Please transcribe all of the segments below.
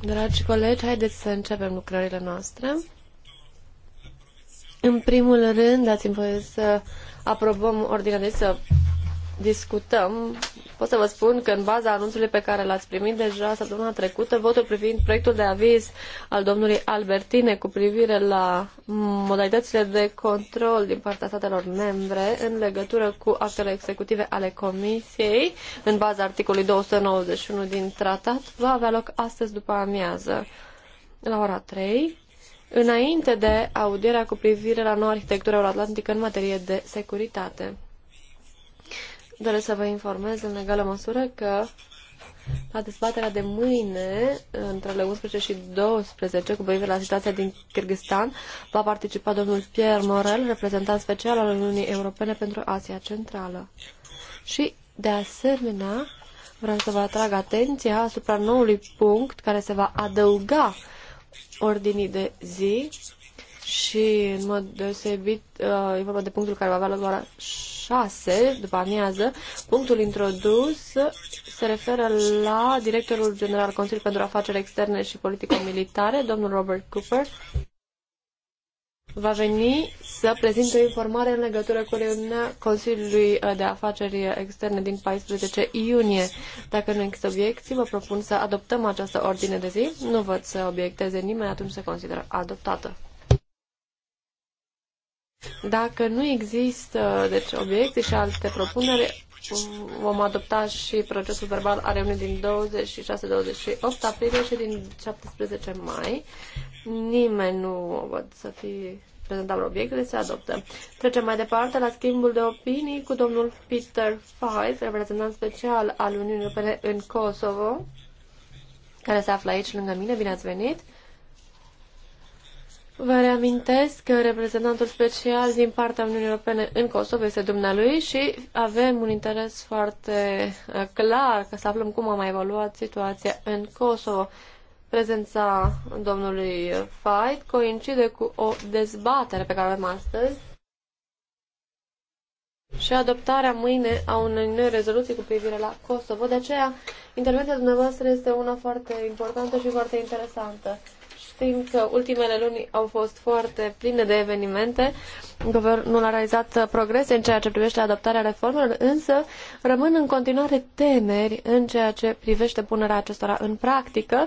Dragi colegi, haideți să începem lucrările noastre. În primul rând, dați-mi voie să aprobăm ordinea de să discutăm pot să vă spun că în baza anunțului pe care l-ați primit deja săptămâna trecută, votul privind proiectul de aviz al domnului Albertine cu privire la modalitățile de control din partea statelor membre în legătură cu actele executive ale Comisiei, în baza articolului 291 din tratat, va avea loc astăzi după amiază la ora 3 înainte de audierea cu privire la noua arhitectură euroatlantică în materie de securitate. Doresc să vă informez în egală măsură că la dezbaterea de mâine, între le 11 și 12, cu privire la situația din Kyrgyzstan, va participa domnul Pierre Morel, reprezentant special al Uniunii Europene pentru Asia Centrală. Și, de asemenea, vreau să vă atrag atenția asupra noului punct care se va adăuga ordinii de zi și în mod deosebit uh, e vorba de punctul care va avea loc la ora 6 după amiază. Punctul introdus se referă la directorul general Consiliului pentru Afaceri Externe și Politică Militare, domnul Robert Cooper va veni să prezinte o informare în legătură cu reuniunea Consiliului uh, de Afaceri Externe din 14 iunie. Dacă nu există obiecții, vă propun să adoptăm această ordine de zi. Nu văd să obiecteze nimeni, atunci se consideră adoptată. Dacă nu există deci, obiecte și alte propuneri, vom adopta și procesul verbal a reuniunii din 26-28 aprilie și din 17 mai. Nimeni nu văd să fie prezentabil obiectele, se adoptă. Trecem mai departe la schimbul de opinii cu domnul Peter Fife, reprezentant special al Uniunii Europene în Kosovo, care se află aici lângă mine. Bine ați venit! Vă reamintesc că reprezentantul special din partea Uniunii Europene în Kosovo este dumnealui și avem un interes foarte uh, clar că să aflăm cum a mai evoluat situația în Kosovo. Prezența domnului Fait coincide cu o dezbatere pe care o avem astăzi și adoptarea mâine a unei noi rezoluții cu privire la Kosovo. De aceea, intervenția dumneavoastră este una foarte importantă și foarte interesantă știm că ultimele luni au fost foarte pline de evenimente. Guvernul a realizat progrese în ceea ce privește adoptarea reformelor, însă rămân în continuare temeri în ceea ce privește punerea acestora în practică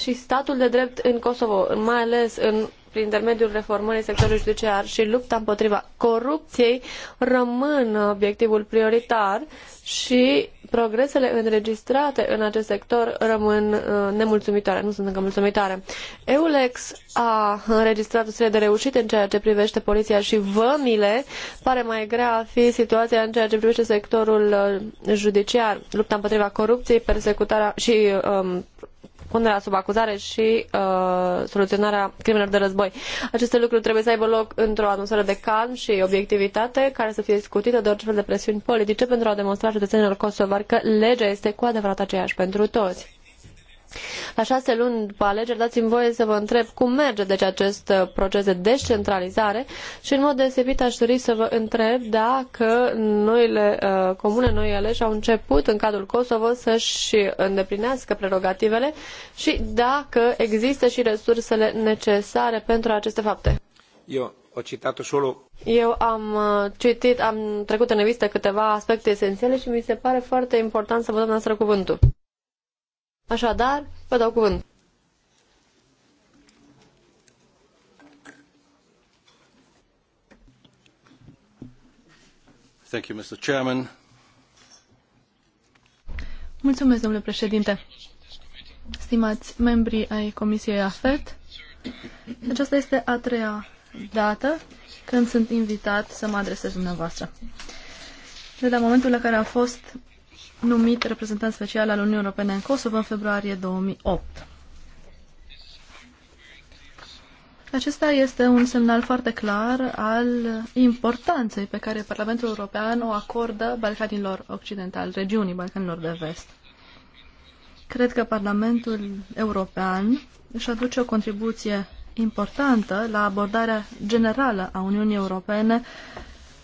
și statul de drept în Kosovo, mai ales în prin intermediul reformării sectorului judiciar și lupta împotriva corupției rămân obiectivul prioritar și progresele înregistrate în acest sector rămân uh, nemulțumitoare, nu sunt încă mulțumitoare. EULEX a înregistrat o serie de reușite în ceea ce privește poliția și vămile. Pare mai grea a fi situația în ceea ce privește sectorul uh, judiciar, lupta împotriva corupției, persecutarea și um, punerea sub acuzare și uh, soluționarea crimelor de război. Aceste lucruri trebuie să aibă loc într-o atmosferă de calm și obiectivitate, care să fie discutită de orice fel de presiuni politice pentru a demonstra cetățenilor kosovari că legea este cu adevărat aceeași pentru toți. La șase luni după alegeri, dați-mi voie să vă întreb cum merge deci acest uh, proces de descentralizare și în mod deosebit aș dori să vă întreb dacă noile uh, comune, noi aleși au început în cadrul Kosovo să-și îndeplinească prerogativele și dacă există și resursele necesare pentru aceste fapte. Eu Eu am uh, citit, am trecut în revistă câteva aspecte esențiale și mi se pare foarte important să vă dăm noastră cuvântul. Așadar, vă dau cuvânt. Thank you, Mr. Chairman. Mulțumesc, domnule președinte. Stimați membri ai Comisiei AFET, aceasta este a treia dată când sunt invitat să mă adresez dumneavoastră. De la momentul la care a fost numit reprezentant special al Uniunii Europene în Kosovo în februarie 2008. Acesta este un semnal foarte clar al importanței pe care Parlamentul European o acordă Balcanilor Occidentali, regiunii Balcanilor de Vest. Cred că Parlamentul European își aduce o contribuție importantă la abordarea generală a Uniunii Europene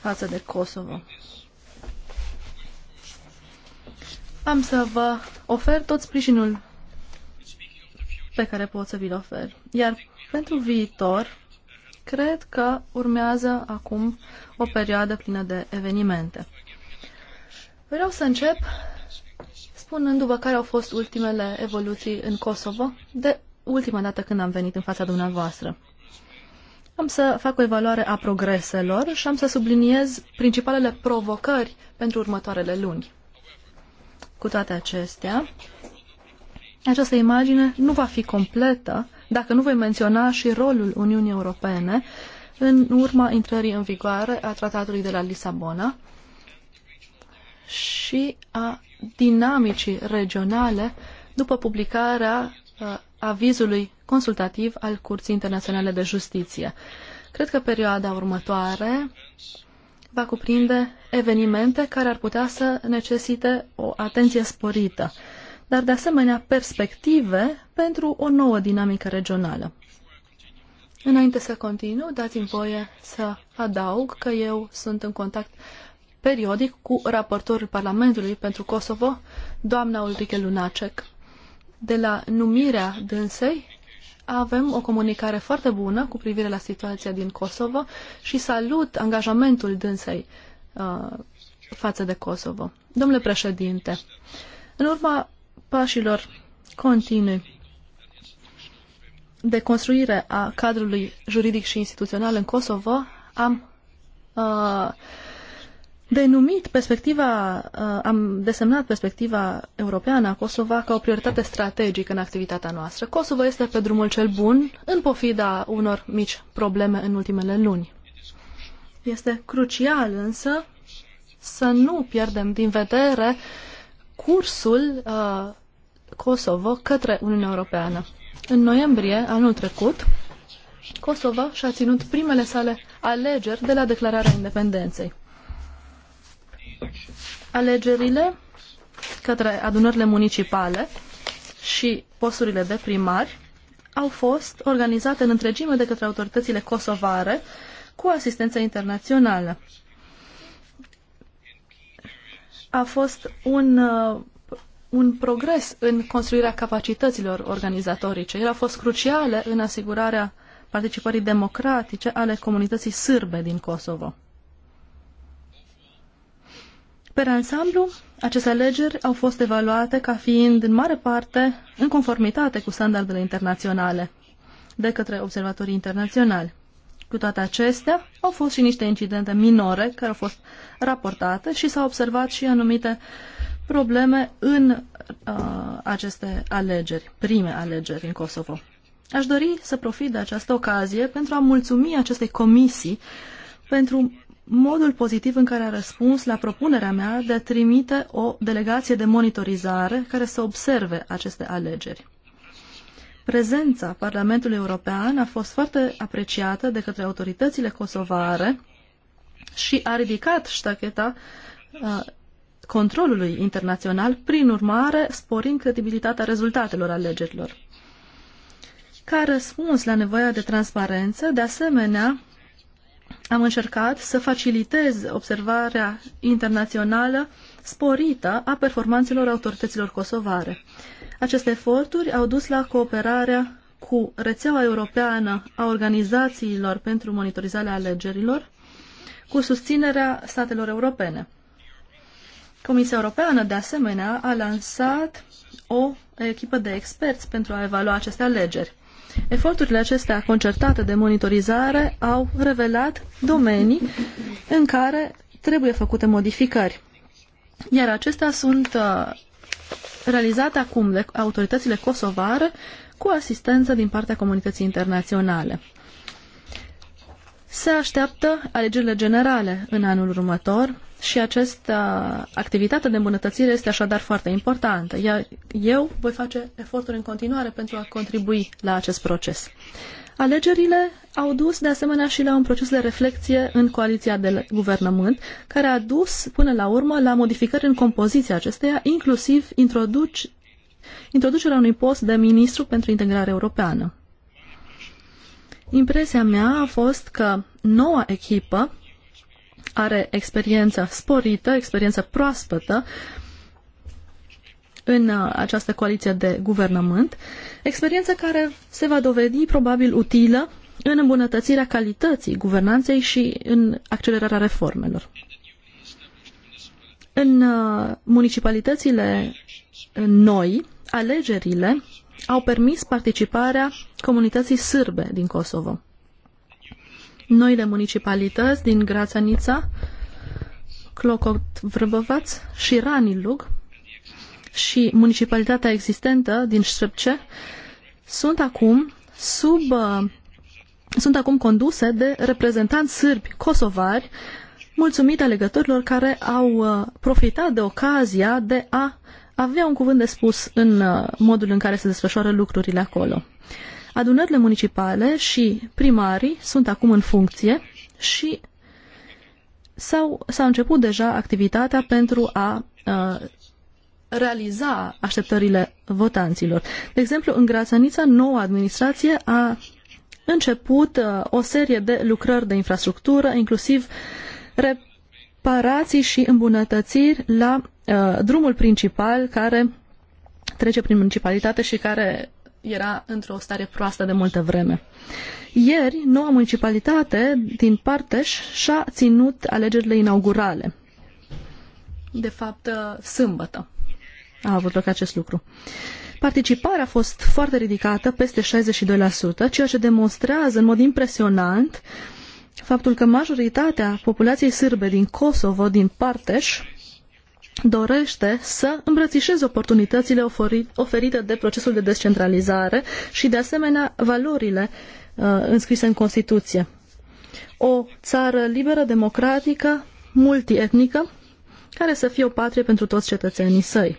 față de Kosovo. Am să vă ofer tot sprijinul pe care pot să vi-l ofer. Iar pentru viitor, cred că urmează acum o perioadă plină de evenimente. Vreau să încep spunându-vă care au fost ultimele evoluții în Kosovo de ultima dată când am venit în fața dumneavoastră. Am să fac o evaluare a progreselor și am să subliniez principalele provocări pentru următoarele luni. Cu toate acestea, această imagine nu va fi completă dacă nu voi menționa și rolul Uniunii Europene în urma intrării în vigoare a Tratatului de la Lisabona și a dinamicii regionale după publicarea uh, avizului consultativ al Curții Internaționale de Justiție. Cred că perioada următoare va cuprinde evenimente care ar putea să necesite o atenție sporită, dar de asemenea perspective pentru o nouă dinamică regională. Înainte să continu, dați-mi voie să adaug că eu sunt în contact periodic cu raportorul Parlamentului pentru Kosovo, doamna Ulrike Lunacek. De la numirea dânsei, avem o comunicare foarte bună cu privire la situația din Kosovo și salut angajamentul dânsei uh, față de Kosovo. Domnule președinte, în urma pașilor continui de construire a cadrului juridic și instituțional în Kosovo, am uh, denumit perspectiva, uh, am desemnat perspectiva europeană a Kosova ca o prioritate strategică în activitatea noastră. Kosovo este pe drumul cel bun, în pofida unor mici probleme în ultimele luni. Este crucial însă să nu pierdem din vedere cursul uh, Kosovo către Uniunea Europeană. În noiembrie anul trecut, Kosovo și-a ținut primele sale alegeri de la declararea independenței alegerile către adunările municipale și posturile de primari au fost organizate în întregime de către autoritățile kosovare cu asistență internațională. A fost un, uh, un progres în construirea capacităților organizatorice. Ele au fost cruciale în asigurarea participării democratice ale comunității sârbe din Kosovo. Per ansamblu, aceste alegeri au fost evaluate ca fiind în mare parte în conformitate cu standardele internaționale de către observatorii internaționali. Cu toate acestea, au fost și niște incidente minore care au fost raportate și s-au observat și anumite probleme în uh, aceste alegeri, prime alegeri în Kosovo. Aș dori să profit de această ocazie pentru a mulțumi acestei comisii pentru modul pozitiv în care a răspuns la propunerea mea de a trimite o delegație de monitorizare care să observe aceste alegeri. Prezența Parlamentului European a fost foarte apreciată de către autoritățile kosovare și a ridicat ștacheta uh, controlului internațional, prin urmare sporind credibilitatea rezultatelor alegerilor. Ca răspuns la nevoia de transparență, de asemenea, am încercat să facilitez observarea internațională sporită a performanțelor autorităților kosovare. Aceste eforturi au dus la cooperarea cu rețeaua europeană a organizațiilor pentru monitorizarea alegerilor, cu susținerea statelor europene. Comisia Europeană, de asemenea, a lansat o echipă de experți pentru a evalua aceste alegeri. Eforturile acestea concertate de monitorizare au revelat domenii în care trebuie făcute modificări. Iar acestea sunt uh, realizate acum de autoritățile kosovare cu asistență din partea comunității internaționale. Se așteaptă alegerile generale în anul următor și această activitate de îmbunătățire este așadar foarte importantă. Iar eu voi face eforturi în continuare pentru a contribui la acest proces. Alegerile au dus de asemenea și la un proces de reflexie în coaliția de guvernământ, care a dus până la urmă la modificări în compoziția acesteia, inclusiv introducerea unui post de ministru pentru integrare europeană. Impresia mea a fost că noua echipă are experiență sporită, experiență proaspătă în uh, această coaliție de guvernământ, experiență care se va dovedi probabil utilă în îmbunătățirea calității guvernanței și în accelerarea reformelor. În uh, municipalitățile noi, alegerile au permis participarea comunității sârbe din Kosovo. Noile municipalități din Grațanița, Clocot Vrbăvaț și Ranilug și municipalitatea existentă din Ștrepce sunt acum sub sunt acum conduse de reprezentanți sârbi kosovari mulțumită legăturilor care au uh, profitat de ocazia de a avea un cuvânt de spus în uh, modul în care se desfășoară lucrurile acolo. Adunările municipale și primarii sunt acum în funcție și s-au, a început deja activitatea pentru a uh, realiza așteptările votanților. De exemplu, în Grațănița, noua administrație a început uh, o serie de lucrări de infrastructură, inclusiv rep- reparații și îmbunătățiri la uh, drumul principal care trece prin municipalitate și care era într-o stare proastă de multă vreme. Ieri, noua municipalitate din Parteș și-a ținut alegerile inaugurale. De fapt, uh, sâmbătă a avut loc acest lucru. Participarea a fost foarte ridicată, peste 62%, ceea ce demonstrează în mod impresionant uh, faptul că majoritatea populației sârbe din Kosovo, din Parteș, dorește să îmbrățișeze oportunitățile oferite de procesul de descentralizare și, de asemenea, valorile uh, înscrise în Constituție. O țară liberă, democratică, multietnică, care să fie o patrie pentru toți cetățenii săi.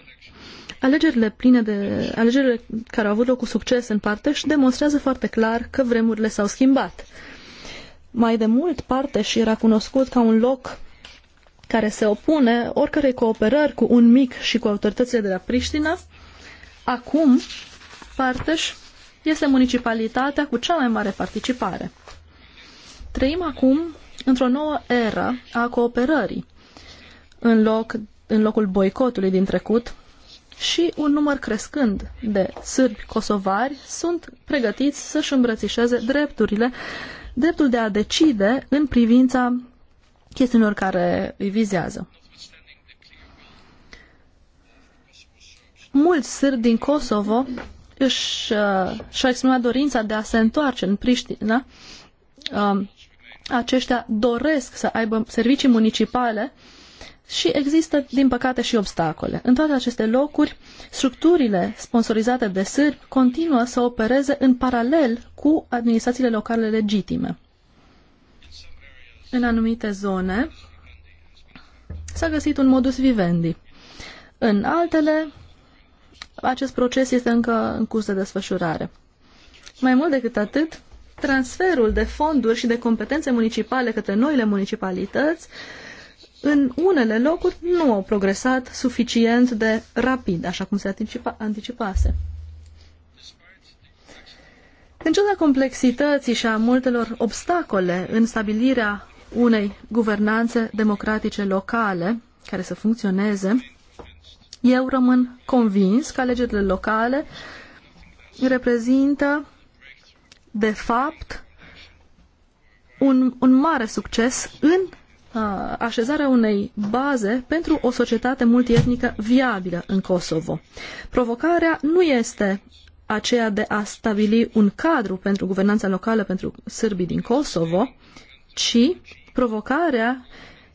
Alegerile pline de alegerile care au avut loc cu succes în parte și demonstrează foarte clar că vremurile s-au schimbat. Uh, mai de mult parte și era cunoscut ca un loc care se opune oricărei cooperări cu un mic și cu autoritățile de la Priștina, acum Parteș este municipalitatea cu cea mai mare participare. Trăim acum într-o nouă eră a cooperării, în, loc, în locul boicotului din trecut, și un număr crescând de sârbi kosovari sunt pregătiți să-și îmbrățișeze drepturile dreptul de a decide în privința chestiunilor care îi vizează. Mulți sârbi din Kosovo își uh, și-a exprimat dorința de a se întoarce în Priștina. Uh, aceștia doresc să aibă servicii municipale uh, și există, din păcate, și obstacole. În toate aceste locuri, structurile sponsorizate de sârbi continuă să opereze în paralel cu administrațiile locale legitime. În anumite zone s-a găsit un modus vivendi. În altele, acest proces este încă în curs de desfășurare. Mai mult decât atât, transferul de fonduri și de competențe municipale către noile municipalități uh, în unele locuri nu au progresat suficient de rapid, așa cum se anticipa, anticipase. În ciuda complexității și a multelor obstacole în stabilirea unei guvernanțe democratice locale care să funcționeze, eu rămân convins că alegerile locale reprezintă, de fapt, un, un mare succes în așezarea unei baze pentru o societate multietnică viabilă în Kosovo. Provocarea nu este aceea de a stabili un cadru pentru guvernanța locală pentru sârbii din Kosovo, ci provocarea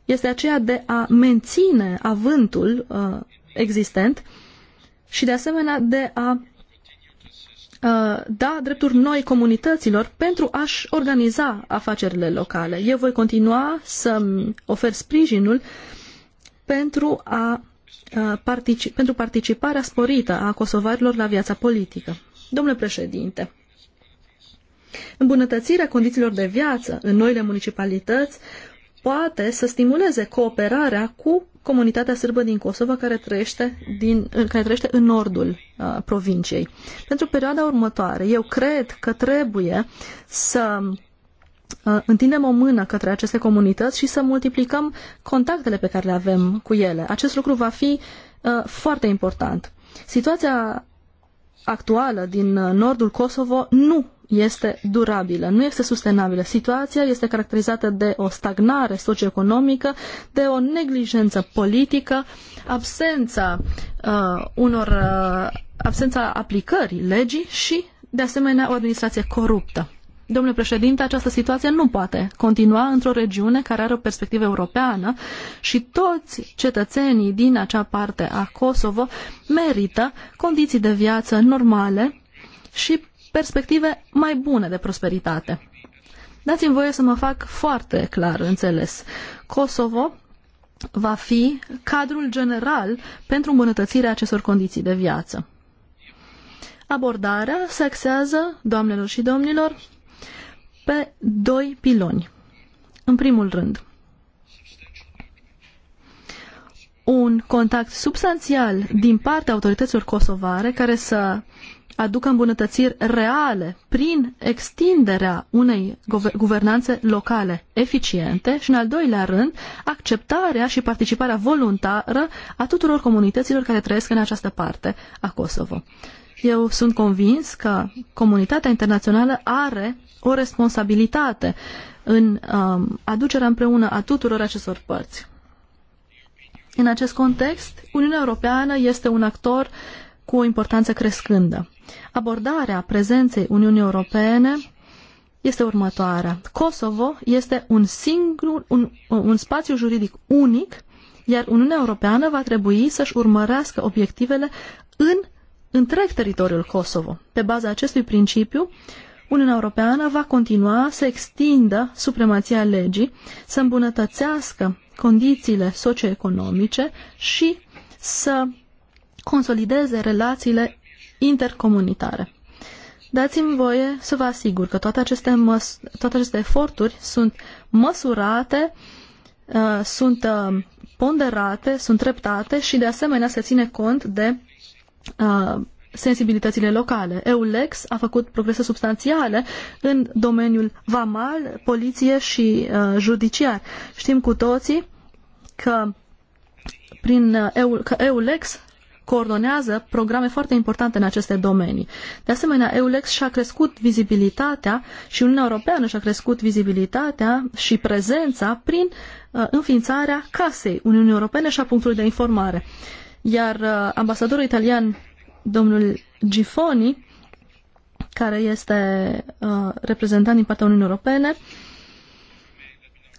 este aceea de a menține avântul uh, existent și de asemenea de a Uh, da drepturi noi comunităților pentru a-și organiza afacerile locale. Eu voi continua să-mi ofer sprijinul pentru, a, uh, partici, pentru participarea sporită a kosovarilor la viața politică. Domnule președinte, îmbunătățirea condițiilor de viață în noile municipalități poate să stimuleze cooperarea cu comunitatea sârbă din Kosovo care trăiește, din, care trăiește în nordul uh, provinciei. Pentru perioada următoare, eu cred că trebuie să uh, întindem o mână către aceste comunități și să multiplicăm contactele pe care le avem cu ele. Acest lucru va fi uh, foarte important. Situația actuală din uh, nordul Kosovo nu este durabilă, nu este sustenabilă. Situația este caracterizată de o stagnare socioeconomică, de o neglijență politică, absența uh, unor uh, absența aplicării legii și, de asemenea, o administrație coruptă. Domnule președinte, această situație nu poate continua într-o regiune care are o perspectivă europeană și toți cetățenii din acea parte a Kosovo merită condiții de viață normale și perspective mai bune de prosperitate. Dați-mi voie să mă fac foarte clar înțeles. Kosovo va fi cadrul general pentru îmbunătățirea acestor condiții de viață. Abordarea se axează, doamnelor și domnilor, pe doi piloni. În primul rând, un contact substanțial din partea autorităților kosovare care să aducă îmbunătățiri reale prin extinderea unei guvernanțe locale eficiente și, în al doilea rând, acceptarea și participarea voluntară a tuturor comunităților care trăiesc în această parte a Kosovo. Eu sunt convins că comunitatea internațională are o responsabilitate în um, aducerea împreună a tuturor acestor părți. În acest context, Uniunea Europeană este un actor cu o importanță crescândă. Abordarea prezenței Uniunii Europene este următoarea. Kosovo este un singur, un, un spațiu juridic unic, iar Uniunea Europeană va trebui să-și urmărească obiectivele în întreg teritoriul Kosovo. Pe baza acestui principiu, Uniunea Europeană va continua să extindă supremația legii, să îmbunătățească condițiile socioeconomice și să consolideze relațiile intercomunitare. Dați-mi voie să vă asigur că toate aceste, măs- toate aceste eforturi sunt măsurate, uh, sunt uh, ponderate, sunt treptate și de asemenea se ține cont de uh, sensibilitățile locale. EULEX a făcut progrese substanțiale în domeniul vamal, poliție și uh, judiciar. Știm cu toții că prin uh, EU, că EULEX coordonează programe foarte importante în aceste domenii. De asemenea, EULEX și-a crescut vizibilitatea și Uniunea Europeană și-a crescut vizibilitatea și prezența prin uh, înființarea casei Uniunii Europene și a punctului de informare. Iar uh, ambasadorul italian, domnul Gifoni, care este uh, reprezentant din partea Uniunii Europene,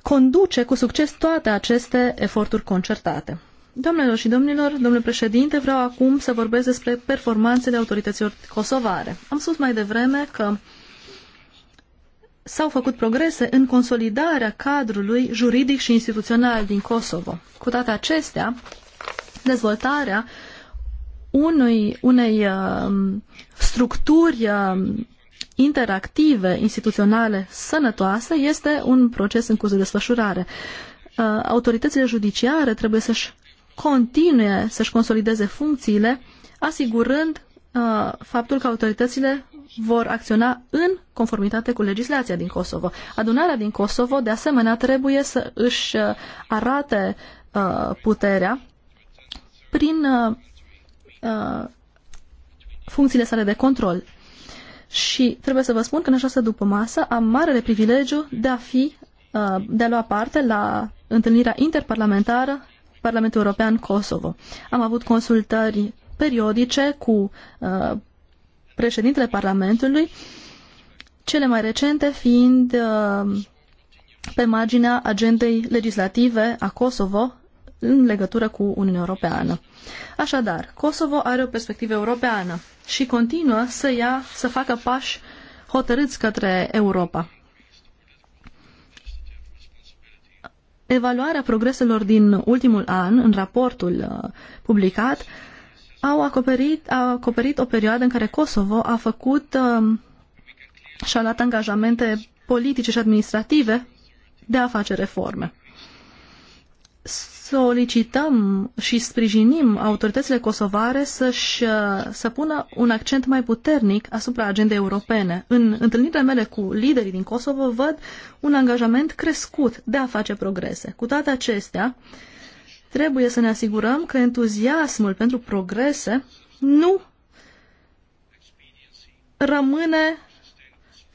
conduce cu succes toate aceste eforturi concertate. Domnilor și domnilor, domnule președinte, vreau acum să vorbesc despre performanțele autorităților kosovare. Am spus mai devreme că s-au făcut progrese în consolidarea cadrului juridic și instituțional din Kosovo. Cu toate acestea, dezvoltarea unui, unei uh, structuri uh, interactive, instituționale, sănătoase, este un proces în curs de desfășurare. Uh, autoritățile judiciare trebuie să-și continue să-și consolideze funcțiile, asigurând uh, faptul că autoritățile vor acționa în conformitate cu legislația din Kosovo. Adunarea din Kosovo, de asemenea, trebuie să își uh, arate uh, puterea prin uh, uh, funcțiile sale de control. Și trebuie să vă spun că în această dupămasă am marele privilegiu de a fi uh, de a lua parte la întâlnirea interparlamentară Parlamentul European Kosovo. Am avut consultări periodice cu uh, președintele Parlamentului, cele mai recente fiind uh, pe marginea agendei legislative a Kosovo în legătură cu Uniunea Europeană. Așadar, Kosovo are o perspectivă europeană și continuă să ia, să facă pași hotărâți către Europa. evaluarea progreselor din ultimul an, în raportul uh, publicat, au acoperit, a acoperit o perioadă în care Kosovo a făcut um, și-a luat angajamente politice și administrative de a face reforme solicităm și sprijinim autoritățile kosovare să-și, uh, să pună un accent mai puternic asupra agendei europene. În întâlnirile mele cu liderii din Kosovo văd un angajament crescut de a face progrese. Cu toate acestea, trebuie să ne asigurăm că entuziasmul pentru progrese nu rămâne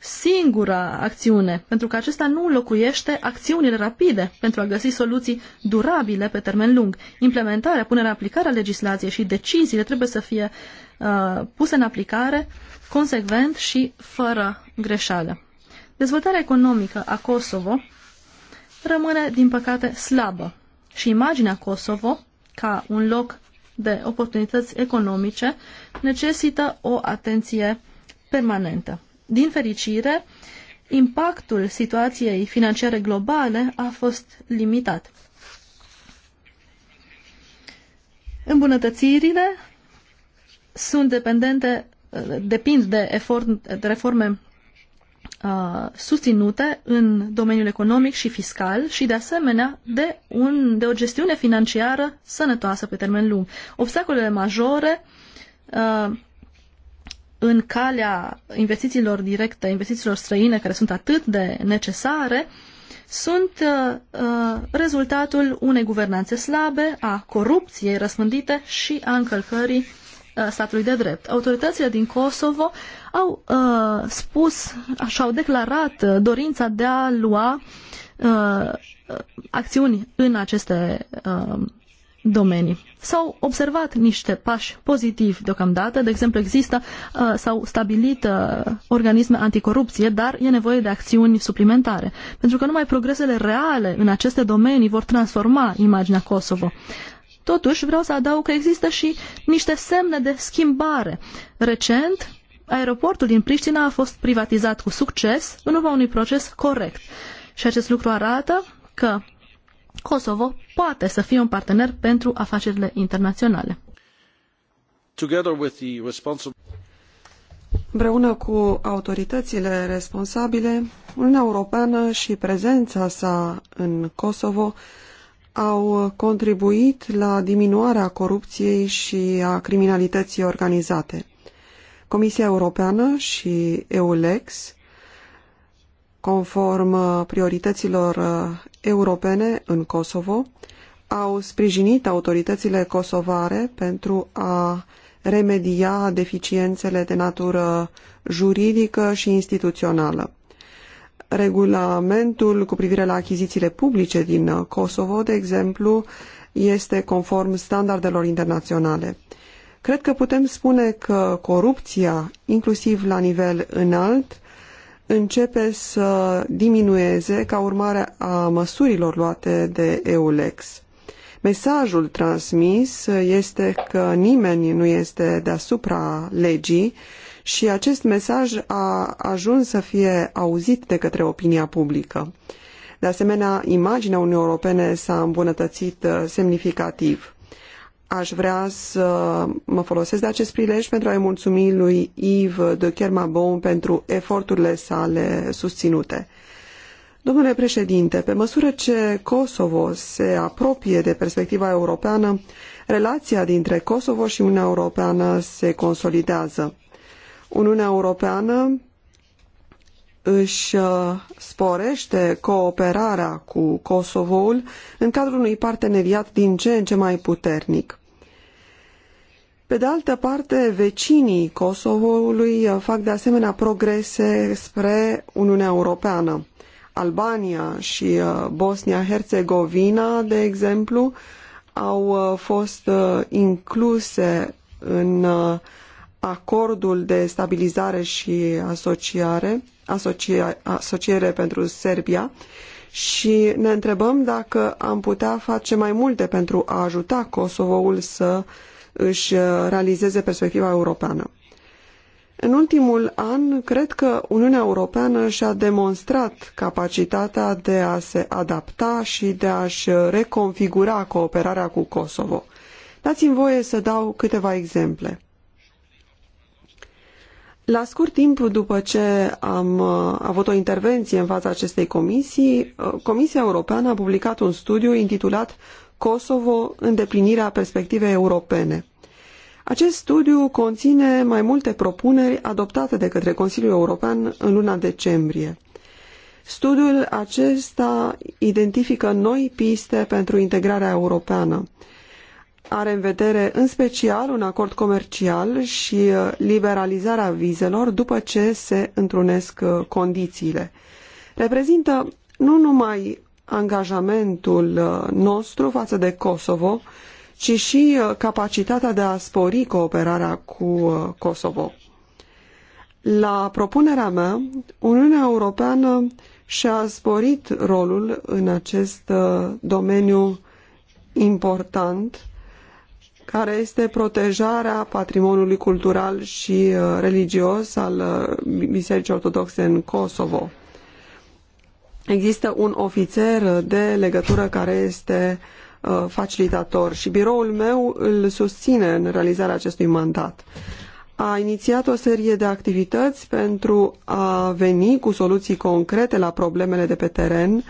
singura acțiune, pentru că acesta nu înlocuiește acțiunile rapide pentru a găsi soluții durabile pe termen lung. Implementarea, punerea în aplicare a legislației și deciziile trebuie să fie uh, puse în aplicare consecvent și fără greșeală. Dezvoltarea economică a Kosovo rămâne, din păcate, slabă și imaginea Kosovo ca un loc de oportunități economice necesită o atenție permanentă. Din fericire, impactul situației financiare globale a fost limitat. Îmbunătățirile sunt dependente, depind de, efort, de reforme uh, susținute în domeniul economic și fiscal și, de asemenea, de, un, de o gestiune financiară sănătoasă pe termen lung. Obstacolele majore uh, în calea investițiilor directe, investițiilor străine, care sunt atât de necesare, sunt uh, uh, rezultatul unei guvernanțe slabe, a corupției răspândite și a încălcării uh, statului de drept. Autoritățile din Kosovo au uh, spus, așa au declarat uh, dorința de a lua uh, uh acțiuni în aceste uh, domenii. S-au observat niște pași pozitivi deocamdată, de exemplu există, uh, s-au stabilit uh, organisme anticorupție, dar e nevoie de acțiuni suplimentare, pentru că numai progresele reale în aceste domenii vor transforma imaginea Kosovo. Totuși, vreau să adaug că există și niște semne de schimbare. Recent, aeroportul din Priștina a fost privatizat cu succes în urma unui proces corect. Și acest lucru arată că Kosovo poate să fie un partener pentru afacerile internaționale. Împreună cu autoritățile responsabile, Uniunea Europeană și prezența sa în Kosovo au contribuit la diminuarea corupției și a criminalității organizate. Comisia Europeană și EULEX conform uh, priorităților uh, europene în Kosovo, au sprijinit autoritățile kosovare pentru a remedia deficiențele de natură juridică și instituțională. Regulamentul cu privire la achizițiile publice din uh, Kosovo, de exemplu, este conform standardelor internaționale. Cred că putem spune că corupția, inclusiv la nivel înalt, începe să diminueze ca urmare a măsurilor luate de EULEX. Mesajul transmis este că nimeni nu este deasupra legii și acest mesaj a ajuns să fie auzit de către opinia publică. De asemenea, imaginea Uniunii Europene s-a îmbunătățit semnificativ aș vrea să mă folosesc de acest prilej pentru a-i mulțumi lui Yves de Kermabon pentru eforturile sale susținute. Domnule președinte, pe măsură ce Kosovo se apropie de perspectiva europeană, relația dintre Kosovo și Uniunea Europeană se consolidează. Uniunea Europeană își uh, sporește cooperarea cu Kosovoul în cadrul unui parteneriat din ce în ce mai puternic. Pe de altă parte, vecinii Kosovoului uh, fac de asemenea progrese spre Uniunea Europeană. Albania și uh, Bosnia-Herzegovina, de exemplu, au uh, fost incluse în acordul de stabilizare și asociare, asocia, asociere pentru Serbia și ne întrebăm dacă am putea face mai multe pentru a ajuta Kosovoul să uh, își uh, realizeze perspectiva europeană. În ultimul an, cred că Uniunea Europeană și-a demonstrat capacitatea de a se adapta și de a-și reconfigura cooperarea cu Kosovo. Dați-mi voie să dau câteva exemple. La scurt timp după ce am uh, avut o intervenție în fața acestei comisii, uh, Comisia Europeană a publicat un studiu intitulat Kosovo îndeplinirea perspectivei europene. Acest studiu conține mai multe propuneri adoptate de către Consiliul European în luna decembrie. Studiul acesta identifică noi piste pentru integrarea europeană. Are în vedere în special un acord comercial și liberalizarea vizelor după ce se întrunesc condițiile. Reprezintă nu numai angajamentul uh, nostru față de Kosovo, ci și uh, capacitatea de a spori cooperarea cu uh, Kosovo. La propunerea mea, Uniunea Europeană și-a sporit rolul în acest domeniu important, care este protejarea patrimoniului cultural și religios al Bisericii Ortodoxe în Kosovo există un ofițer de legătură care este uh, facilitator și biroul meu îl susține în realizarea acestui mandat. A inițiat o serie de activități pentru a veni cu soluții concrete la problemele de pe teren,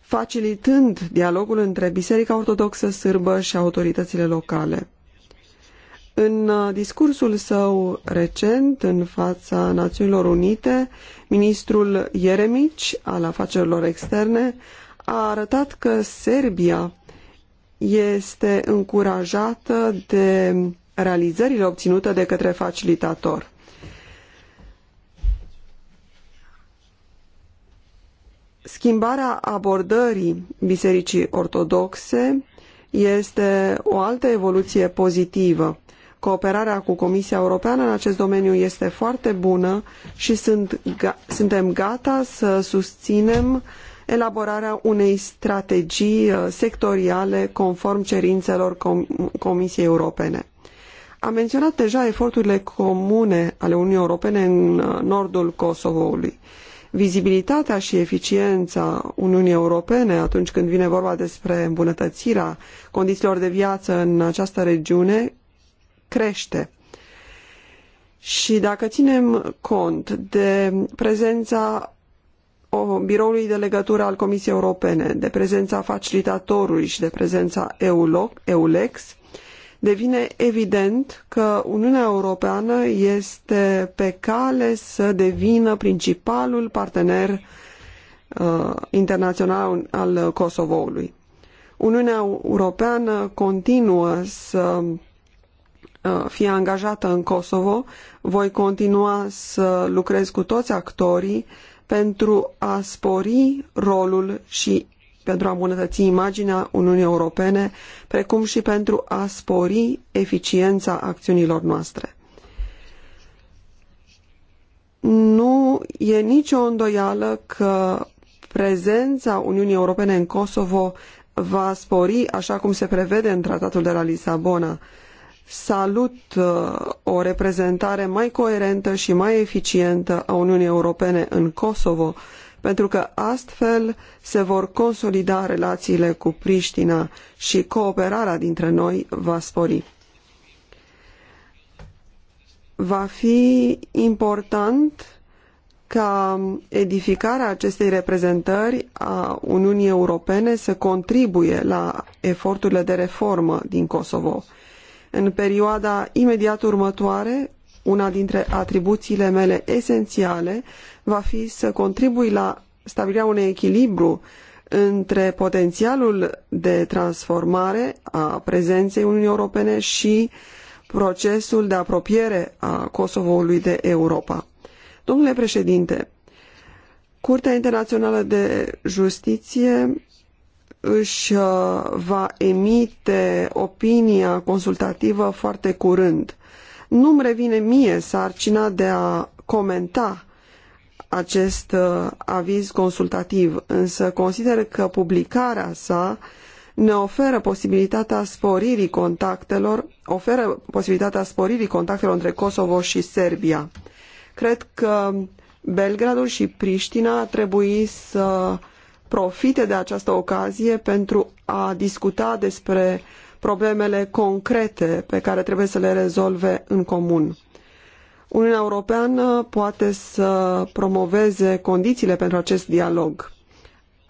facilitând dialogul între Biserica Ortodoxă Sârbă și autoritățile locale. În uh, discursul său recent în fața Națiunilor Unite, ministrul Ieremici al afacerilor externe a arătat că Serbia este încurajată de realizările obținute de către facilitator. Schimbarea abordării Bisericii Ortodoxe este o altă evoluție pozitivă. Cooperarea cu Comisia Europeană în acest domeniu este foarte bună și sunt, ga, suntem gata să susținem elaborarea unei strategii uh, sectoriale conform cerințelor Com Comisiei Europene. Am menționat deja eforturile comune ale Uniunii Europene în uh, nordul Kosovoului. Vizibilitatea și eficiența Uniunii Europene atunci când vine vorba despre îmbunătățirea condițiilor de viață în această regiune crește. Și dacă ținem cont de prezența biroului de legătură al Comisiei Europene, de prezența facilitatorului și de prezența EULEX, devine evident că Uniunea Europeană este pe cale să devină principalul partener uh, internațional al Kosovoului. Uniunea Europeană continuă să Uh, fie angajată în Kosovo, voi continua să lucrez cu toți actorii pentru a spori rolul și pentru a îmbunătăți imaginea Uniunii Europene, precum și pentru a spori eficiența acțiunilor noastre. Nu e nicio îndoială că prezența Uniunii Europene în Kosovo va spori, așa cum se prevede în Tratatul de la Lisabona, salut uh, o reprezentare mai coerentă și mai eficientă a Uniunii Europene în Kosovo, pentru că astfel se vor consolida relațiile cu Priștina și cooperarea dintre noi va spori. Va fi important ca edificarea acestei reprezentări a Uniunii Europene să contribuie la eforturile de reformă din Kosovo. În perioada imediat următoare, una dintre atribuțiile mele esențiale va fi să contribui la stabilirea unui echilibru între potențialul de transformare a prezenței Uniunii Europene și procesul de apropiere a Kosovoului de Europa. Domnule președinte, Curtea Internațională de Justiție își uh, va emite opinia consultativă foarte curând. Nu-mi revine mie sarcina de a comenta acest uh, aviz consultativ, însă consider că publicarea sa ne oferă posibilitatea sporirii contactelor, oferă posibilitatea sporirii contactelor între Kosovo și Serbia. Cred că Belgradul și Priștina ar trebui să profite de această ocazie pentru a discuta despre problemele concrete pe care trebuie să le rezolve în comun. Uniunea Europeană poate să promoveze condițiile pentru acest dialog.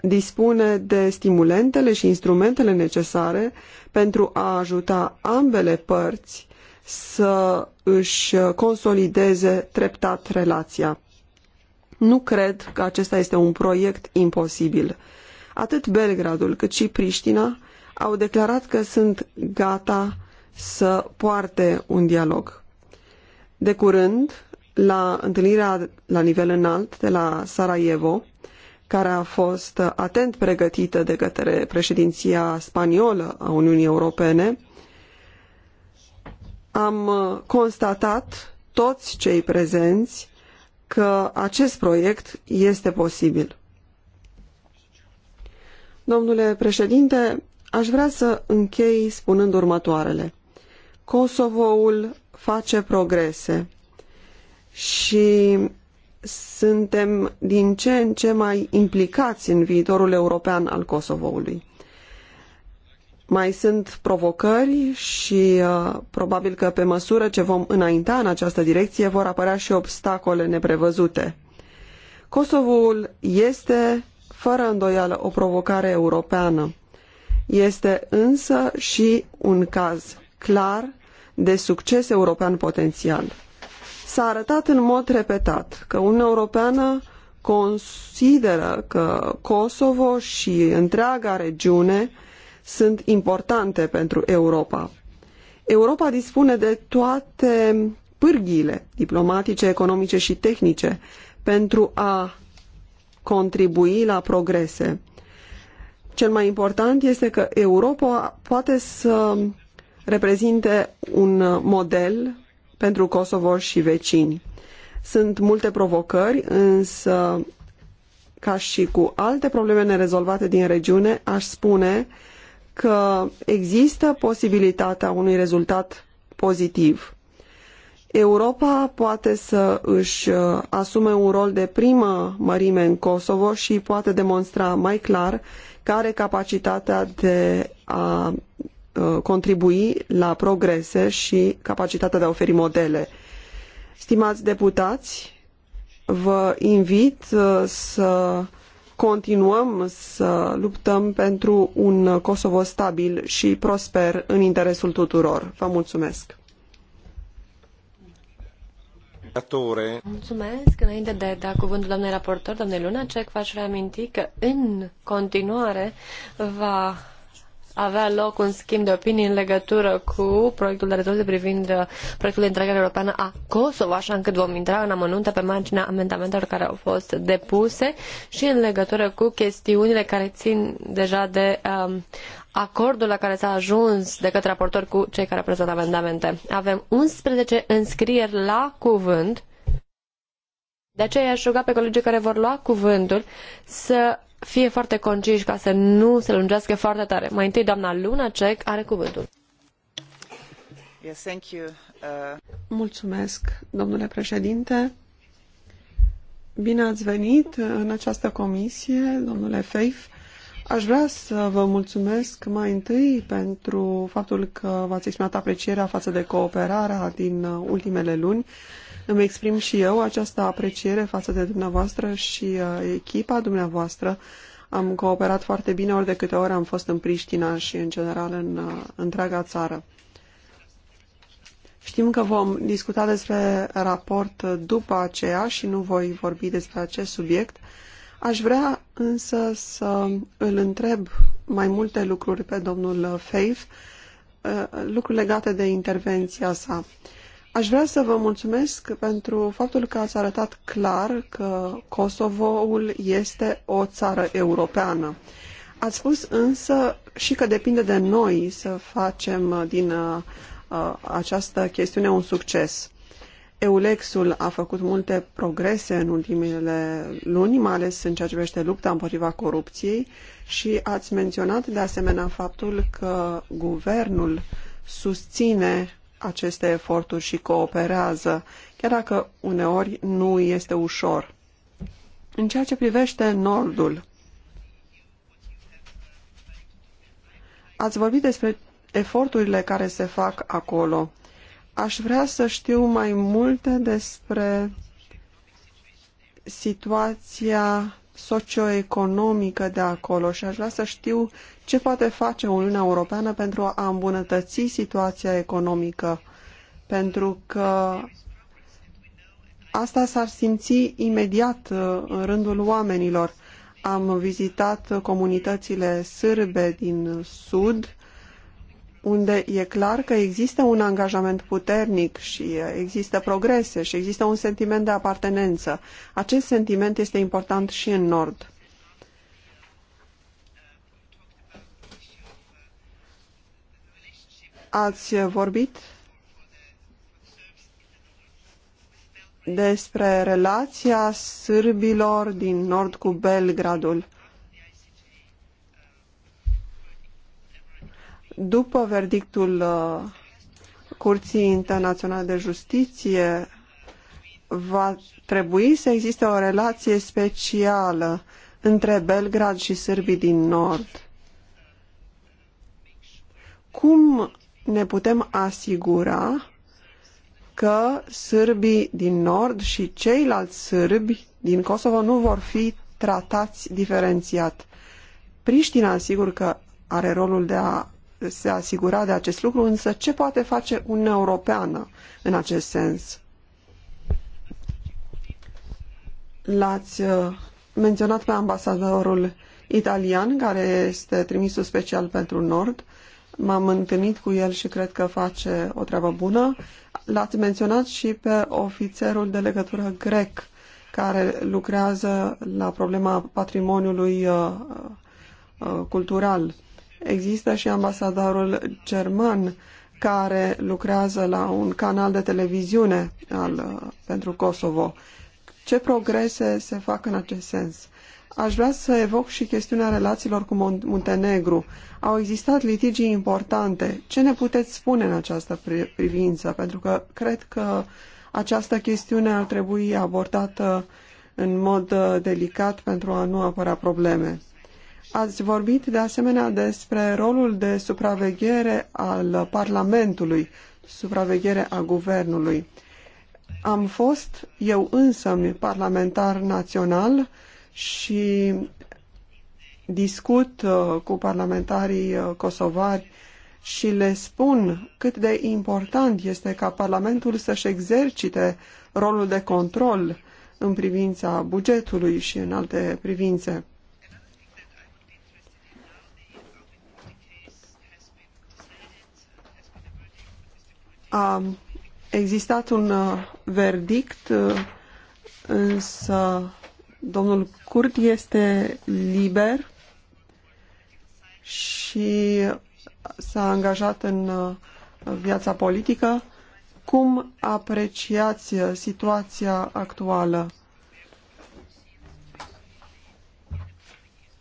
Dispune de stimulentele și instrumentele necesare pentru a ajuta ambele părți să își consolideze treptat relația. Nu cred că acesta este un proiect imposibil. Atât Belgradul cât și Priștina au declarat că sunt gata să poarte un dialog. De curând, la întâlnirea la nivel înalt de la Sarajevo, care a fost atent pregătită de către președinția spaniolă a Uniunii Europene, am constatat toți cei prezenți că acest proiect este posibil. Domnule președinte, aș vrea să închei spunând următoarele. Kosovoul face progrese și suntem din ce în ce mai implicați în viitorul european al Kosovoului. Mai sunt provocări și uh, probabil că pe măsură ce vom înainta în această direcție vor apărea și obstacole neprevăzute. Kosovoul este, fără îndoială, o provocare europeană. Este însă și un caz clar de succes european potențial. S-a arătat în mod repetat că Uniunea Europeană consideră că Kosovo și întreaga regiune sunt importante pentru Europa. Europa dispune de toate pârghiile diplomatice, economice și tehnice pentru a contribui la progrese. Cel mai important este că Europa poate să reprezinte un model pentru Kosovo și vecini. Sunt multe provocări, însă ca și cu alte probleme nerezolvate din regiune, aș spune că există posibilitatea unui rezultat pozitiv. Europa poate să își uh, asume un rol de primă mărime în Kosovo și poate demonstra mai clar că are capacitatea de a uh, contribui la progrese și capacitatea de a oferi modele. Stimați deputați, vă invit uh, să continuăm să luptăm pentru un Kosovo stabil și prosper în interesul tuturor. Vă mulțumesc! Mulțumesc. Înainte de a da cuvântul doamnei raportor, doamnei Lunacek, v-aș reaminti că în continuare va avea loc un schimb de opinii în legătură cu proiectul de rezoluție privind uh, proiectul de integrare europeană a Kosovo, așa încât vom intra în amănunte pe marginea amendamentelor care au fost depuse și în legătură cu chestiunile care țin deja de um, acordul la care s-a ajuns de către raportori cu cei care prezintă amendamente. Avem 11 înscrieri la cuvânt. De aceea aș ruga pe colegii care vor lua cuvântul să fie foarte conciși ca să nu se lungească foarte tare. Mai întâi, doamna Lunacek are cuvântul. Yes, thank you. Uh... Mulțumesc, domnule președinte. Bine ați venit în această comisie, domnule Feif. Aș vrea să vă mulțumesc mai întâi pentru faptul că v-ați exprimat aprecierea față de cooperarea din ultimele luni îmi exprim și eu această apreciere față de dumneavoastră și uh, echipa dumneavoastră. Am cooperat foarte bine ori de câte ori am fost în Priștina și, în general, în uh, întreaga țară. Știm că vom discuta despre raport după aceea și nu voi vorbi despre acest subiect. Aș vrea însă să îl întreb mai multe lucruri pe domnul Faith, uh, lucruri legate de intervenția sa. Aș vrea să vă mulțumesc pentru faptul că ați arătat clar că Kosovoul este o țară europeană. Ați spus însă și că depinde de noi să facem din uh, această chestiune un succes. Eulexul a făcut multe progrese în ultimele luni, mai ales în ceea ce privește lupta împotriva corupției și ați menționat de asemenea faptul că guvernul susține aceste eforturi și cooperează, chiar dacă uneori nu este ușor. În ceea ce privește Nordul, ați vorbit despre eforturile care se fac acolo. Aș vrea să știu mai multe despre situația socioeconomică de acolo și aș vrea să știu ce poate face Uniunea Europeană pentru a îmbunătăți situația economică, pentru că asta s-ar simți imediat uh, în rândul oamenilor. Am vizitat comunitățile sârbe din sud unde e clar că există un angajament puternic și există progrese și există un sentiment de apartenență. Acest sentiment este important și în Nord. Ați vorbit despre relația sârbilor din Nord cu Belgradul. după verdictul uh, Curții Internaționale de Justiție va trebui să existe o relație specială între Belgrad și sârbii din nord. Cum ne putem asigura că sârbii din nord și ceilalți sârbi din Kosovo nu vor fi tratați diferențiat? Priștina, sigur că are rolul de a se asigura de acest lucru, însă ce poate face Uniunea Europeană în acest sens? L-ați uh, menționat pe ambasadorul italian, care este trimisul special pentru Nord. M-am întâlnit cu el și cred că face o treabă bună. L-ați menționat și pe ofițerul de legătură grec, care lucrează la problema patrimoniului uh, uh, cultural. Există și ambasadorul german care lucrează la un canal de televiziune al, uh, pentru Kosovo. Ce progrese se fac în acest sens? Aș vrea să evoc și chestiunea relațiilor cu Muntenegru. Au existat litigii importante. Ce ne puteți spune în această privință? Pentru că cred că această chestiune ar trebui abordată în mod uh, delicat pentru a nu apăra probleme. Ați vorbit de asemenea despre rolul de supraveghere al Parlamentului, supraveghere a Guvernului. Am fost eu însă parlamentar național și discut uh, cu parlamentarii uh, kosovari și le spun cât de important este ca Parlamentul să-și exercite rolul de control în privința bugetului și în alte privințe. a existat un uh, verdict, uh, însă domnul Curt este liber și s-a angajat în uh, viața politică. Cum apreciați situația actuală?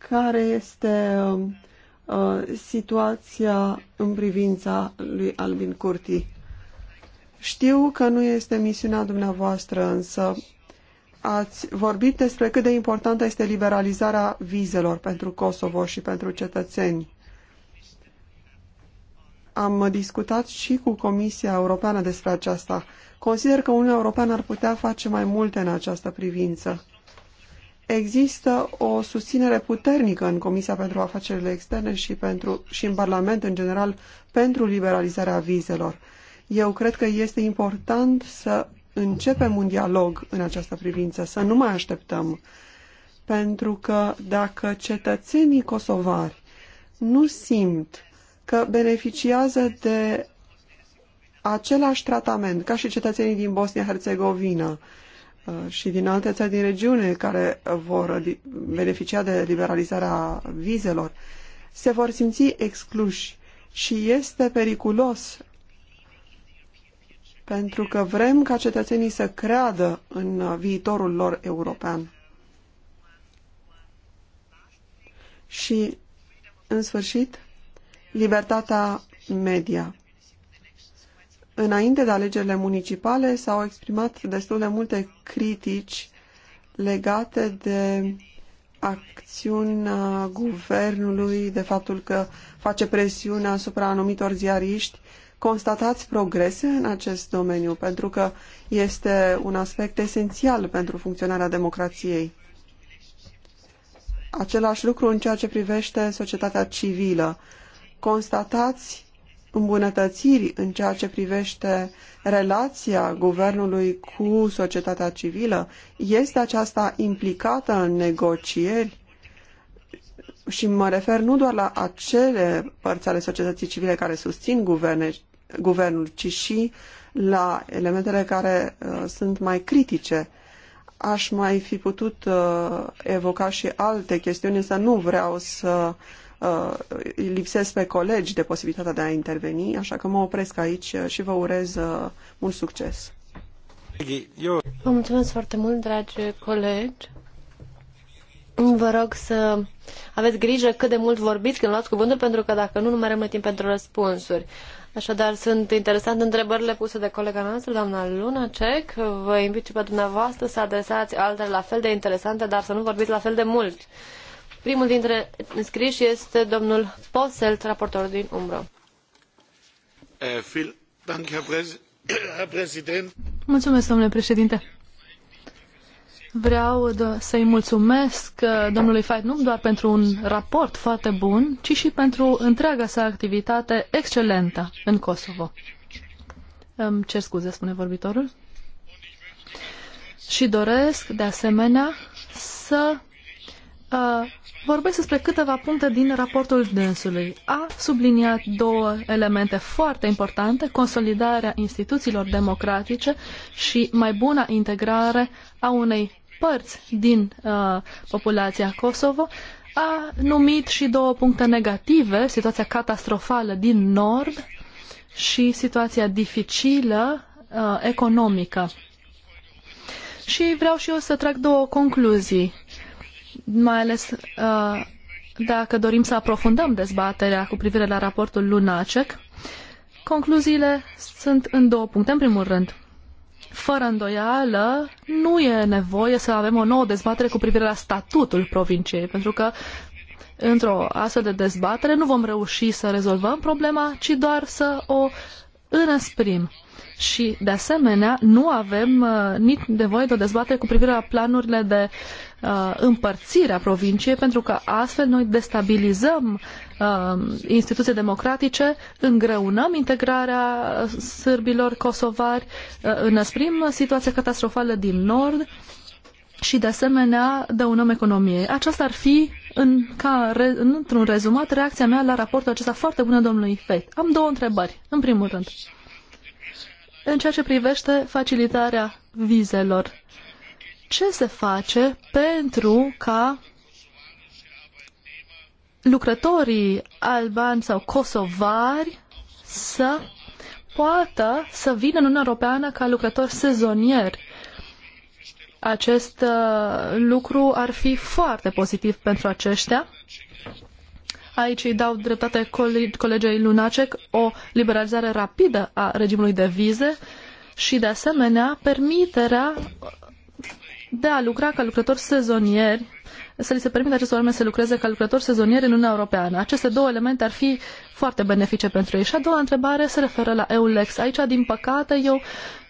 Care este situația în privința lui Albin Curti? Știu că nu este misiunea dumneavoastră, însă ați vorbit despre cât de importantă este liberalizarea vizelor pentru Kosovo și pentru cetățeni. Am discutat și cu Comisia Europeană despre aceasta. Consider că Uniunea Europeană ar putea face mai multe în această privință. Există o susținere puternică în Comisia pentru Afacerile Externe și, pentru, și în Parlament în general pentru liberalizarea vizelor. Eu cred că este important să începem un dialog în această privință, să nu mai așteptăm. Pentru că dacă cetățenii kosovari nu simt că beneficiază de același tratament ca și cetățenii din Bosnia-Herzegovina uh, și din alte țări din regiune care vor beneficia de liberalizarea vizelor, se vor simți excluși și este periculos pentru că vrem ca cetățenii să creadă în viitorul lor european. Și, în sfârșit, libertatea media. Înainte de alegerile municipale s-au exprimat destul de multe critici legate de acțiunea guvernului, de faptul că face presiune asupra anumitor ziariști constatați progrese în acest domeniu, pentru că este un aspect esențial pentru funcționarea democrației. Același lucru în ceea ce privește societatea civilă. Constatați îmbunătățiri în ceea ce privește relația guvernului cu societatea civilă? Este aceasta implicată în negocieri? și mă refer nu doar la acele părți ale societății civile care susțin guverne, guvernul, ci și la elementele care uh, sunt mai critice. Aș mai fi putut uh, evoca și alte chestiuni, însă nu vreau să uh, lipsesc pe colegi de posibilitatea de a interveni, așa că mă opresc aici și vă urez uh, mult succes. Vă mulțumesc foarte mult, dragi colegi. Vă rog să aveți grijă cât de mult vorbiți când luați cuvântul, pentru că dacă nu, nu mai rămâne timp pentru răspunsuri. Așadar, sunt interesante întrebările puse de colega noastră, doamna Cec. Vă invit și pe dumneavoastră să adresați altele la fel de interesante, dar să nu vorbiți la fel de mult. Primul dintre înscriși este domnul Posel, raportor din umbră. Eh, Mulțumesc, domnule președinte. Vreau să-i mulțumesc uh, domnului Fait nu doar pentru un raport foarte bun, ci și pentru întreaga sa activitate excelentă în Kosovo. Îmi cer scuze, spune vorbitorul. Și doresc, de asemenea, să uh, vorbesc despre câteva puncte din raportul dânsului. A subliniat două elemente foarte importante, consolidarea instituțiilor democratice și mai buna integrare a unei părți din uh, populația Kosovo, a numit și două puncte negative, situația catastrofală din nord și situația dificilă uh, economică. Și vreau și eu să trag două concluzii, mai ales uh, dacă dorim să aprofundăm dezbaterea cu privire la raportul Lunacek. Concluziile sunt în două puncte. În primul rând, fără îndoială, nu e nevoie să avem o nouă dezbatere cu privire la statutul provinciei, pentru că într-o astfel de dezbatere nu vom reuși să rezolvăm problema, ci doar să o înăsprim și, de asemenea, nu avem uh, nici nevoie de o dezbatere cu privire la planurile de uh, împărțire a provinciei, pentru că astfel noi destabilizăm uh, instituții democratice, îngreunăm integrarea uh, sârbilor kosovari, uh, înăsprim situația catastrofală din nord și, de asemenea, dăunăm economiei. Aceasta ar fi, în, ca, re, într-un rezumat, reacția mea la raportul acesta foarte bună domnului Feit. Am două întrebări. În primul rând, în ceea ce privește facilitarea vizelor. Ce se face pentru ca lucrătorii albani sau kosovari să poată să vină în Uniunea Europeană ca lucrători sezonieri. Acest uh, lucru ar fi foarte pozitiv pentru aceștia Aici îi dau dreptate colegei Lunacek o liberalizare rapidă a regimului de vize și, de asemenea, permiterea de a lucra ca lucrători sezonieri, să li se permită acestor oameni să lucreze ca lucrători sezonieri în Uniunea Europeană. Aceste două elemente ar fi foarte benefice pentru ei. Și a doua întrebare se referă la EULEX. Aici, din păcate, eu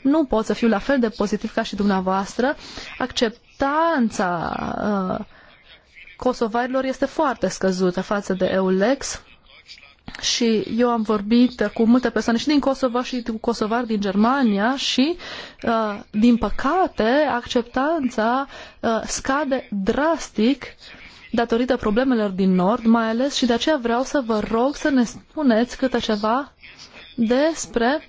nu pot să fiu la fel de pozitiv ca și dumneavoastră. Acceptanța uh, kosovarilor este foarte scăzută față de EULEX și eu am vorbit cu multe persoane și din Kosovo și cu kosovari din Germania și, uh, din păcate, acceptanța uh, scade drastic datorită problemelor din Nord, mai ales și de aceea vreau să vă rog să ne spuneți câte ceva despre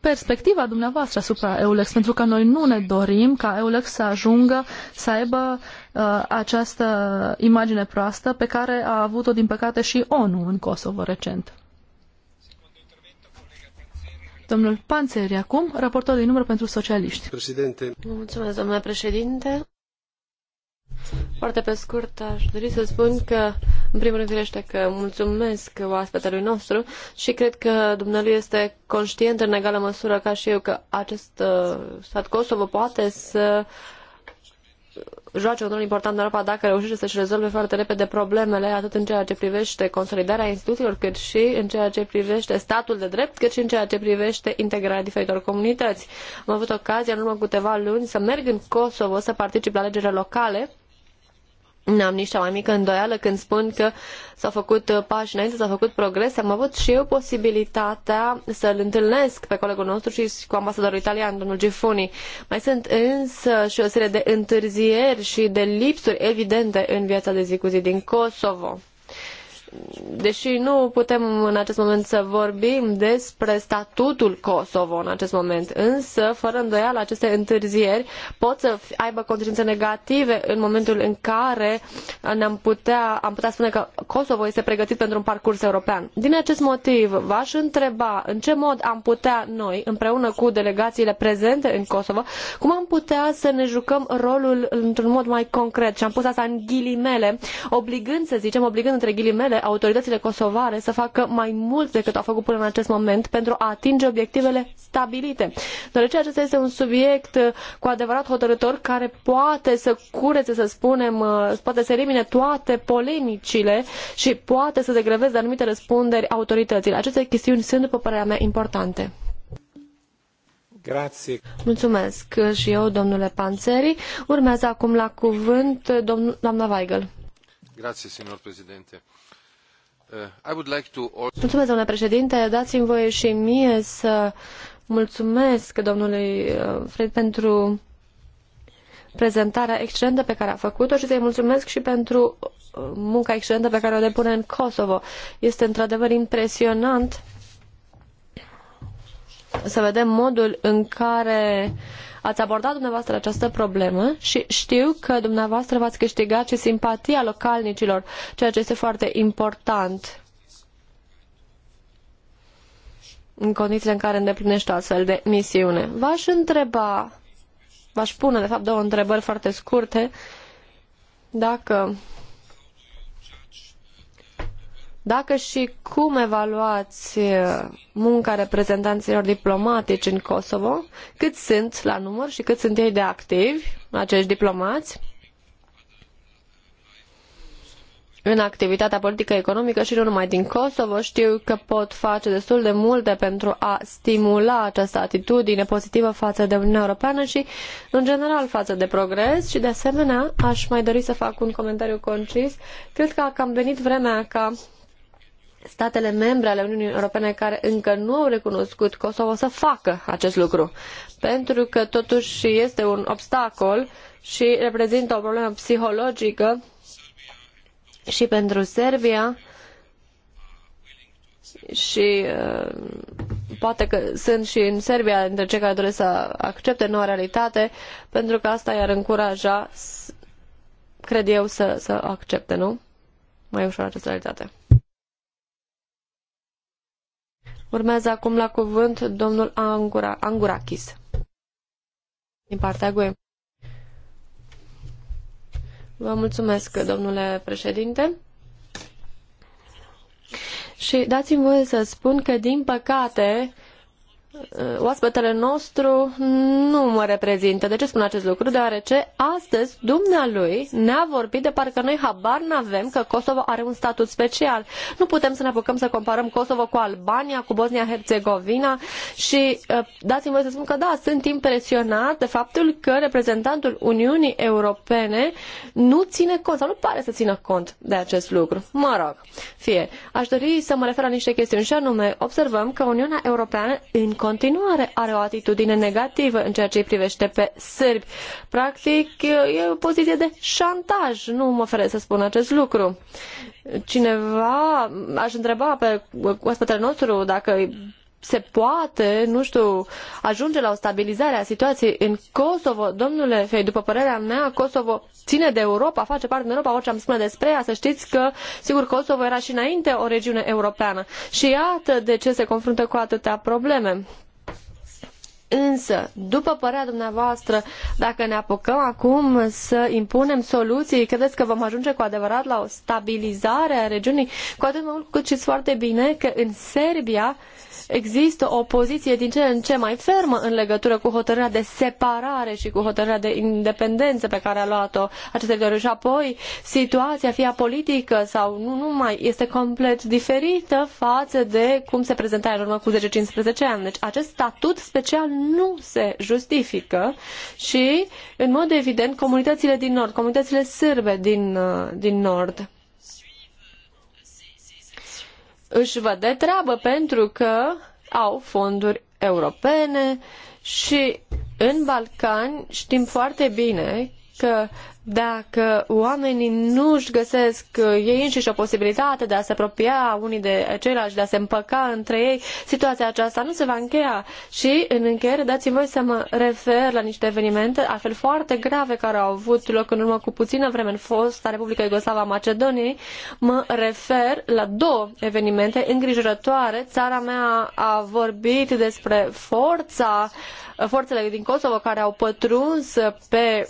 perspectiva dumneavoastră asupra EULEX, pentru că noi nu ne dorim ca EULEX să ajungă să aibă uh, această imagine proastă pe care a avut-o, din păcate, și ONU în Kosovo recent. Domnul Panțeri, acum, raportor din număr pentru socialiști. Președinte. Mulțumesc, domnule președinte. Foarte pe scurt, aș dori să spun că, în primul rând, firește că mulțumesc oaspetelui nostru și cred că dumnealui este conștient în egală măsură ca și eu că acest uh, stat Kosovo poate să joace un rol important în Europa dacă reușește să-și rezolve foarte repede problemele, atât în ceea ce privește consolidarea instituțiilor, cât și în ceea ce privește statul de drept, cât și în ceea ce privește integrarea diferitor comunități. Am avut ocazia în urmă cu câteva luni să merg în Kosovo să particip la alegerile locale N-am nici cea mai mică îndoială când spun că s-au făcut uh, pași înainte, s-au făcut progrese. Am avut și eu posibilitatea să-l întâlnesc pe colegul nostru și cu ambasadorul italian, domnul Gifuni. Mai sunt însă și o serie de întârzieri și de lipsuri evidente în viața de zi cu zi din Kosovo deși nu putem în acest moment să vorbim despre statutul Kosovo în acest moment, însă, fără îndoială, aceste întârzieri pot să aibă consecințe negative în momentul în care ne-am putea, am putea spune că Kosovo este pregătit pentru un parcurs european. Din acest motiv, v-aș întreba în ce mod am putea noi, împreună cu delegațiile prezente în Kosovo, cum am putea să ne jucăm rolul într-un mod mai concret și am pus asta în ghilimele, obligând, să zicem, obligând între ghilimele autoritățile kosovare să facă mai mult decât au făcut până în acest moment pentru a atinge obiectivele stabilite. Deoarece acesta este un subiect uh, cu adevărat hotărător care poate să curețe, să spunem, uh, poate să elimine toate polemicile și poate să degreveze anumite răspunderi autorităților. Aceste chestiuni sunt, după părerea mea, importante. Grazie. Mulțumesc și eu, domnule Panțeri. Urmează acum la cuvânt domn- doamna Weigel. Grazie, signor președinte. Uh, mulțumesc, domnule președinte. Dați-mi voie și mie să mulțumesc domnului uh, Fred pentru prezentarea excelentă pe care a făcut-o și să-i mulțumesc și pentru uh, munca excelentă pe care o depune în Kosovo. Este într-adevăr impresionant să vedem modul în care uh, Ați abordat dumneavoastră această problemă și știu că dumneavoastră v-ați câștigat și simpatia localnicilor, ceea ce este foarte important în condițiile în care îndeplinește o astfel de misiune. V-aș întreba, v-aș pune de fapt două întrebări foarte scurte, dacă dacă și cum evaluați uh, munca reprezentanților diplomatici în Kosovo, cât sunt la număr și cât sunt ei de activi, acești diplomați, în activitatea politică economică și nu numai din Kosovo. Știu că pot face destul de multe pentru a stimula această atitudine pozitivă față de Uniunea Europeană și, în general, față de progres și, de asemenea, aș mai dori să fac un comentariu concis. Cred că a cam venit vremea ca statele membre ale Uniunii Europene care încă nu au recunoscut Kosovo să facă acest lucru, pentru că totuși este un obstacol și reprezintă o problemă psihologică și pentru Serbia și uh, poate că sunt și în Serbia dintre cei care doresc să accepte noua realitate, pentru că asta i-ar încuraja, cred eu, să, să accepte, nu? Mai ușor această realitate. Urmează acum la cuvânt domnul Angura, Angurakis din partea GUE. Vă mulțumesc, domnule președinte. Și dați-mi voie să spun că, din păcate, Uh, oaspetele nostru nu mă reprezintă. De ce spun acest lucru? Deoarece astăzi dumnealui ne-a vorbit de parcă noi habar n-avem că Kosovo are un statut special. Nu putem să ne apucăm să comparăm Kosovo cu Albania, cu Bosnia-Herzegovina și uh, dați-mi voie să spun că da, sunt impresionat de faptul că reprezentantul Uniunii Europene nu ține cont sau nu pare să țină cont de acest lucru. Mă rog, fie. Aș dori să mă refer la niște chestiuni și anume, observăm că Uniunea Europeană în continuare are o atitudine negativă în ceea ce îi privește pe sârbi. Practic, e o poziție de șantaj, nu mă feresc să spun acest lucru. Cineva, aș întreba pe oaspetele nostru dacă se poate, nu știu, ajunge la o stabilizare a situației în Kosovo. Domnule Fei, după părerea mea, Kosovo ține de Europa, face parte din Europa, orice am spune despre ea, să știți că, sigur, Kosovo era și înainte o regiune europeană. Și iată de ce se confruntă cu atâtea probleme. Însă, după părerea dumneavoastră, dacă ne apucăm acum să impunem soluții, credeți că vom ajunge cu adevărat la o stabilizare a regiunii? Cu atât mai mult cât știți foarte bine că în Serbia există o poziție din ce în ce mai fermă în legătură cu hotărârea de separare și cu hotărârea de independență pe care a luat-o aceste teritoriu. Și apoi, situația, fie politică sau nu numai, este complet diferită față de cum se prezenta în urmă cu 10-15 ani. Deci acest statut special nu se justifică și, în mod evident, comunitățile din Nord, comunitățile sârbe din, din Nord, își văd de treabă pentru că au fonduri europene și în Balcani știm foarte bine că dacă oamenii nu își găsesc eh, ei înșiși o posibilitate de a se apropia unii de ceilalți, de a se împăca între ei, situația aceasta nu se va încheia. Și, în încheiere, dați-mi voi să mă refer la niște evenimente altfel foarte grave care au avut loc în urmă cu puțină vreme în fosta Republica Iugoslava Macedoniei. Mă refer la două evenimente îngrijorătoare. Țara mea a vorbit despre forța eh, forțele din Kosovo care au pătruns pe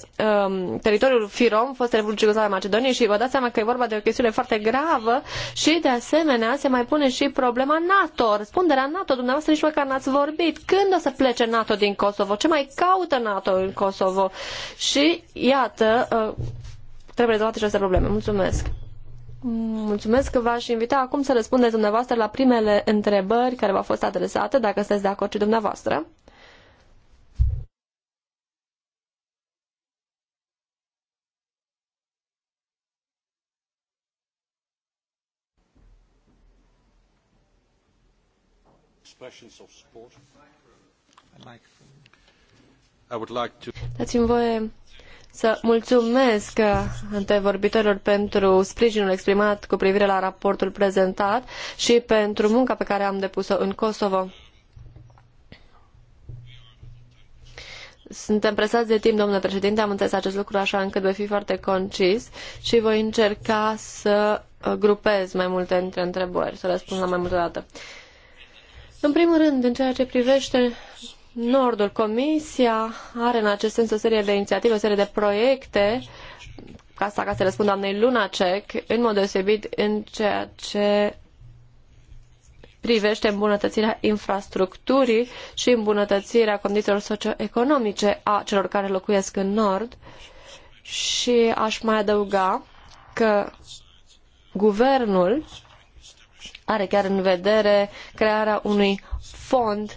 um, teritoriul Firom, fost Republica Iugoslavia Macedoniei și vă dați seama că e vorba de o chestiune foarte gravă și de asemenea se mai pune și problema NATO. Răspunderea NATO, dumneavoastră nici măcar n-ați vorbit. Când o să plece NATO din Kosovo? Ce mai caută NATO în Kosovo? Și iată, uh, trebuie rezolvate aceste probleme. Mulțumesc! Mulțumesc că v-aș invita acum să răspundeți dumneavoastră la primele întrebări care v-au fost adresate, dacă sunteți de acord și dumneavoastră. expressions of support. I would like to... Dați-mi voie să mulțumesc antevorbitorilor pentru sprijinul exprimat cu privire la raportul prezentat și pentru munca pe care am depus-o în Kosovo. Suntem presați de timp, domnule președinte, am înțeles acest lucru așa încât voi fi foarte concis și voi încerca să uh, grupez mai multe dintre întrebări, să răspund la mai multe dată. În primul rând, în ceea ce privește Nordul, Comisia are în acest sens o serie de inițiative, o serie de proiecte ca să răspund doamnei Lunacek, în mod deosebit în ceea ce privește îmbunătățirea infrastructurii și îmbunătățirea condițiilor socioeconomice a celor care locuiesc în Nord. Și aș mai adăuga că guvernul are chiar în vedere crearea unui fond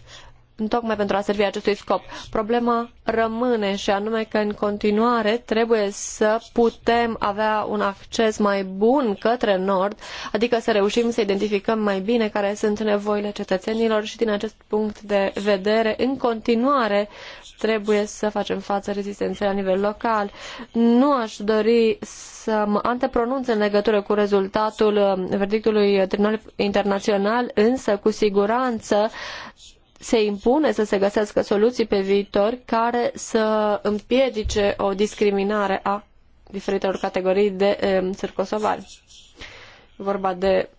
tocmai pentru a servi acestui scop. Problema rămâne și anume că în continuare trebuie să putem avea un acces mai bun către Nord, adică să reușim să identificăm mai bine care sunt nevoile cetățenilor și din acest punct de vedere, în continuare, trebuie să facem față rezistenței la nivel local. Nu aș dori să mă antepronunț în legătură cu rezultatul uh, verdictului Tribunalului Internațional, însă cu siguranță se impune să se găsească soluții pe viitor care să împiedice o discriminare a diferitelor categorii de țări uh, kosovari. Vorba de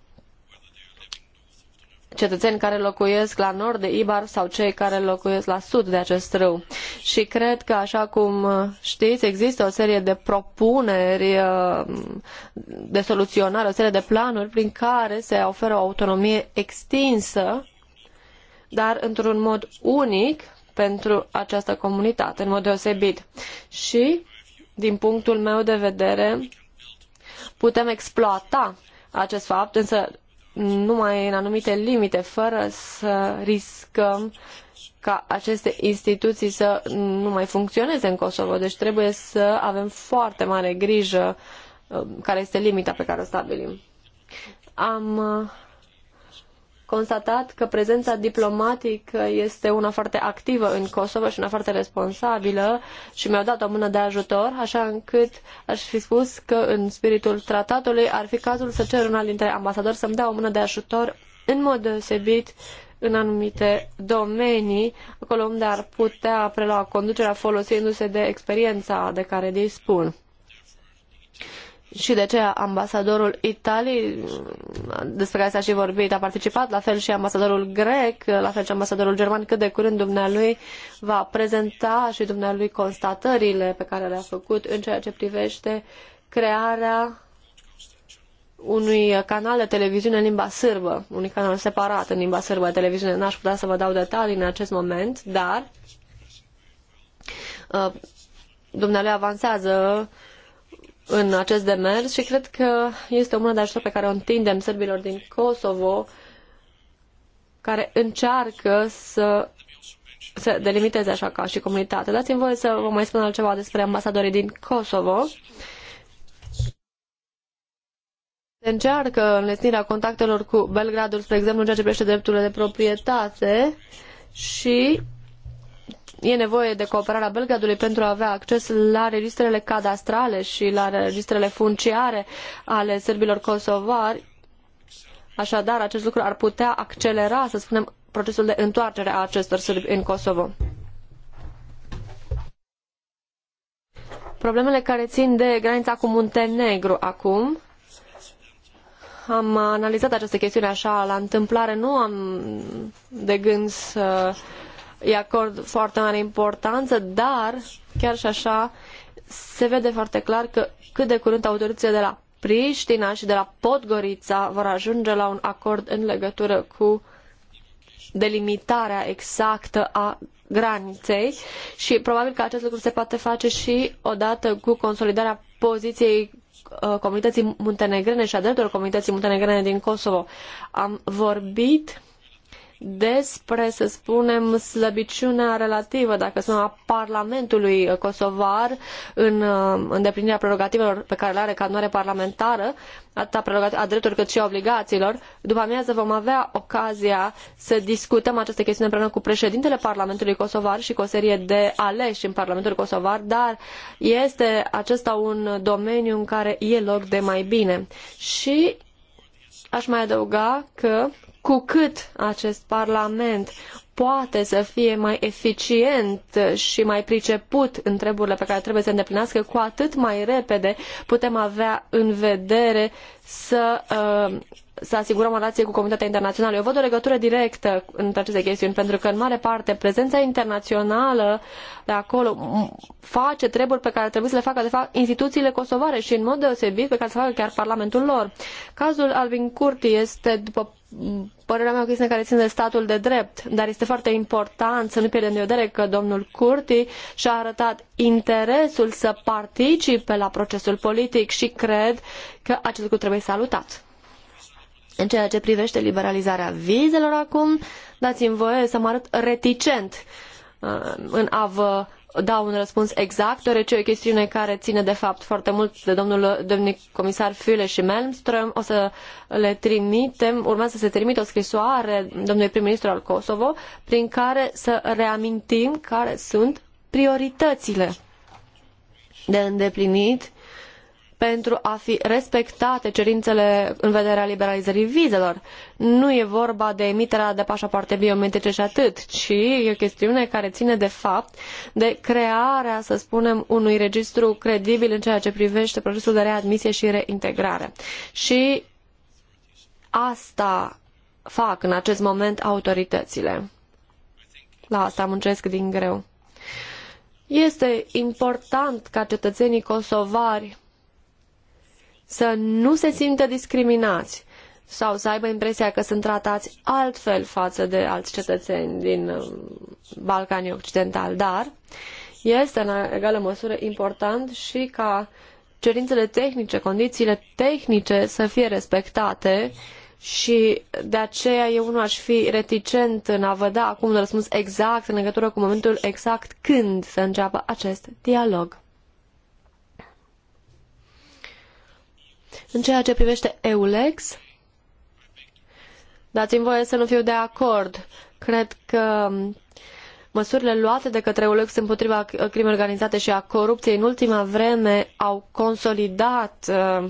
cetățeni care locuiesc la nord de Ibar sau cei care locuiesc la sud de acest râu. Și cred că, așa cum uh, știți, există o serie de propuneri uh, de soluționare, o serie de planuri prin care se oferă o autonomie extinsă, dar într-un mod unic pentru această comunitate, în mod deosebit. Și, din punctul meu de vedere, putem exploata acest fapt, însă numai în anumite limite, fără să riscăm ca aceste instituții să nu mai funcționeze în Kosovo. Deci trebuie să avem foarte mare grijă uh, care este limita pe care o stabilim. Am uh, constatat că prezența diplomatică este una foarte activă în Kosovo și una foarte responsabilă și mi-au dat o mână de ajutor, așa încât aș fi spus că în spiritul tratatului ar fi cazul să cer una dintre ambasadori să-mi dea o mână de ajutor în mod deosebit în anumite domenii, acolo unde ar putea prelua conducerea folosindu-se de experiența de care dispun și de aceea ambasadorul Italiei, despre care s-a și vorbit, a participat, la fel și ambasadorul grec, la fel și ambasadorul german, cât de curând dumnealui va prezenta și dumnealui constatările pe care le-a făcut în ceea ce privește crearea unui canal de televiziune în limba sârbă, unui canal separat în limba sârbă de televiziune. N-aș putea să vă dau detalii în acest moment, dar uh, dumnealui avansează uh, în acest demers și cred că este o mână de ajutor pe care o întindem sârbilor din Kosovo care încearcă să se delimiteze așa ca și comunitate. Dați-mi voie să vă mai spun altceva despre ambasadorii din Kosovo. Se încearcă înlesnirea contactelor cu Belgradul, spre exemplu, în ceea ce privește drepturile de proprietate și e nevoie de cooperarea Belgradului pentru a avea acces la registrele cadastrale și la registrele funciare ale sârbilor kosovari. Așadar, acest lucru ar putea accelera, să spunem, procesul de întoarcere a acestor sârbi în Kosovo. Problemele care țin de granița cu Muntenegru acum, am analizat această chestiune așa la întâmplare, nu am de gând să uh, îi acord foarte mare importanță, dar chiar și așa se vede foarte clar că cât de curând autoritățile de la Priștina și de la Podgorița vor ajunge la un acord în legătură cu delimitarea exactă a graniței și probabil că acest lucru se poate face și odată cu consolidarea poziției uh, comunității muntenegrene și a drepturilor comunității muntenegrene din Kosovo. Am vorbit despre, să spunem, slăbiciunea relativă, dacă sunt a Parlamentului kosovar în uh, îndeplinirea prerogativelor pe care le are ca adunare parlamentară, atât a, a drepturilor cât și a obligațiilor. După amiază vom avea ocazia să discutăm această chestiune împreună cu președintele Parlamentului Kosovar și cu o serie de aleși în Parlamentul Kosovar, dar este acesta un domeniu în care e loc de mai bine. Și aș mai adăuga că cu cât acest Parlament poate să fie mai eficient și mai priceput în treburile pe care trebuie să îndeplinească, cu atât mai repede putem avea în vedere să, uh, să asigurăm o relație cu comunitatea internațională. Eu văd o legătură directă între aceste chestiuni, pentru că, în mare parte, prezența internațională de acolo face treburi pe care trebuie să le facă, de fapt, instituțiile kosovare și, în mod deosebit, pe care să facă chiar Parlamentul lor. Cazul Alvin Curti este, după părerea mea o chestiune care ține de statul de drept, dar este foarte important să nu pierdem de vedere că domnul Curti și-a arătat interesul să participe la procesul politic și cred că acest lucru trebuie salutat. În ceea ce privește liberalizarea vizelor acum, dați-mi voie să mă arăt reticent uh, în a vă da un răspuns exact, deoarece e o chestiune care ține de fapt foarte mult de domnul domnic comisar Füle și Malmström. O să le trimitem, urmează să se trimită o scrisoare domnului prim-ministru al Kosovo, prin care să reamintim care sunt prioritățile de îndeplinit pentru a fi respectate cerințele în vederea liberalizării vizelor. Nu e vorba de emiterea de pașapoarte biometrice și atât, ci e o chestiune care ține de fapt de crearea, să spunem, unui registru credibil în ceea ce privește procesul de readmisie și reintegrare. Și asta fac în acest moment autoritățile. La asta muncesc din greu. Este important ca cetățenii kosovari să nu se simtă discriminați sau să aibă impresia că sunt tratați altfel față de alți cetățeni din um, Balcanii Occidentali, dar este în egală măsură important și ca cerințele tehnice, condițiile tehnice să fie respectate și de aceea eu nu aș fi reticent în a vă da acum un răspuns exact în legătură cu momentul exact când să înceapă acest dialog. În ceea ce privește EULEX, dați-mi voie să nu fiu de acord. Cred că um, măsurile luate de către EULEX împotriva crimei organizate și a corupției în ultima vreme au consolidat uh,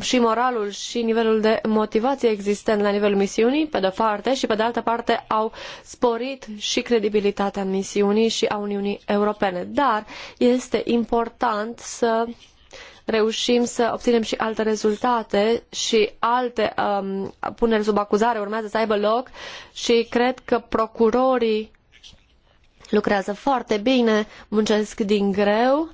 și moralul și nivelul de motivație existent la nivelul misiunii, pe de-o parte, și pe de altă parte au sporit și credibilitatea misiunii și a Uniunii Europene. Dar este important să reușim să obținem și alte rezultate și alte um, puneri sub acuzare urmează să aibă loc și cred că procurorii lucrează foarte bine, muncesc din greu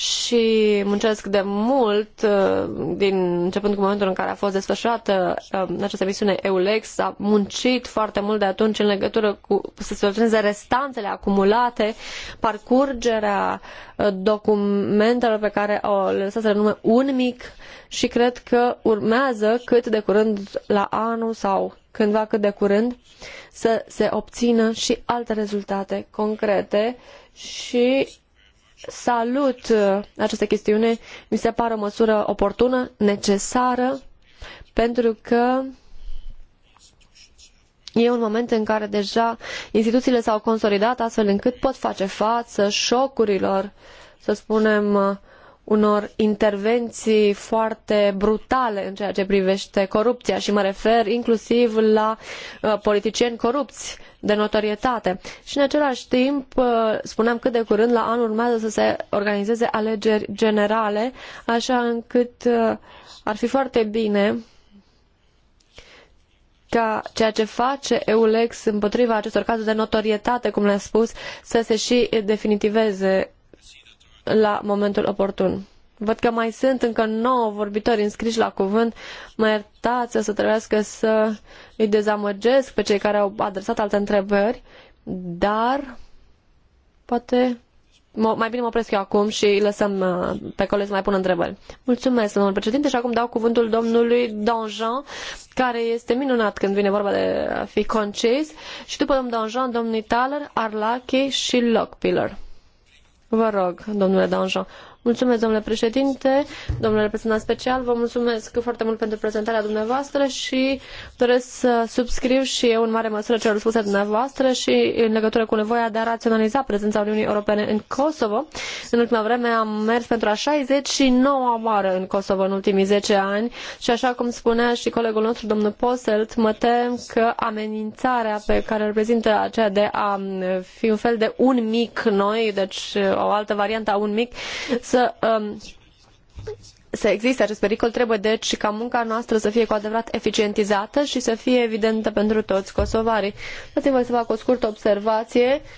și muncesc de mult, uh, din, începând cu momentul în care a fost desfășurată um, această misiune EULEX, a muncit foarte mult de atunci în legătură cu să se obțineze restanțele acumulate, parcurgerea uh, documentelor pe care o lăsat lăsaseră nume un mic și cred că urmează cât de curând la anul sau cândva cât de curând să se obțină și alte rezultate concrete și salut uh, această chestiune. Mi se pare o măsură oportună, necesară, pentru că E un moment în care deja instituțiile s-au consolidat astfel încât pot face față șocurilor, să spunem, uh, unor intervenții foarte brutale în ceea ce privește corupția și mă refer inclusiv la uh, politicieni corupți de notorietate. Și în același timp, uh, spuneam cât de curând, la anul urmează să se organizeze alegeri generale, așa încât uh, ar fi foarte bine ca ceea ce face EULEX împotriva acestor cazuri de notorietate, cum le-am spus, să se și definitiveze la momentul oportun. Văd că mai sunt încă nouă vorbitori înscriși la cuvânt. Mă iertați o să trebuiască să îi dezamăgesc pe cei care au adresat alte întrebări, dar poate mai bine mă opresc eu acum și îi lăsăm uh, pe colegi să mai pun întrebări. Mulțumesc, domnul președinte, și acum dau cuvântul domnului Donjean, care este minunat când vine vorba de a fi concis, și după domnul Donjean, domnii Taler, Arlachi și Lockpiller. Vă rog, domnule Donjean. Mulțumesc, domnule președinte, domnule reprezentant special, vă mulțumesc foarte mult pentru prezentarea dumneavoastră și doresc să subscriu și eu în mare măsură celor spuse dumneavoastră și în legătură cu nevoia de a raționaliza prezența Uniunii Europene în Kosovo. În ultima vreme am mers pentru a 69-a oară în Kosovo în ultimii zece ani și așa cum spunea și colegul nostru, domnul Poselt, mă tem că amenințarea pe care reprezintă aceea de a fi un fel de un mic noi, deci o altă variantă a un mic, să um, să existe acest pericol, trebuie deci ca munca noastră să fie cu adevărat eficientizată și să fie evidentă pentru toți kosovarii. Dați-mi să fac o scurtă observație. Uh,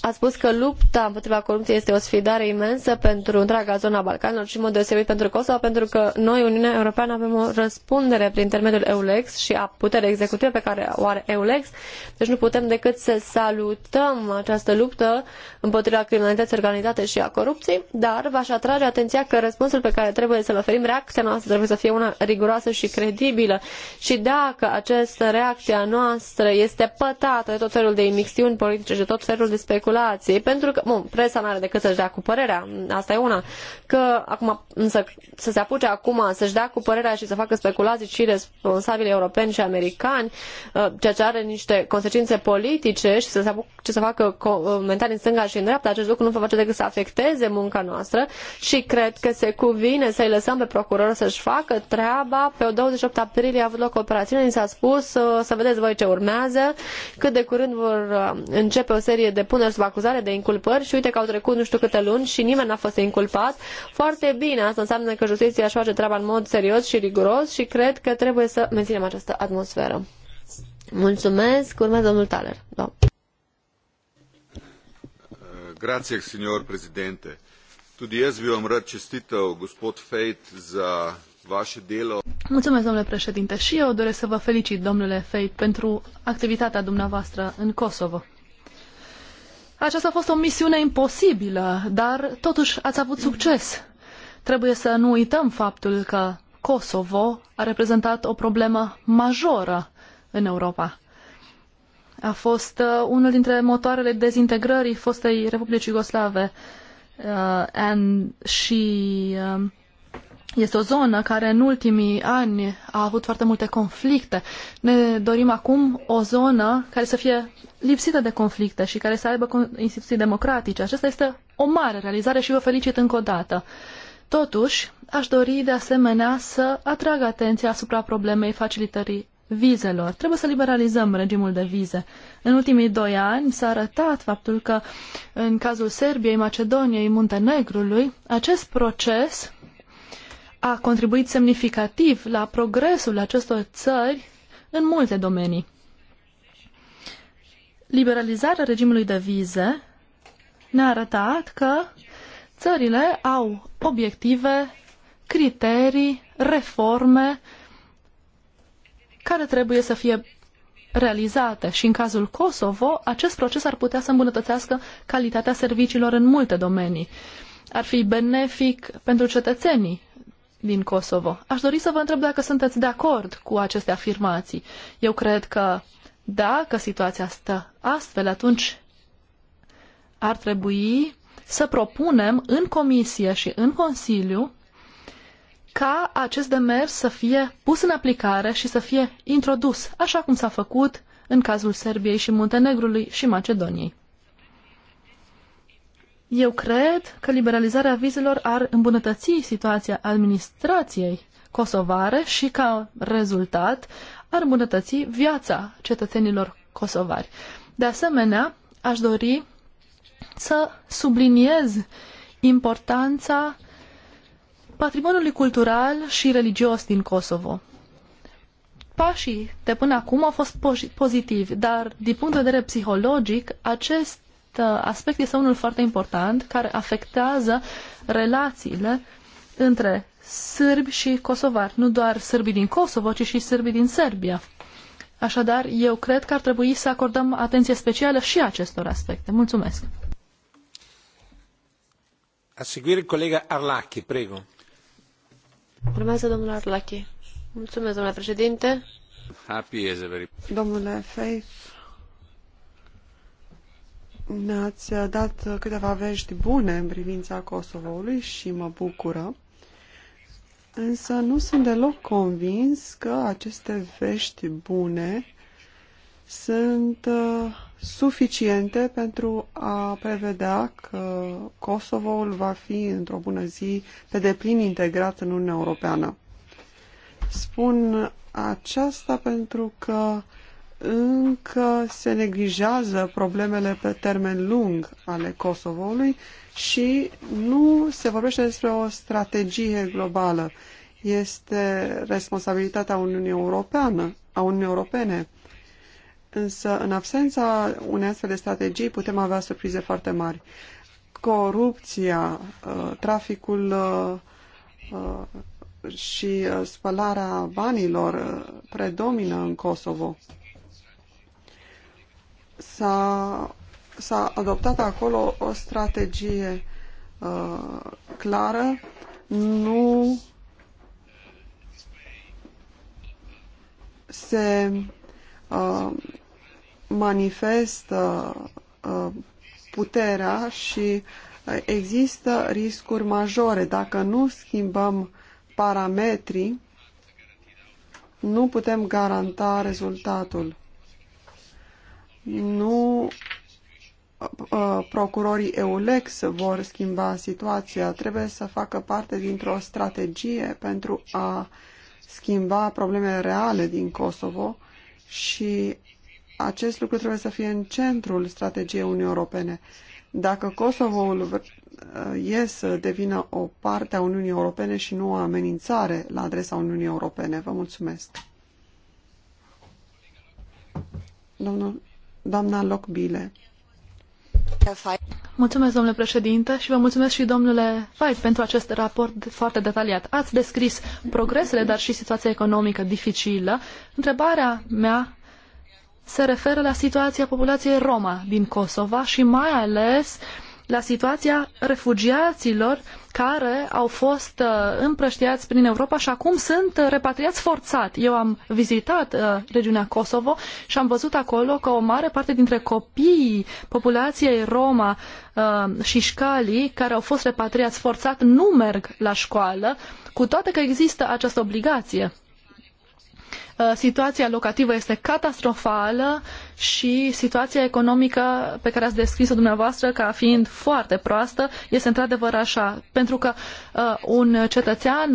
a spus că lupta împotriva corupției este o sfidare imensă pentru întreaga zona Balcanilor și, în mod deosebit, pentru Kosovo, pentru că noi, Uniunea Europeană, avem o răspundere prin intermediul EULEX și a puterii executive pe care o are EULEX. Deci nu putem decât să salutăm această luptă împotriva criminalității organizate și a corupției, dar v-aș atrage atenția că răspunsul pe care trebuie să-l oferim, reacția noastră trebuie să fie una riguroasă și credibilă. Și dacă această reacție a noastră este pătată de tot felul de imixtiuni politice, de tot felul de speculații, speculații, pentru că, bun, presa nu are decât să-și dea cu părerea, asta e una, că acum, însă, să se apuce acum să-și dea cu părerea și să facă speculații și responsabili europeni și americani, uh, ceea ce are niște consecințe politice și să se apuce să facă uh, comentarii în stânga și în dreapta, acest lucru nu va face decât să afecteze munca noastră și cred că se cuvine să-i lăsăm pe procuror să-și facă treaba. Pe 28 aprilie a avut loc o operațiune, ni s-a spus uh, să vedeți voi ce urmează, cât de curând vor începe o serie de puneri puneri sub acuzare de inculpări și uite că au trecut nu știu câte luni și nimeni n-a fost inculpat. Foarte bine, asta înseamnă că justiția își face treaba în mod serios și riguros și cred că trebuie să menținem această atmosferă. Mulțumesc, urmează domnul Taler. Da. Grazie, signor președinte. Tudi jaz bi vam rad čestitev, uh, gospod Fejt, za vaše delo. Mulțumesc, domnule președinte, și eu doresc să vă felicit, domnule Fejt, pentru activitatea dumneavoastră în Kosovo. Aceasta a fost o misiune imposibilă, dar totuși ați avut succes. Trebuie să nu uităm faptul că Kosovo a reprezentat o problemă majoră în Europa. A fost uh, unul dintre motoarele dezintegrării fostei Republicii Iugoslave uh, and, și uh, este o zonă care în ultimii ani a avut foarte multe conflicte. Ne dorim acum o zonă care să fie lipsită de conflicte și care să aibă instituții democratice. Aceasta este o mare realizare și vă felicit încă o dată. Totuși, aș dori de asemenea să atrag atenția asupra problemei facilitării vizelor. Trebuie să liberalizăm regimul de vize. În ultimii doi ani s-a arătat faptul că în cazul Serbiei, Macedoniei, Muntenegrului, acest proces a contribuit semnificativ la progresul acestor țări în multe domenii. Liberalizarea regimului de vize ne-a arătat că țările au obiective, criterii, reforme care trebuie să fie realizate și în cazul Kosovo, acest proces ar putea să îmbunătățească calitatea serviciilor în multe domenii. Ar fi benefic pentru cetățenii din Kosovo. Aș dori să vă întreb dacă sunteți de acord cu aceste afirmații. Eu cred că dacă situația stă astfel, atunci ar trebui să propunem în Comisie și în Consiliu ca acest demers să fie pus în aplicare și să fie introdus, așa cum s-a făcut în cazul Serbiei și Muntenegrului și Macedoniei. Eu cred că liberalizarea vizelor ar îmbunătăți situația administrației kosovare și ca rezultat ar îmbunătăți viața cetățenilor kosovari. De asemenea, aș dori să subliniez importanța patrimoniului cultural și religios din Kosovo. Pașii de până acum au fost pozitivi, dar din punct de vedere psihologic, acest Uh, aspect este unul foarte important care afectează relațiile între sârbi și kosovari, nu doar sârbii din Kosovo, ci și sârbii din Serbia. Așadar, eu cred că ar trebui să acordăm atenție specială și acestor aspecte. Mulțumesc. A seguire colega Arlachi, prego. Urmează domnul Arlachi. Mulțumesc, domnule președinte. Happy is very... Domnule Faith, ne-ați uh, dat uh, câteva vești bune în privința Kosovoului și mă bucură, însă nu sunt deloc convins că aceste vești bune sunt uh, suficiente pentru a prevedea că Kosovoul va fi într-o bună zi pe deplin integrat în Uniunea Europeană. Spun aceasta pentru că încă se neglijează problemele pe termen lung ale Kosovoului și nu se vorbește despre o strategie globală. Este responsabilitatea Uniunii Europeană, a Uniunii Europene. Însă, în absența unei astfel de strategii, putem avea surprize foarte mari. Corupția, uh, traficul uh, uh, și spălarea banilor predomină în Kosovo s-a adoptat acolo o strategie uh, clară, nu se uh, manifestă uh, puterea și uh, există riscuri majore. Dacă nu schimbăm parametrii, nu putem garanta rezultatul. Nu uh, procurorii EULEX vor schimba situația, trebuie să facă parte dintr-o strategie pentru a schimba problemele reale din Kosovo și acest lucru trebuie să fie în centrul strategiei Uniunii Europene. Dacă Kosovo uh, e să devină o parte a Uniunii Europene și nu o amenințare la adresa Uniunii Europene. Vă mulțumesc. Domnul Mulțumesc, domnule președinte, și vă mulțumesc și domnule Fait pentru acest raport foarte detaliat. Ați descris progresele, dar și situația economică dificilă. Întrebarea mea se referă la situația populației Roma din Kosova și mai ales la situația refugiaților care au fost uh, împrăștiați prin Europa și acum sunt uh, repatriați forțat. Eu am vizitat uh, regiunea Kosovo și am văzut acolo că o mare parte dintre copiii populației Roma și șcalii care au fost repatriați forțat nu merg la școală, cu toate că există această obligație Uh, situația locativă este catastrofală și situația economică pe care ați descris-o dumneavoastră ca fiind foarte proastă este într-adevăr așa. Pentru că uh, un cetățean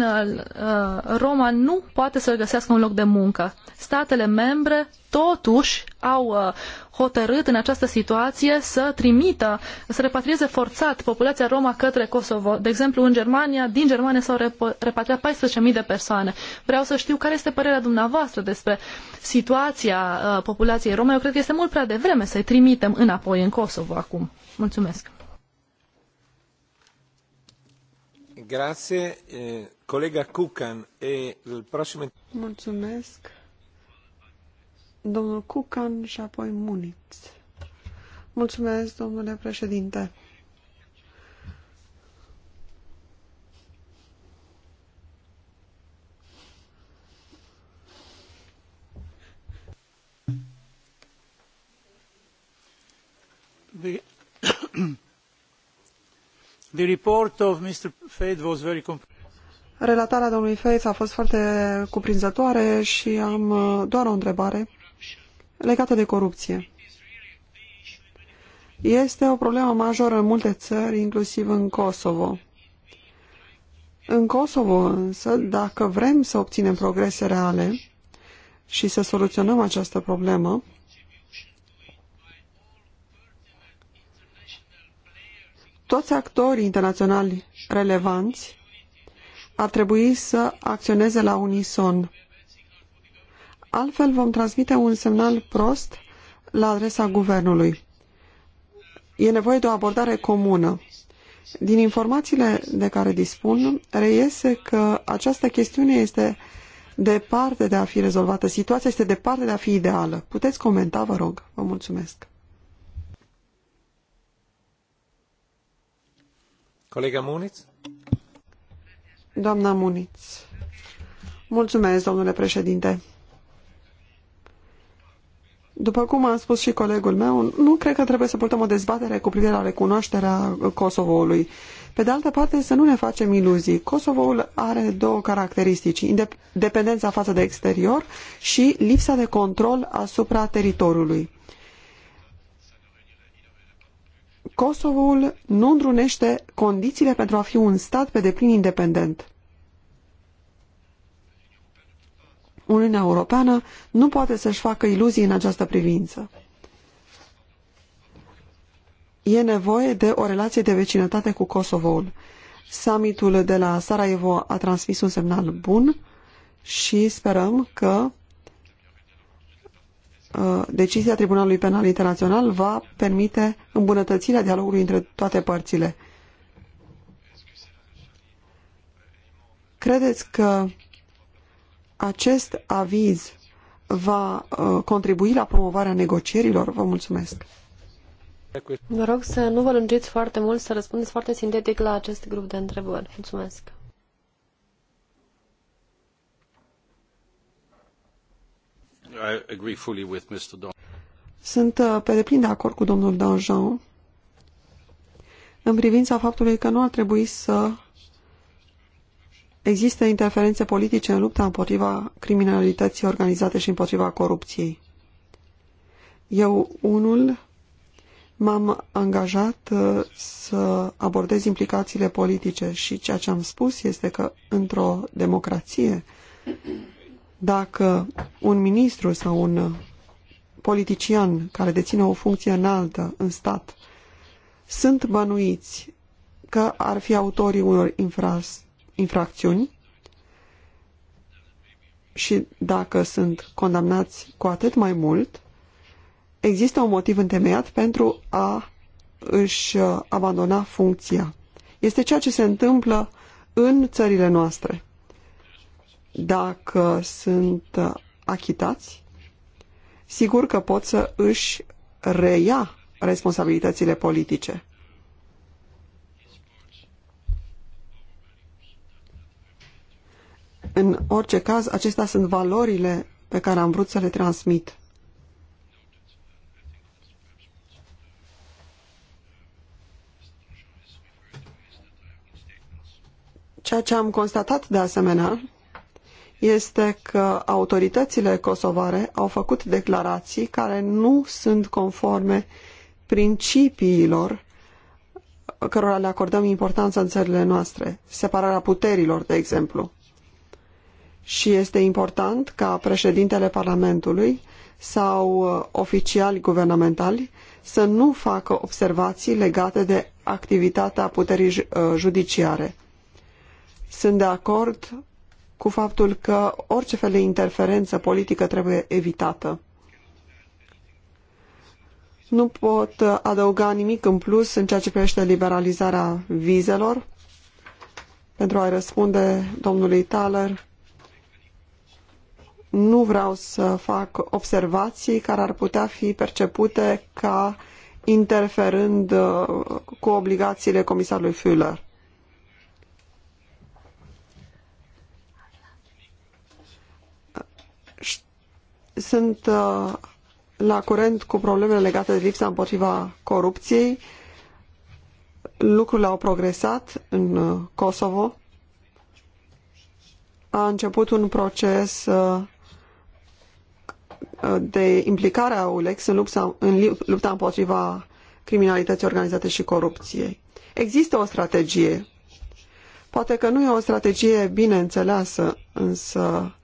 uh, nu poate să găsească un loc de muncă. Statele membre totuși au uh, hotărât în această situație să trimită, să repatrieze forțat populația Roma către Kosovo. De exemplu, în Germania, din Germania s-au repatriat 14.000 de persoane. Vreau să știu care este părerea dumneavoastră despre situația uh, populației Roma. Eu cred că este mult prea devreme să-i trimitem înapoi în Kosovo acum. Mulțumesc. Grazie. Eh, colega Cucan e il prossimo... Mulțumesc domnul Cucan și apoi Muniț. Mulțumesc, domnule președinte. The, the report of Mr. Fade was very Relatarea domnului Faith a fost foarte cuprinzătoare și am uh, doar o întrebare legată de corupție. Este o problemă majoră în multe țări, inclusiv în Kosovo. În Kosovo însă, dacă vrem să obținem progrese reale și să soluționăm această problemă, toți actorii internaționali relevanți ar trebui să acționeze la unison. Altfel vom transmite un semnal prost la adresa guvernului. E nevoie de o abordare comună. Din informațiile de care dispun, reiese că această chestiune este departe de a fi rezolvată. Situația este departe de a fi ideală. Puteți comenta, vă rog. Vă mulțumesc. Colega Muniț? Doamna Muniț. Mulțumesc, domnule președinte. După cum a spus și colegul meu, nu cred că trebuie să purtăm o dezbatere cu privire la recunoașterea Kosovoului. Pe de altă parte, să nu ne facem iluzii. Kosovoul are două caracteristici, independența față de exterior și lipsa de control asupra teritoriului. Kosovoul nu îndrunește condițiile pentru a fi un stat pe deplin independent. Uniunea Europeană nu poate să-și facă iluzii în această privință. E nevoie de o relație de vecinătate cu Kosovoul. Summitul de la Sarajevo a transmis un semnal bun și sperăm că uh, decizia Tribunalului Penal Internațional va permite îmbunătățirea dialogului între toate părțile. Credeți că acest aviz va uh, contribui la promovarea negocierilor? Vă mulțumesc! Vă rog să nu vă lungiți foarte mult, să răspundeți foarte sintetic la acest grup de întrebări. Mulțumesc! I agree fully with Mr. Don. Sunt uh, pe deplin de acord cu domnul Danjean în privința faptului că nu ar trebui să există interferențe politice în lupta împotriva criminalității organizate și împotriva corupției. Eu, unul, m-am angajat uh, să abordez implicațiile politice și ceea ce am spus este că într-o democrație, dacă un ministru sau un politician care deține o funcție înaltă în stat sunt bănuiți că ar fi autorii unor infracțiuni, infracțiuni și dacă sunt condamnați cu atât mai mult, există un motiv întemeiat pentru a își uh, abandona funcția. Este ceea ce se întâmplă în țările noastre. Dacă sunt uh, achitați, sigur că pot să își reia responsabilitățile politice. În orice caz, acestea sunt valorile pe care am vrut să le transmit. Ceea ce am constatat de asemenea este că autoritățile kosovare au făcut declarații care nu sunt conforme principiilor cărora le acordăm importanță în țările noastre, separarea puterilor, de exemplu și este important ca președintele Parlamentului sau uh, oficiali guvernamentali să nu facă observații legate de activitatea puterii uh, judiciare. Sunt de acord cu faptul că orice fel de interferență politică trebuie evitată. Nu pot adăuga nimic în plus în ceea ce privește liberalizarea vizelor. Pentru a-i răspunde domnului Thaler, nu vreau să fac observații care ar putea fi percepute ca interferând uh, cu obligațiile comisarului Fuller. Sunt uh, la curent cu problemele legate de lipsa împotriva corupției. Lucrurile au progresat în uh, Kosovo. A început un proces Uh, de implicare a ULEX în lupta, în lupta împotriva criminalității organizate și corupției. Există o strategie. Poate că nu e o strategie bine înțeleasă, însă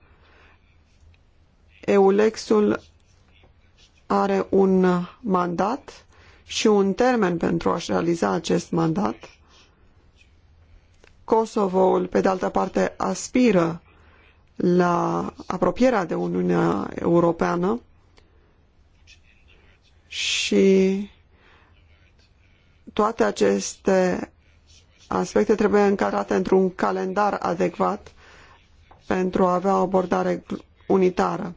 EULEX-ul are un mandat și un termen pentru a-și realiza acest mandat. Kosovo, pe de altă parte, aspiră la apropierea de Uniunea Europeană și toate aceste aspecte trebuie încadrate într-un calendar adecvat pentru a avea o abordare unitară.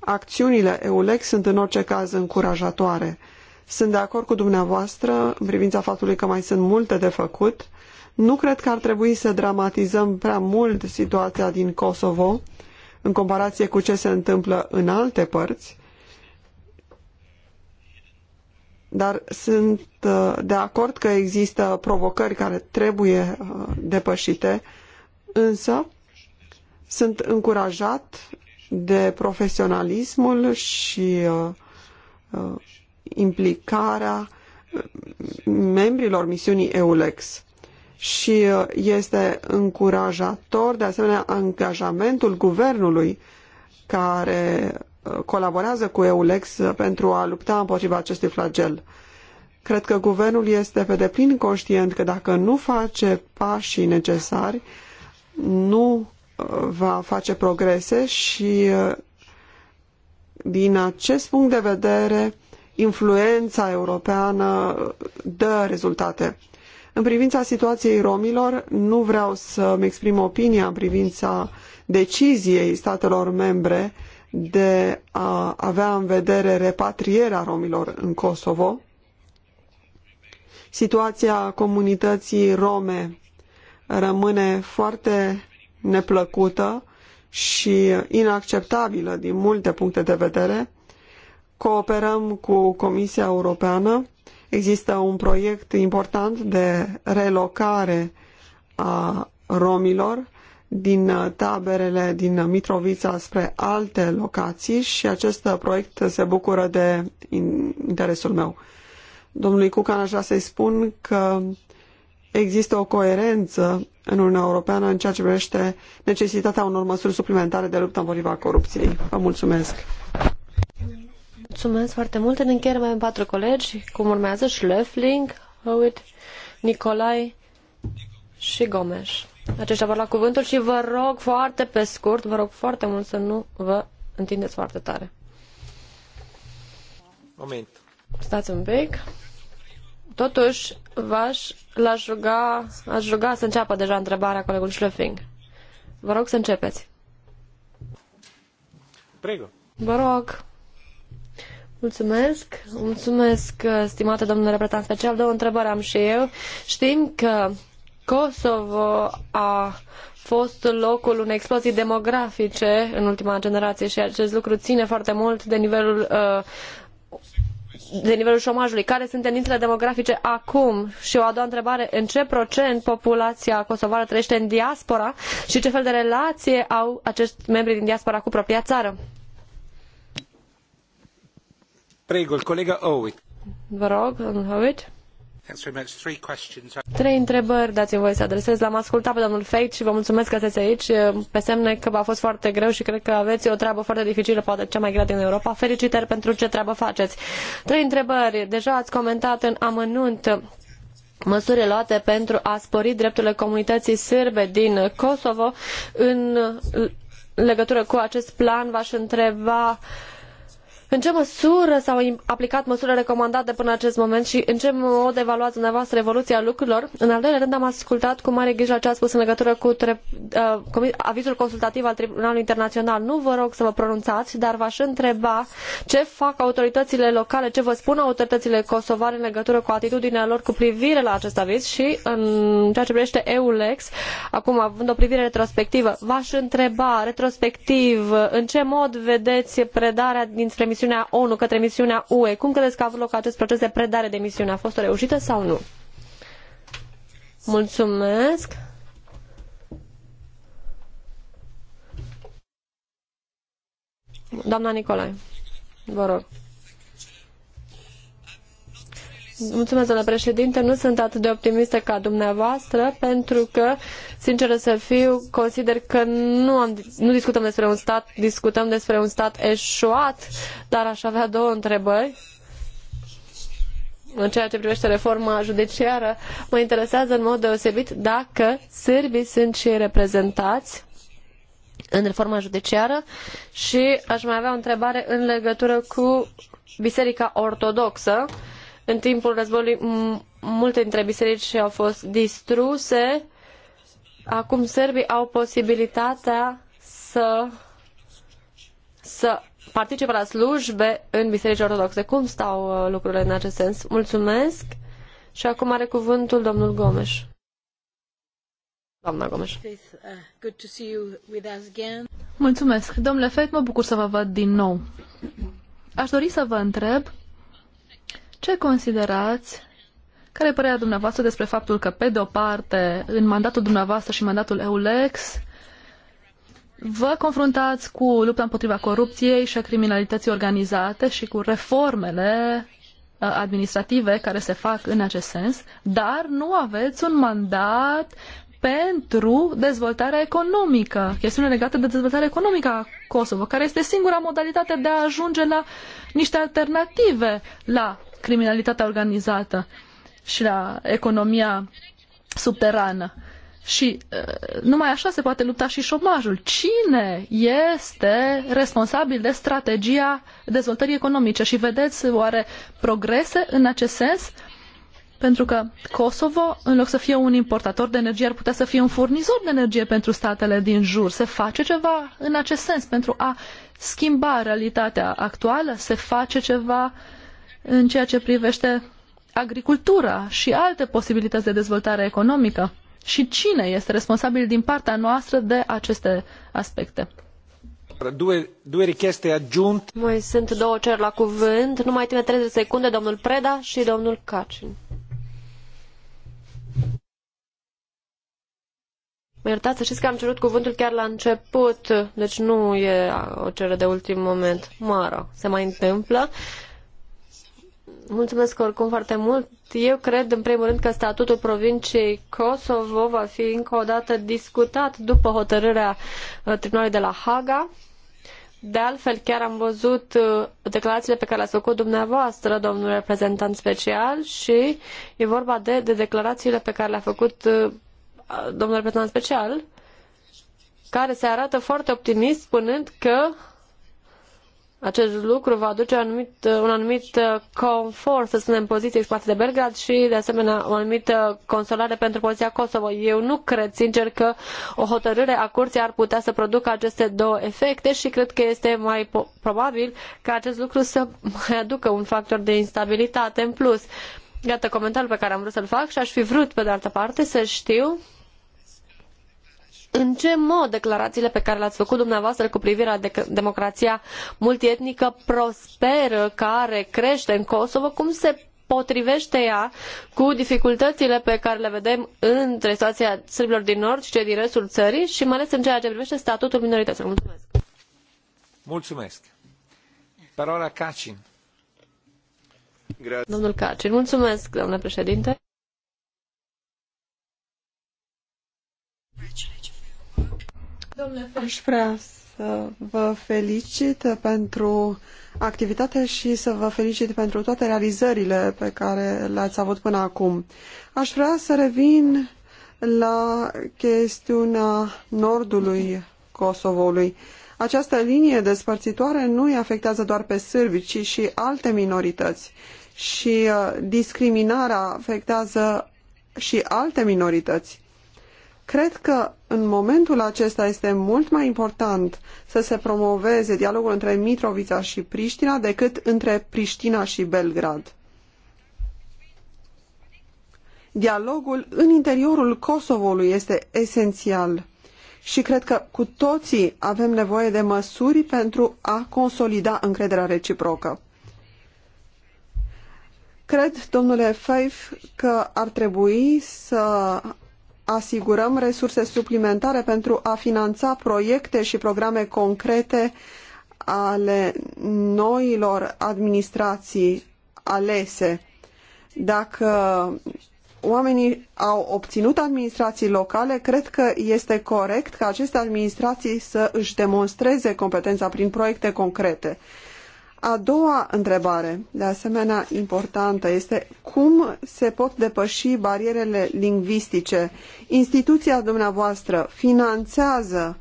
Acțiunile EULEX sunt în orice caz încurajatoare. Sunt de acord cu dumneavoastră în privința faptului că mai sunt multe de făcut nu cred că ar trebui să dramatizăm prea mult situația din Kosovo în comparație cu ce se întâmplă în alte părți, dar sunt uh, de acord că există provocări care trebuie uh, depășite, însă sunt încurajat de profesionalismul și uh, implicarea membrilor misiunii EULEX și uh, este încurajator, de asemenea, angajamentul guvernului care uh, colaborează cu EULEX uh, pentru a lupta împotriva acestui flagel. Cred că guvernul este pe deplin conștient că dacă nu face pașii necesari, nu va face progrese și din acest punct de vedere influența europeană dă rezultate. În privința situației romilor, nu vreau să-mi exprim opinia în privința deciziei statelor membre de a avea în vedere repatrierea romilor în Kosovo. Situația comunității rome rămâne foarte neplăcută și inacceptabilă din multe puncte de vedere. Cooperăm cu Comisia Europeană Există un proiect important de relocare a romilor din taberele din Mitrovița spre alte locații și acest proiect se bucură de interesul meu. Domnului Cucan aș vrea să-i spun că există o coerență în Uniunea Europeană în ceea ce privește necesitatea unor măsuri suplimentare de luptă împotriva corupției. Vă mulțumesc! Mulțumesc foarte mult. În încheiere mai am patru colegi, cum urmează Schlöfling, Howitt, Nicolai și Gomes. Aceștia vor la cuvântul și vă rog foarte pe scurt, vă rog foarte mult să nu vă întindeți foarte tare. Moment. Stați un pic. Totuși, v-aș l-aș ruga, aș ruga să înceapă deja întrebarea colegului Schlöfling. Vă rog să începeți. Prego. Vă rog. Mulțumesc, mulțumesc, uh, stimate domnule reprezentant special. Două întrebări am și eu. Știm că Kosovo a fost locul unei explozii demografice în ultima generație și acest lucru ține foarte mult de nivelul uh, de nivelul șomajului. Care sunt tendințele demografice acum? Și o a doua întrebare, în ce procent populația kosovară trăiește în diaspora și ce fel de relație au acești membri din diaspora cu propria țară? colega Vă rog, domnul Howitt. Trei întrebări dați-mi voie să adresez. L-am ascultat pe domnul Feit și vă mulțumesc că sunteți aici. Pe semne că v-a fost foarte greu și cred că aveți o treabă foarte dificilă, poate cea mai grea din Europa. Felicitări pentru ce treabă faceți. Trei întrebări. Deja ați comentat în amănunt măsurile luate pentru a spori drepturile comunității sârbe din Kosovo. În legătură cu acest plan v-aș întreba în ce măsură s-au aplicat măsurile recomandate până în acest moment și în ce mod evaluați dumneavoastră evoluția lucrurilor? În al doilea rând am ascultat cu mare grijă ce a spus în legătură cu tre... uh, avizul consultativ al Tribunalului Internațional. Nu vă rog să vă pronunțați, dar v-aș întreba ce fac autoritățile locale, ce vă spun autoritățile kosovare în legătură cu atitudinea lor cu privire la acest aviz și în ceea ce privește EULEX, acum având o privire retrospectivă, v-aș întreba retrospectiv în ce mod vedeți predarea dinspre misiunea ONU către misiunea UE. Cum credeți că a avut loc acest proces de predare de misiune? A fost o reușită sau nu? Mulțumesc! Doamna Nicolae, vă rog. Mulțumesc, domnule președinte. Nu sunt atât de optimistă ca dumneavoastră, pentru că, sincer să fiu, consider că nu, am, nu discutăm despre un stat, discutăm despre un stat eșuat, dar aș avea două întrebări în ceea ce privește reforma judiciară, mă interesează în mod deosebit dacă sârbii sunt și reprezentați în reforma judiciară și aș mai avea o întrebare în legătură cu Biserica Ortodoxă. Uh, în timpul războiului multe dintre biserici au fost distruse. Acum serbii au posibilitatea să, să participe la slujbe în biserici ortodoxe. Cum stau uh, lucrurile în acest sens? Mulțumesc. Și acum are cuvântul domnul Gomes. Doamna Gomes. Mulțumesc. Domnule Feit, mă bucur să vă văd din nou. Aș dori să vă întreb ce considerați care părea dumneavoastră despre faptul că, pe de o parte, în mandatul dumneavoastră și mandatul EULEX, vă confruntați cu lupta împotriva corupției și a criminalității organizate și cu reformele uh, administrative care se fac în acest sens, dar nu aveți un mandat pentru dezvoltarea economică, chestiune legată de dezvoltarea economică a Kosovo, care este singura modalitate de a ajunge la niște alternative la criminalitatea organizată și la economia subterană. Și uh, numai așa se poate lupta și șomajul. Cine este responsabil de strategia dezvoltării economice? Și vedeți oare progrese în acest sens? Pentru că Kosovo, în loc să fie un importator de energie, ar putea să fie un furnizor de energie pentru statele din jur. Se face ceva în acest sens pentru a schimba realitatea actuală? Se face ceva uh, în ceea ce privește agricultura și alte posibilități de dezvoltare economică? Și cine este responsabil din partea noastră de aceste aspecte? Due, due richieste aggiunte. Mai sunt două cer la cuvânt. Numai timp de 30 secunde, domnul Preda și domnul Cacin. Mă iertați să știți că am cerut cuvântul chiar la început, deci nu e o cerere de ultim moment. Mă rog, se mai întâmplă. Mulțumesc oricum foarte mult. Eu cred, în primul rând, că statutul provinciei Kosovo va fi încă o dată discutat după hotărârea uh, Tribunalului de la Haga. De altfel, chiar am văzut uh, declarațiile pe care le-ați făcut dumneavoastră, domnul reprezentant special, și e vorba de, de declarațiile pe care le-a făcut uh, domnul reprezentant special, care se arată foarte optimist, spunând că acest lucru va aduce anumit, un anumit uh, confort, să spunem, poziției față de Belgrad și, de asemenea, o anumită consolare pentru poziția Kosovo. Eu nu cred, sincer, că o hotărâre a curții ar putea să producă aceste două efecte și cred că este mai probabil ca acest lucru să mai aducă un factor de instabilitate în plus. Iată comentariul pe care am vrut să-l fac și aș fi vrut, pe de altă parte, să știu în ce mod declarațiile pe care le-ați făcut dumneavoastră cu privire la de- democrația multietnică prosperă, care crește în Kosovo, cum se potrivește ea cu dificultățile pe care le vedem între situația sârbilor din nord și cei din restul țării și mai ales în ceea ce privește statutul minorităților. Mulțumesc! Mulțumesc! Parola Cacin. Domnul Cacin, mulțumesc, domnule președinte. Aș vrea să vă felicit pentru activitate și să vă felicit pentru toate realizările pe care le-ați avut până acum. Aș vrea să revin la chestiunea nordului Kosovoului. Această linie despărțitoare nu îi afectează doar pe sârbi, ci și alte minorități. Și uh, discriminarea afectează și alte minorități. Cred că în momentul acesta este mult mai important să se promoveze dialogul între Mitrovica și Priștina decât între Priștina și Belgrad. Dialogul în interiorul Kosovului este esențial și cred că cu toții avem nevoie de măsuri pentru a consolida încrederea reciprocă. Cred, domnule Faif, că ar trebui să asigurăm resurse suplimentare pentru a finanța proiecte și programe concrete ale noilor administrații alese. Dacă oamenii au obținut administrații locale, cred că este corect ca aceste administrații să își demonstreze competența prin proiecte concrete. A doua întrebare, de asemenea importantă, este cum se pot depăși barierele lingvistice? Instituția dumneavoastră finanțează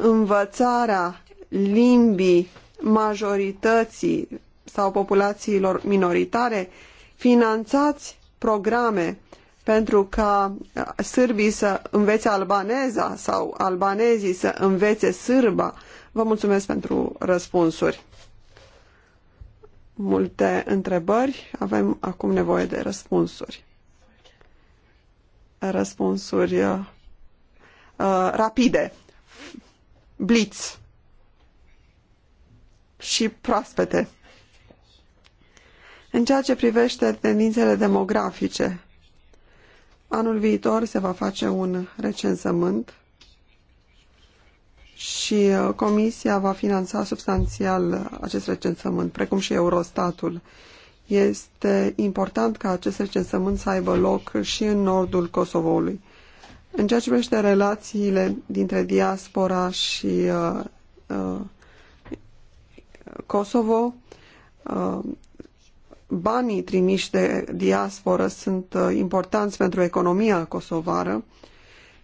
învățarea limbii majorității sau populațiilor minoritare? Finanțați programe pentru ca sârbii să învețe albaneza sau albanezii să învețe sârba? Vă mulțumesc pentru răspunsuri multe întrebări, avem acum nevoie de răspunsuri. Răspunsuri uh, uh, rapide, blitz și proaspete. În ceea ce privește tendințele demografice, anul viitor se va face un recensământ și uh, Comisia va finanța substanțial acest recensământ, precum și Eurostatul. Este important ca acest recensământ să aibă loc și în nordul Kosovoului. În ceea ce privește relațiile dintre diaspora și uh, uh, Kosovo, uh, banii trimiși de diasporă sunt uh, importanți pentru economia kosovară. Uh,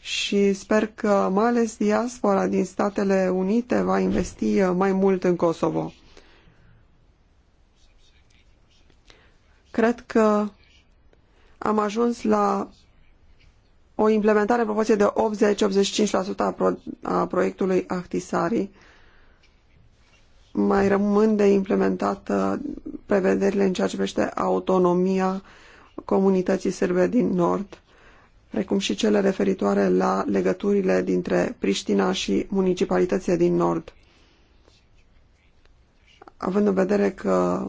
și sper că mai ales diaspora din Statele Unite va investi uh, mai mult în Kosovo. Cred că am ajuns la o implementare în proporție de 80-85% a, a proiectului Ahtisari. Mai rămân de implementat uh, prevederile în ceea ce privește autonomia comunității sârbe din Nord precum și cele referitoare la legăturile dintre Priștina și municipalitățile din Nord. Având în vedere că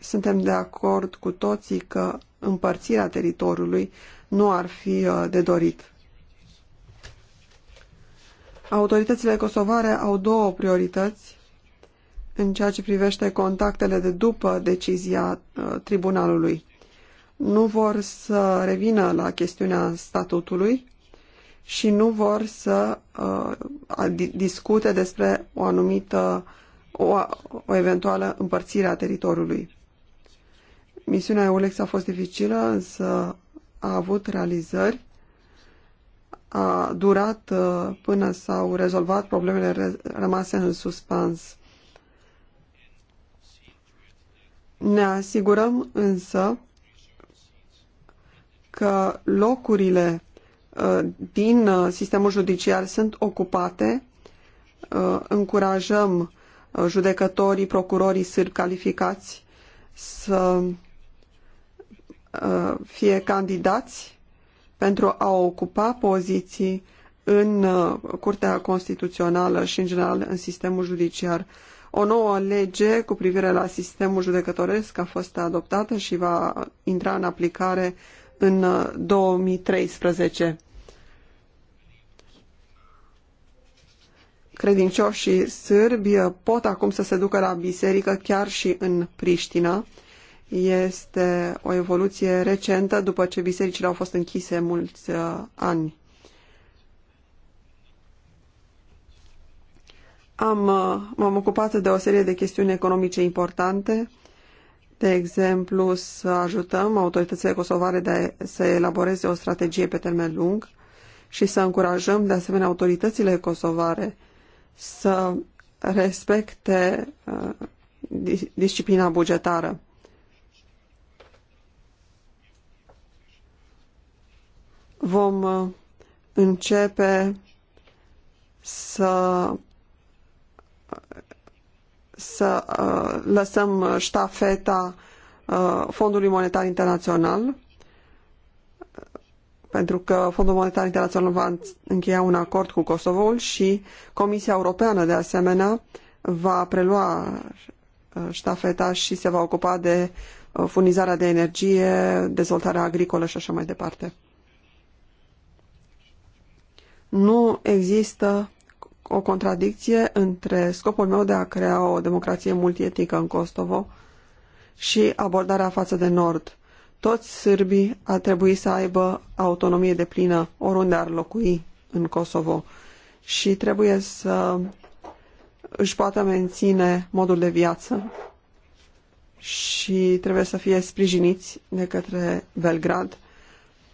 suntem de acord cu toții că împărțirea teritoriului nu ar fi uh, de dorit. Autoritățile kosovare au două priorități în ceea ce privește contactele de după decizia uh, tribunalului nu vor să revină la chestiunea statutului și nu vor să uh, discute despre o anumită, o, o eventuală împărțire a teritoriului. Misiunea EULEX a fost dificilă, însă a avut realizări, a durat uh, până s-au rezolvat problemele re rămase în suspans. Ne asigurăm însă că locurile uh, din uh, sistemul judiciar sunt ocupate, uh, încurajăm judecătorii, procurorii sârbi calificați să fie candidați pentru a ocupa poziții în Curtea Constituțională și, în general, în sistemul judiciar. O nouă lege cu privire la sistemul judecătoresc a fost adoptată și va intra în aplicare în 2013. Uh, Credincioșii sârbi uh, pot acum să se ducă la biserică chiar și în Priștina. Este o evoluție recentă după ce bisericile au fost închise mulți uh, ani. Am, m-am ocupat de o serie de chestiuni economice importante de exemplu, să ajutăm autoritățile kosovare de a, să elaboreze o strategie pe termen lung și să încurajăm, de asemenea, autoritățile kosovare să respecte uh, disciplina bugetară. Vom uh, începe să uh, să uh, lăsăm ștafeta uh, Fondului Monetar Internațional, pentru că Fondul Monetar Internațional va încheia un acord cu Kosovoul și Comisia Europeană, de asemenea, va prelua uh, ștafeta și se va ocupa de furnizarea de energie, dezvoltarea agricolă și așa mai departe. Nu există o contradicție între scopul meu de a crea o democrație multietnică în Kosovo și abordarea față de Nord. Toți sârbii ar trebui să aibă autonomie de plină oriunde ar locui în Kosovo și trebuie să își poată menține modul de viață și trebuie să fie sprijiniți de către Belgrad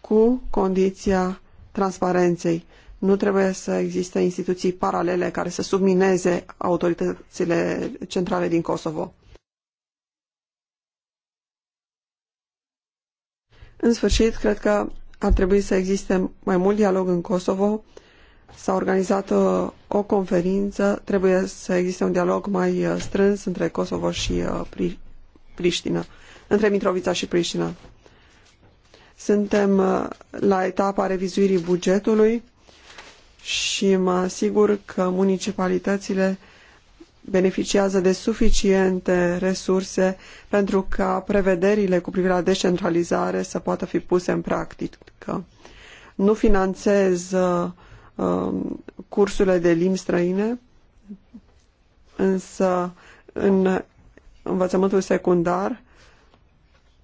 cu condiția transparenței. Nu trebuie să existe instituții paralele care să submineze autoritățile centrale din Kosovo. În sfârșit, cred că ar trebui să existe mai mult dialog în Kosovo. S-a organizat uh, o conferință, trebuie să existe un dialog mai uh, strâns între Kosovo și uh, Pri Priștina, între Mitrovița și Priștina. Suntem la etapa revizuirii bugetului și mă asigur că municipalitățile beneficiază de suficiente resurse pentru ca prevederile cu privire la descentralizare să poată fi puse în practică. Nu finanțez uh, cursurile de limbi străine, însă în învățământul secundar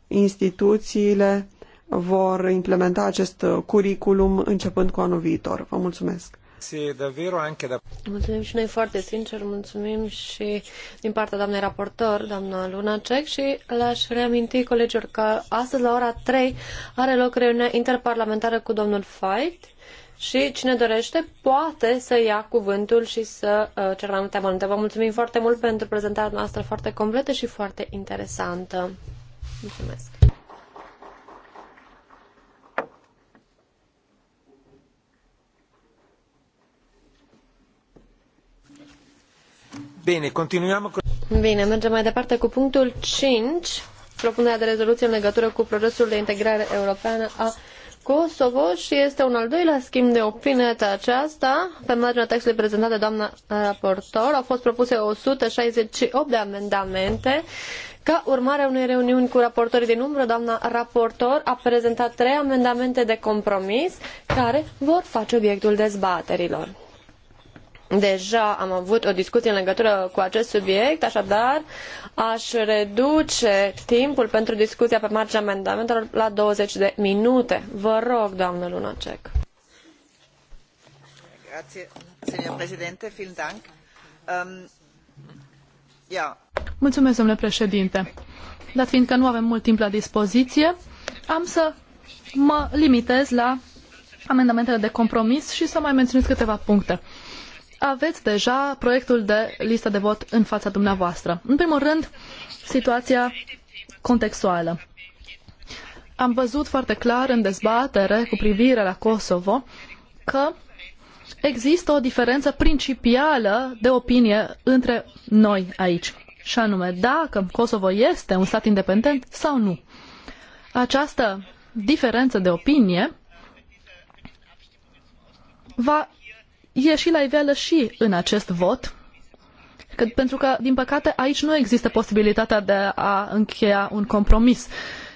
instituțiile vor implementa acest uh, curriculum începând cu anul viitor. Vă mulțumesc! Mulțumim și noi foarte sincer, mulțumim și din partea doamnei raportor, doamna Lunacek și le-aș reaminti colegilor că astăzi la ora 3 are loc reuniunea interparlamentară cu domnul Fait și cine dorește poate să ia cuvântul și să uh, ceară mai multe amănunte. Vă mulțumim foarte mult pentru prezentarea noastră foarte completă și foarte interesantă. Mulțumesc! Bine, continuăm cu... Bine, mergem mai departe cu punctul 5, propunerea de rezoluție în legătură cu procesul de integrare europeană a Kosovo și este un al doilea schimb de opinie pe aceasta. Pe marginea textului prezentat de doamna uh, raportor au fost propuse 168 de amendamente ca urmare a unei reuniuni cu raportorii din umbră, doamna raportor a prezentat trei amendamente de compromis care vor face obiectul dezbaterilor. Deja am avut o discuție în legătură cu acest subiect, așadar aș reduce timpul pentru discuția pe marginea amendamentelor la 20 de minute. Vă rog, doamnă Lunacek. Ehm, Mulțumesc, domnule președinte. Dat fiindcă nu avem mult timp la dispoziție, am să mă limitez la amendamentele de compromis și să mai menționez câteva puncte aveți deja proiectul de listă de vot în fața dumneavoastră. În primul rând, situația contextuală. Am văzut foarte clar în dezbatere cu privire la Kosovo că există o diferență principială de opinie între noi aici, și anume dacă Kosovo este un stat independent sau nu. Această diferență de opinie va ieși la iveală și în acest vot, că, pentru că, din păcate, aici nu există posibilitatea de a încheia un compromis.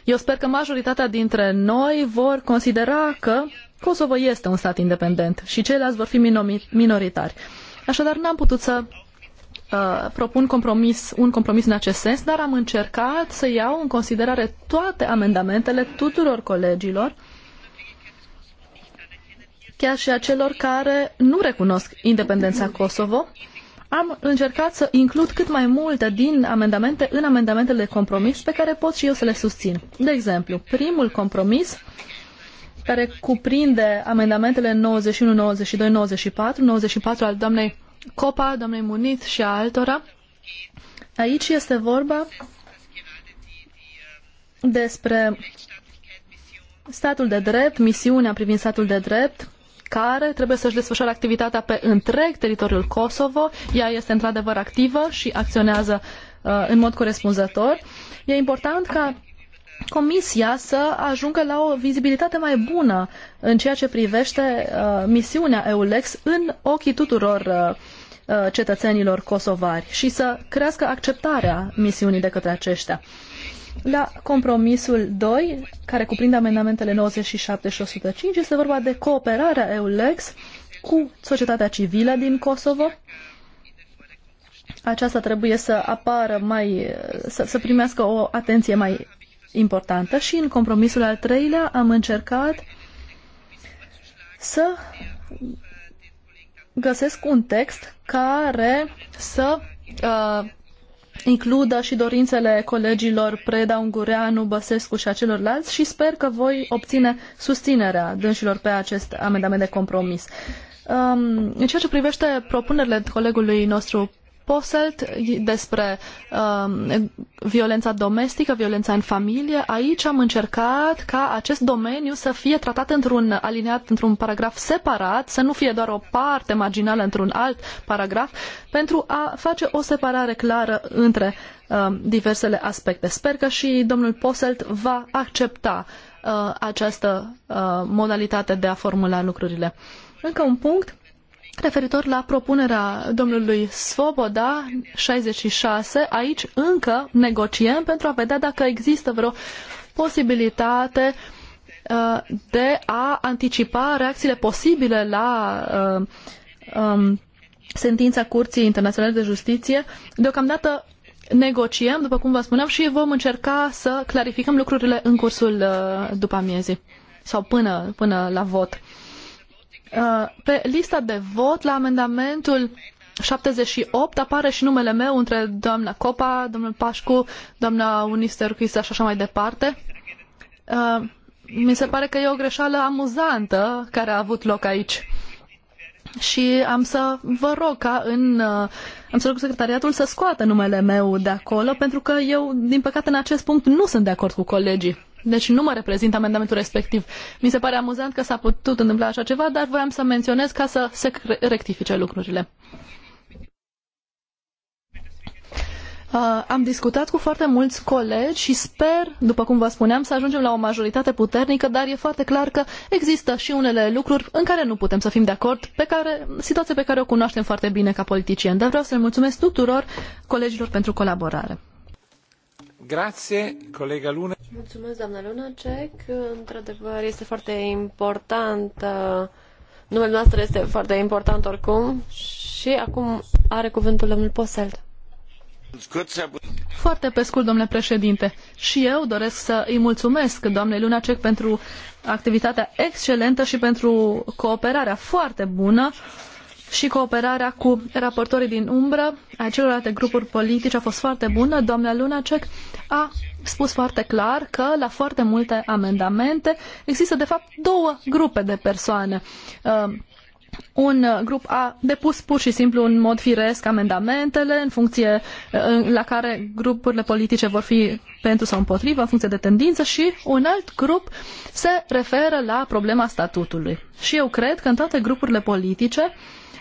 Eu sper că majoritatea dintre noi vor considera că Kosovo este un stat independent și ceilalți vor fi minoritari. Așadar, n-am putut să uh, propun compromis, un compromis în acest sens, dar am încercat să iau în considerare toate amendamentele tuturor colegilor chiar și a celor care nu recunosc independența Kosovo. Am încercat să includ cât mai multe din amendamente în amendamentele de compromis pe care pot și eu să le susțin. De exemplu, primul compromis care cuprinde amendamentele 91, 92, 94, 94 al doamnei Copa, doamnei Munit și a altora. Aici este vorba despre statul de drept, misiunea privind statul de drept care trebuie să-și desfășoare activitatea pe întreg teritoriul Kosovo. Ea este într-adevăr activă și acționează uh, în mod corespunzător. E important ca Comisia să ajungă la o vizibilitate mai bună în ceea ce privește uh, misiunea EULEX în ochii tuturor uh, uh cetățenilor kosovari și să crească acceptarea misiunii de către aceștia. La compromisul 2, care cuprinde amendamentele 97 și 105, este vorba de cooperarea EULEX cu societatea civilă din Kosovo. Aceasta trebuie să apară mai, să, să primească o atenție mai importantă și în compromisul al treilea am încercat să găsesc un text care să uh, includă și dorințele colegilor Preda, Ungureanu, Băsescu și a celorlalți și sper că voi obține susținerea dânșilor pe acest amendament de compromis. Um, în ceea ce privește propunerile colegului nostru Poselt despre um, violența domestică, violența în familie. Aici am încercat ca acest domeniu să fie tratat într-un aliniat, într-un paragraf separat, să nu fie doar o parte marginală într-un alt paragraf, pentru a face o separare clară între um, diversele aspecte. Sper că și domnul Poselt va accepta uh, această uh, modalitate de a formula lucrurile. Încă un punct Referitor la propunerea domnului Svoboda, 66, aici încă negociem pentru a vedea dacă există vreo posibilitate uh, de a anticipa reacțiile posibile la uh, um, sentința Curții Internaționale de Justiție. Deocamdată negociem, după cum vă spuneam, și vom încerca să clarificăm lucrurile în cursul uh, după amiezii sau până, până la vot. Uh, pe lista de vot la amendamentul 78 apare și numele meu între doamna Copa, domnul Pașcu, doamna Unister Chisa și așa mai departe. Uh, mi se pare că e o greșeală amuzantă care a avut loc aici. Și am să vă rog ca în... Uh, am să rog secretariatul să scoată numele meu de acolo, pentru că eu, din păcate, în acest punct nu sunt de acord cu colegii. Deci nu mă reprezint amendamentul respectiv. Mi se pare amuzant că s-a putut întâmpla așa ceva, dar voiam să menționez ca să se rectifice lucrurile. Uh, am discutat cu foarte mulți colegi și sper, după cum vă spuneam, să ajungem la o majoritate puternică, dar e foarte clar că există și unele lucruri în care nu putem să fim de acord, pe care, situația pe care o cunoaștem foarte bine ca politicieni. Dar vreau să le mulțumesc tuturor colegilor pentru colaborare. Grazie, colega Luna. Mulțumesc, doamna Lunacek. Într-adevăr, este foarte important. Uh, numele noastră este foarte important oricum. Și acum are cuvântul domnul Poselt. Foarte pe scurt, domnule președinte. Și eu doresc să îi mulțumesc doamnei Lunacek pentru activitatea excelentă și pentru cooperarea foarte bună uh, și cooperarea cu raportorii din umbră a celorlalte grupuri politice a fost foarte bună. Doamna Lunacek a spus foarte clar că la foarte multe amendamente există de fapt două grupe de persoane. Uh, un uh, grup a depus pur și simplu în mod firesc amendamentele în funcție uh, la care grupurile politice vor fi pentru sau împotrivă, în funcție de tendință și un alt grup se referă la problema statutului. Și eu cred că în toate grupurile politice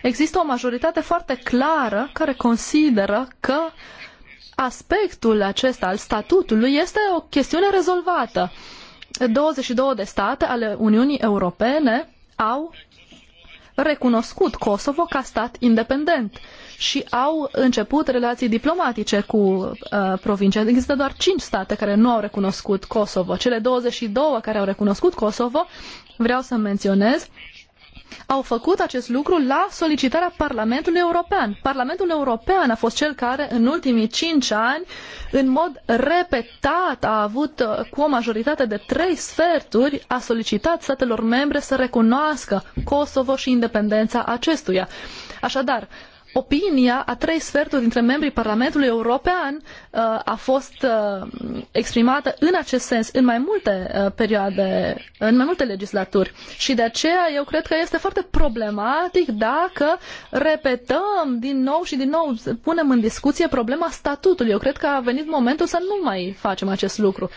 există o majoritate foarte clară care consideră că aspectul acesta al statutului este o chestiune rezolvată. 22 de state ale Uniunii Europene au recunoscut Kosovo ca stat independent și au început relații diplomatice cu uh, provincia. Există doar cinci state care nu au recunoscut Kosovo. Cele 22 care au recunoscut Kosovo, vreau să menționez, au făcut acest lucru la solicitarea Parlamentului European. Parlamentul European a fost cel care în ultimii cinci ani, în mod repetat, a avut uh, cu o majoritate de trei sferturi, a solicitat statelor membre să recunoască Kosovo și independența acestuia. Așadar, opinia a trei sferturi dintre membrii Parlamentului European uh, a fost uh, exprimată în acest sens în mai multe uh, perioade, în mai multe legislaturi. Și de aceea eu cred că este foarte problematic dacă repetăm din nou și din nou punem în discuție problema statutului. Eu cred că a venit momentul să nu mai facem acest lucru.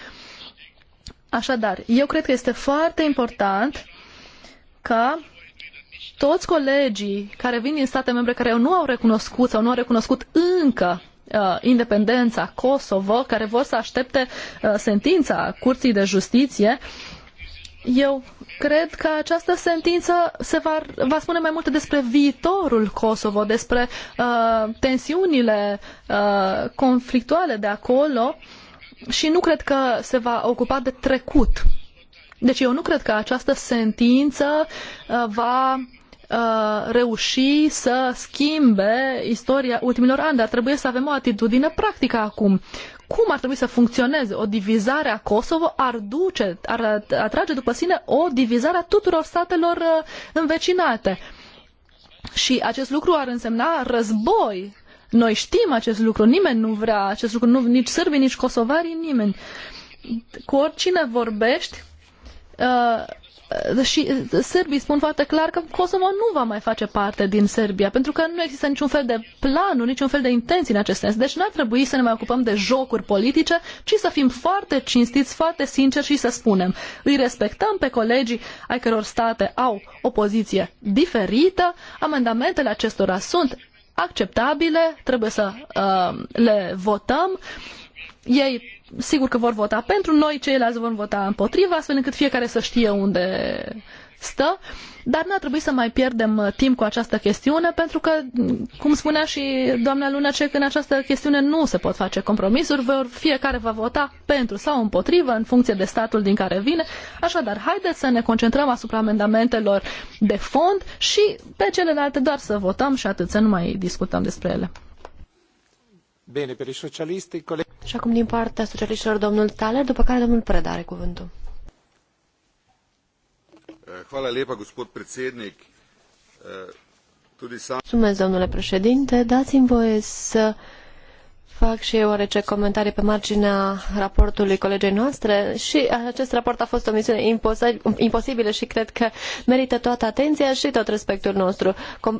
Așadar, eu cred că este foarte important ca toți colegii care vin din state membre care nu au recunoscut sau nu au recunoscut încă uh, independența Kosovo, care vor să aștepte uh, sentința Curții de Justiție, eu cred că această sentință se va, va spune mai multe despre viitorul Kosovo, despre uh, tensiunile uh, conflictuale de acolo și nu cred că se va ocupa de trecut. Deci eu nu cred că această sentință uh, va Uh, reuși să schimbe istoria ultimilor ani, dar trebuie să avem o atitudine practică acum. Cum ar trebui să funcționeze? O divizare a Kosovo ar duce, ar atrage după sine o divizare a tuturor statelor uh, învecinate. Și acest lucru ar însemna război. Noi știm acest lucru, nimeni nu vrea acest lucru, nu, nici sârbii, nici kosovarii, nimeni. Cu oricine vorbești, uh, Uh, și uh, sârbii spun foarte clar că Kosovo nu va mai face parte din Serbia, pentru că nu există niciun fel de plan, niciun fel de intenții în acest sens. Deci nu ar trebui să ne mai ocupăm de jocuri politice, ci să fim foarte cinstiți, foarte sinceri și să spunem. Îi respectăm pe colegii ai căror state au o poziție diferită, amendamentele acestora sunt acceptabile, trebuie să uh, le votăm. Ei sigur că vor vota pentru noi, ceilalți vor vota împotriva, astfel încât fiecare să știe unde stă, dar nu ar trebui să mai pierdem uh, timp cu această chestiune, pentru că, mm, cum spunea și doamna Lunacek, în această chestiune nu se pot face compromisuri, vor, fiecare va vota pentru sau împotrivă, în funcție de statul din care vine. Așadar, haideți să ne concentrăm asupra amendamentelor de fond și pe celelalte doar să votăm și atât, să nu mai discutăm despre ele. Bine, per i socialisti, Și acum din partea socialiștilor domnul Taler, după care domnul Preda are cuvântul. Eh, hvala lepa, gospod predsednik. Eh, Mulțumesc, domnule președinte. Dați-mi voie să fac și eu rece comentarii pe marginea raportului colegei noastre și acest raport a fost o misiune imposibilă și cred că merită toată atenția și tot respectul nostru.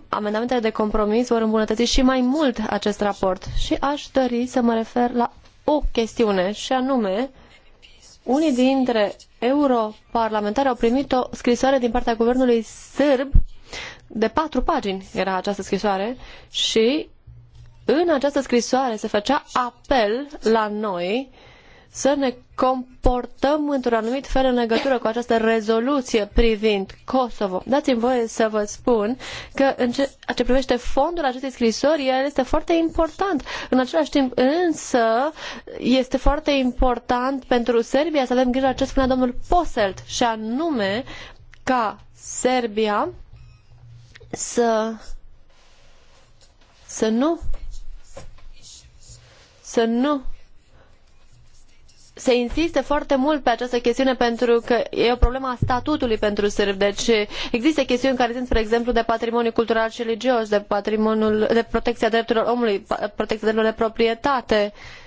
amendamentele de compromis vor îmbunătăți și mai mult acest raport și aș dori să mă refer la o chestiune și anume unii dintre europarlamentari au primit o scrisoare din partea guvernului sârb de patru pagini era această scrisoare și în această scrisoare se făcea apel la noi să ne comportăm într-un anumit fel în legătură cu această rezoluție privind Kosovo. Dați-mi voie să vă spun că în ce, ce privește fondul acestei scrisori, el este foarte important. În același timp, însă, este foarte important pentru Serbia să avem grijă la ce spunea domnul Poselt, și anume ca Serbia să, să nu să nu se insiste foarte mult pe această chestiune pentru că e o problemă a statutului pentru sârbi. Deci există chestiuni care țin, spre exemplu, de patrimoniu cultural și religios, de patrimoniul, de protecția drepturilor omului, protecția drepturilor de proprietate. Uh,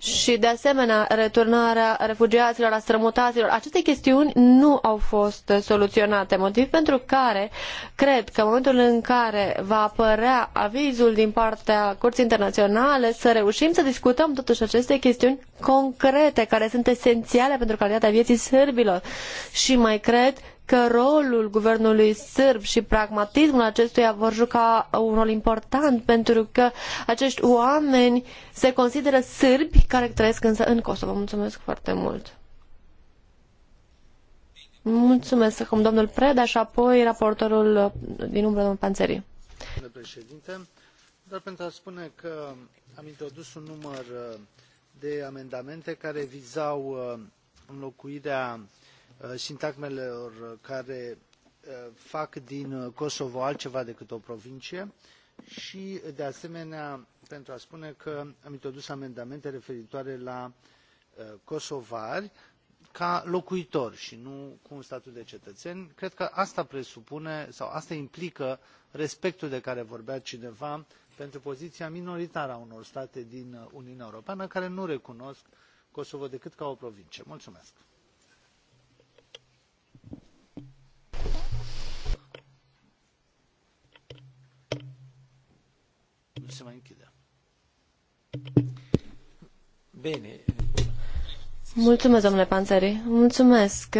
și, de asemenea, returnarea refugiaților, a strămutaților, aceste chestiuni nu au fost soluționate, motiv pentru care cred că în momentul în care va apărea avizul din partea Curții Internaționale să reușim să discutăm totuși aceste chestiuni concrete care sunt esențiale pentru calitatea vieții sârbilor și mai cred că rolul guvernului sârb și pragmatismul acestuia vor juca un rol important pentru că acești oameni se consideră sârbi care trăiesc însă în Kosovo. Mulțumesc foarte mult! Mulțumesc acum domnul Preda și apoi raportorul din umbră, domnul Panțeri. Domnule președinte, doar pentru a spune că am introdus un număr de amendamente care vizau uh, înlocuirea uh, Uh, sintagmelor care uh, fac din uh, Kosovo altceva decât o provincie și, de asemenea, pentru a spune că am introdus amendamente referitoare la kosovari ca locuitori și nu cu un statut de cetățeni. Cred că asta presupune sau asta implică respectul de care vorbea cineva pentru poziția minoritară a unor state din Uniunea Europeană care nu recunosc Kosovo decât ca o provincie. Mulțumesc! se mai închidă. Bine. Mulțumesc, domnule Panțeri. Mulțumesc.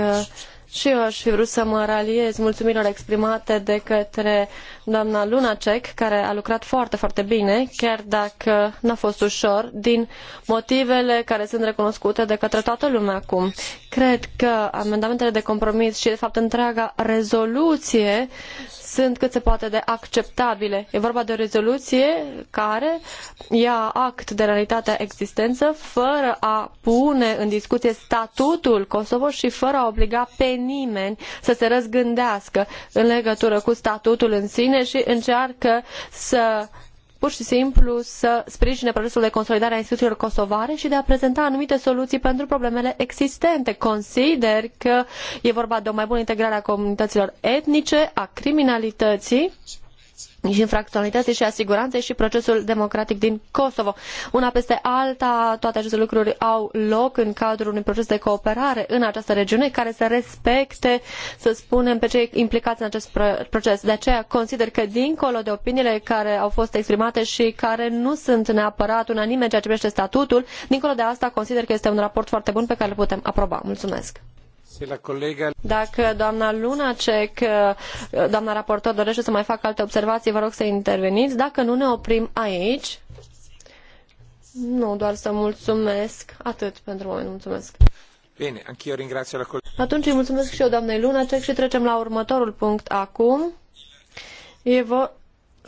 Și eu aș fi vrut să mă raliez mulțumirilor exprimate de către doamna Lunacek, care a lucrat foarte, foarte bine, chiar dacă n-a fost ușor, din motivele care sunt recunoscute de către toată lumea acum. Cred că amendamentele de compromis și, de fapt, întreaga rezoluție sunt cât se poate de acceptabile. E vorba de o rezoluție care ia act de realitatea existență fără a pune în discuție statutul Kosovo și fără a obliga pe nimeni să se răzgândească în legătură cu statutul în sine și încearcă să pur și simplu să sprijine procesul de consolidare a instituțiilor kosovare și de a prezenta anumite soluții pentru problemele existente. Consider că e vorba de o mai bună integrare a comunităților etnice, a criminalității, infracționalității și a și procesul democratic din Kosovo. Una peste alta, toate aceste lucruri au loc în cadrul unui proces de cooperare în această regiune care să respecte, să spunem, pe cei implicați în acest proces. De aceea consider că, dincolo de opiniile care au fost exprimate și care nu sunt neapărat unanime în ceea ce privește statutul, dincolo de asta consider că este un raport foarte bun pe care îl putem aproba. Mulțumesc! Dacă doamna Lunacek, doamna raportor, dorește să mai facă alte observații, vă rog să interveniți. Dacă nu, ne oprim aici. Nu, doar să mulțumesc. Atât pentru moment. Mulțumesc. Bine, anch'io ringrazio la Atunci îi mulțumesc și eu doamnei Lunacek și trecem la următorul punct acum. E vo-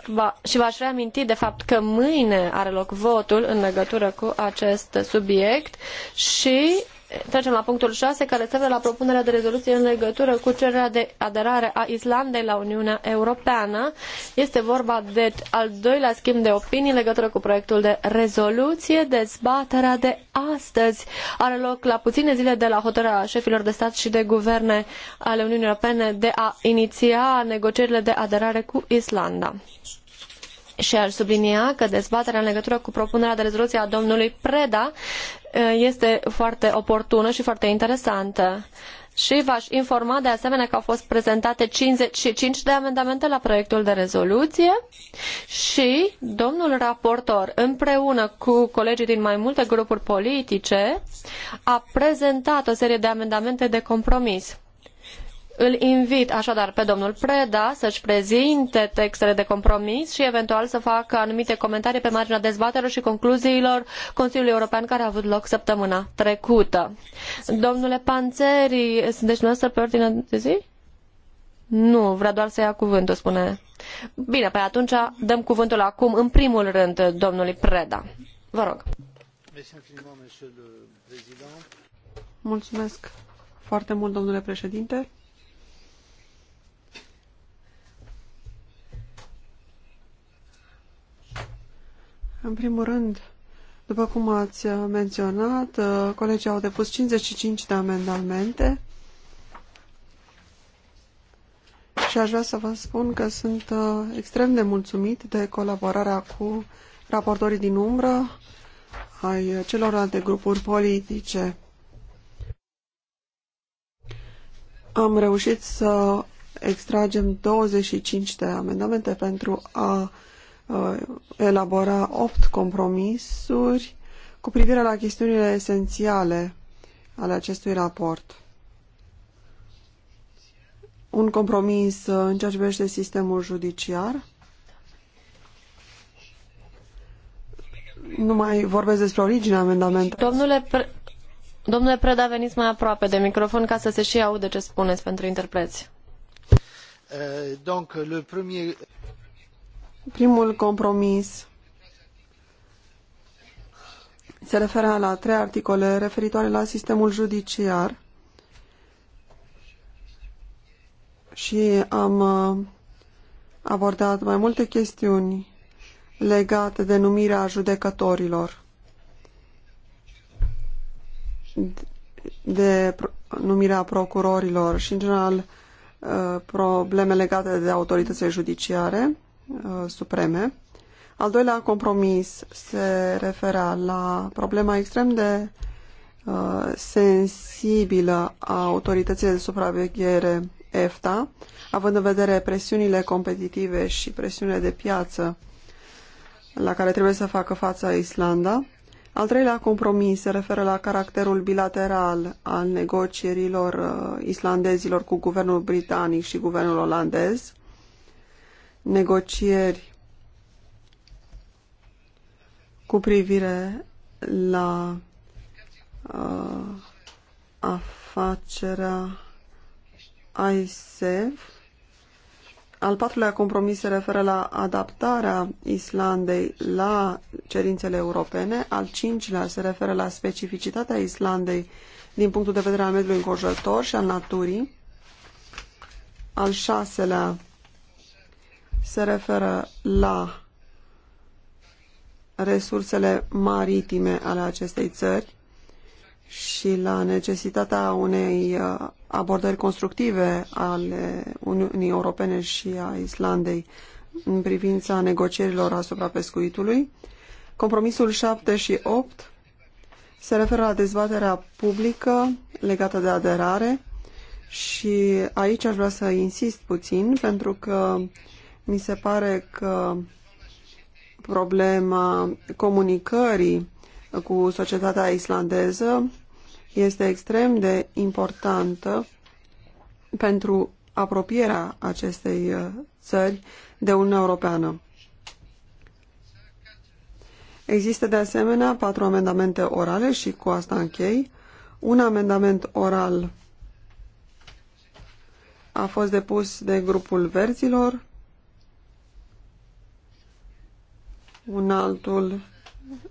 Va, și v-aș reaminti de fapt că mâine are loc votul în legătură cu acest subiect și trecem la punctul 6, care se la propunerea de rezoluție în legătură cu cererea de aderare a Islandei la Uniunea Europeană. Este vorba de al doilea schimb de opinii în legătură cu proiectul de rezoluție. Dezbaterea de astăzi are loc la puține zile de la hotărârea șefilor de stat și de guverne ale Uniunii Europene de a iniția negocierile de aderare cu Islanda și aș sublinia că dezbaterea în legătură cu propunerea de rezoluție a domnului Preda Eh, este foarte oportună și foarte interesantă. Și v-aș informa de asemenea că au fost prezentate 55 de amendamente la proiectul de rezoluție și domnul raportor, împreună cu colegii din mai multe grupuri politice, a prezentat o serie de amendamente de compromis. Îl invit așadar pe domnul Preda să-și prezinte textele de compromis și eventual să facă anumite comentarii pe marginea dezbaterilor și concluziilor Consiliului European care a avut loc săptămâna trecută. Domnule Panțeri, sunteți dumneavoastră pe ordinea de zi? Nu, vrea doar să ia cuvântul, spune. Bine, pe păi atunci dăm cuvântul acum, în primul rând, domnului Preda. Vă rog. Mulțumesc foarte mult, domnule președinte. În primul rând, după cum ați uh, menționat, uh, colegii au depus 55 de amendamente și aș vrea să vă spun că sunt uh, extrem de mulțumit de colaborarea cu raportorii din umbră ai celorlalte grupuri politice. Am reușit să extragem 25 de amendamente pentru a Uh, elabora opt compromisuri cu privire la chestiunile esențiale ale acestui raport. Un compromis uh, în ceea ce privește sistemul judiciar. Nu mai vorbesc despre originea amendamentului. Domnule, Pre... Domnule Preda, veniți mai aproape de microfon ca să se și aude ce spuneți pentru interpreți. Uh, donc, le premier... Primul compromis se referă la trei articole referitoare la sistemul judiciar și am uh, abordat mai multe chestiuni legate de numirea judecătorilor, de numirea procurorilor și, în general, uh, probleme legate de autoritățile judiciare. Uh, supreme. Al doilea compromis se referea la problema extrem de uh, sensibilă a autorității de supraveghere EFTA, având în vedere presiunile competitive și presiunile de piață la care trebuie să facă față Islanda. Al treilea compromis se referă la caracterul bilateral al negocierilor uh, islandezilor cu guvernul britanic și guvernul olandez negocieri cu privire la uh, afacerea ISEV. Al patrulea compromis se referă la adaptarea Islandei la cerințele europene. Al cincilea se referă la specificitatea Islandei din punctul de vedere al mediului înconjurător și al naturii. Al șaselea se referă la resursele maritime ale acestei țări și la necesitatea unei uh, abordări constructive ale Uniunii Europene și a Islandei în privința negocierilor asupra pescuitului. Compromisul 7 și 8 se referă la dezbaterea publică legată de aderare și aici aș vrea să insist puțin pentru că mi se pare că problema comunicării cu societatea islandeză este extrem de importantă pentru apropierea acestei uh, țări de Uniunea Europeană. Există de asemenea patru amendamente orale și cu asta închei. Un amendament oral a fost depus de grupul verzilor, un altul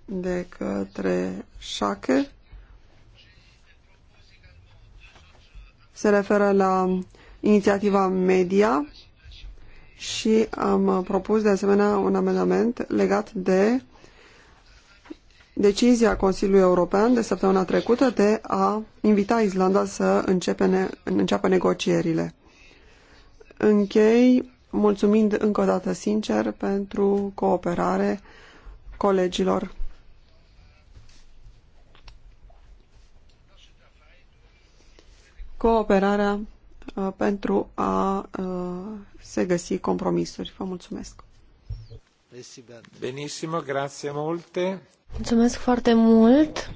de către Șache. Se referă la inițiativa media și am propus de asemenea un amendament legat de decizia Consiliului European de săptămâna trecută de a invita Islanda să începe ne înceapă negocierile. Închei mulțumind încă o dată sincer pentru cooperare colegilor. Cooperarea uh, pentru a uh, se găsi compromisuri. Vă mulțumesc. Benissimo, grazie molte. Mulțumesc foarte mult.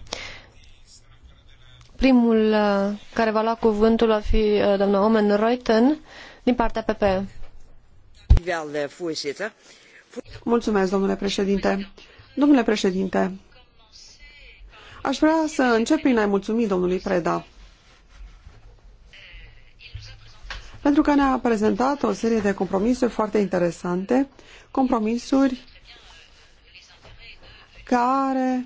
Primul uh, care va lua cuvântul va fi doamna Omen Reuten din partea PPE. Mulțumesc, domnule președinte. Domnule președinte, aș vrea să încep prin a-i mulțumi domnului Preda pentru că ne-a prezentat o serie de compromisuri foarte interesante, compromisuri care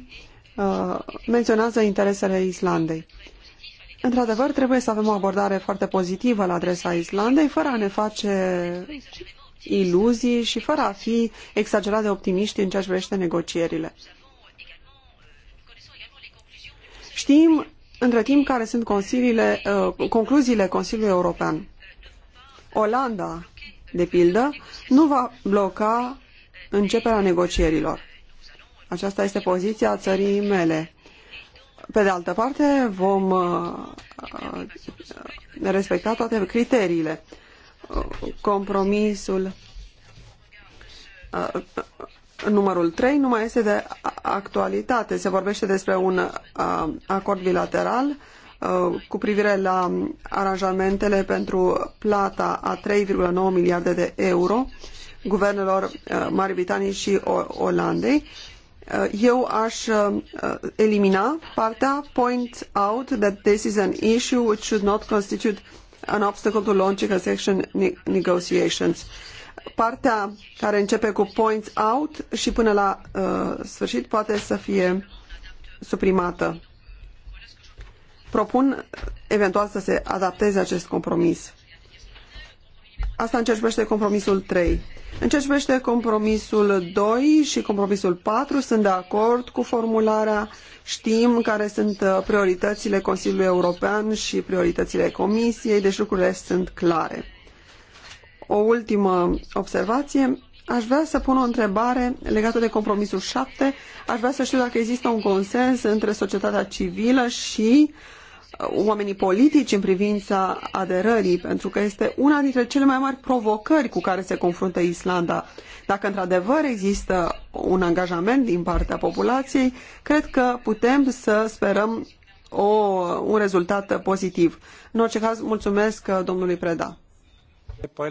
uh, menționează interesele Islandei. Într-adevăr, trebuie să avem o abordare foarte pozitivă la adresa Islandei, fără a ne face iluzii și fără a fi exagerat de optimiști în ceea ce privește negocierile. Știm între timp care sunt consiliile, uh, concluziile Consiliului European. Olanda, de pildă, nu va bloca începerea negocierilor. Aceasta este poziția țării mele. Pe de altă parte, vom uh, uh, respecta toate criteriile compromisul uh, numărul 3 nu mai este de actualitate. Se vorbește despre un uh, acord bilateral uh, cu privire la aranjamentele pentru plata a 3,9 miliarde de euro guvernelor Marii Britanii și Olandei. Eu aș elimina partea point out that this is an issue which should not constitute an obstacle to launching a section negotiations. Partea care începe cu points out și până la uh, sfârșit poate să fie suprimată. Propun uh, eventual să se adapteze acest compromis. Asta în compromisul 3. În ce privește compromisul 2 și compromisul 4, sunt de acord cu formularea. Știm care sunt uh, prioritățile Consiliului European și prioritățile Comisiei, deci lucrurile sunt clare. O ultimă observație. Aș vrea să pun o întrebare legată de compromisul 7. Aș vrea să știu dacă există un consens între societatea civilă și uh, oamenii politici în privința aderării, pentru că este una dintre cele mai mari provocări cu care se confruntă Islanda. Dacă într-adevăr există un angajament din partea populației, cred că putem să sperăm o, un rezultat pozitiv. În orice caz, mulțumesc domnului Preda.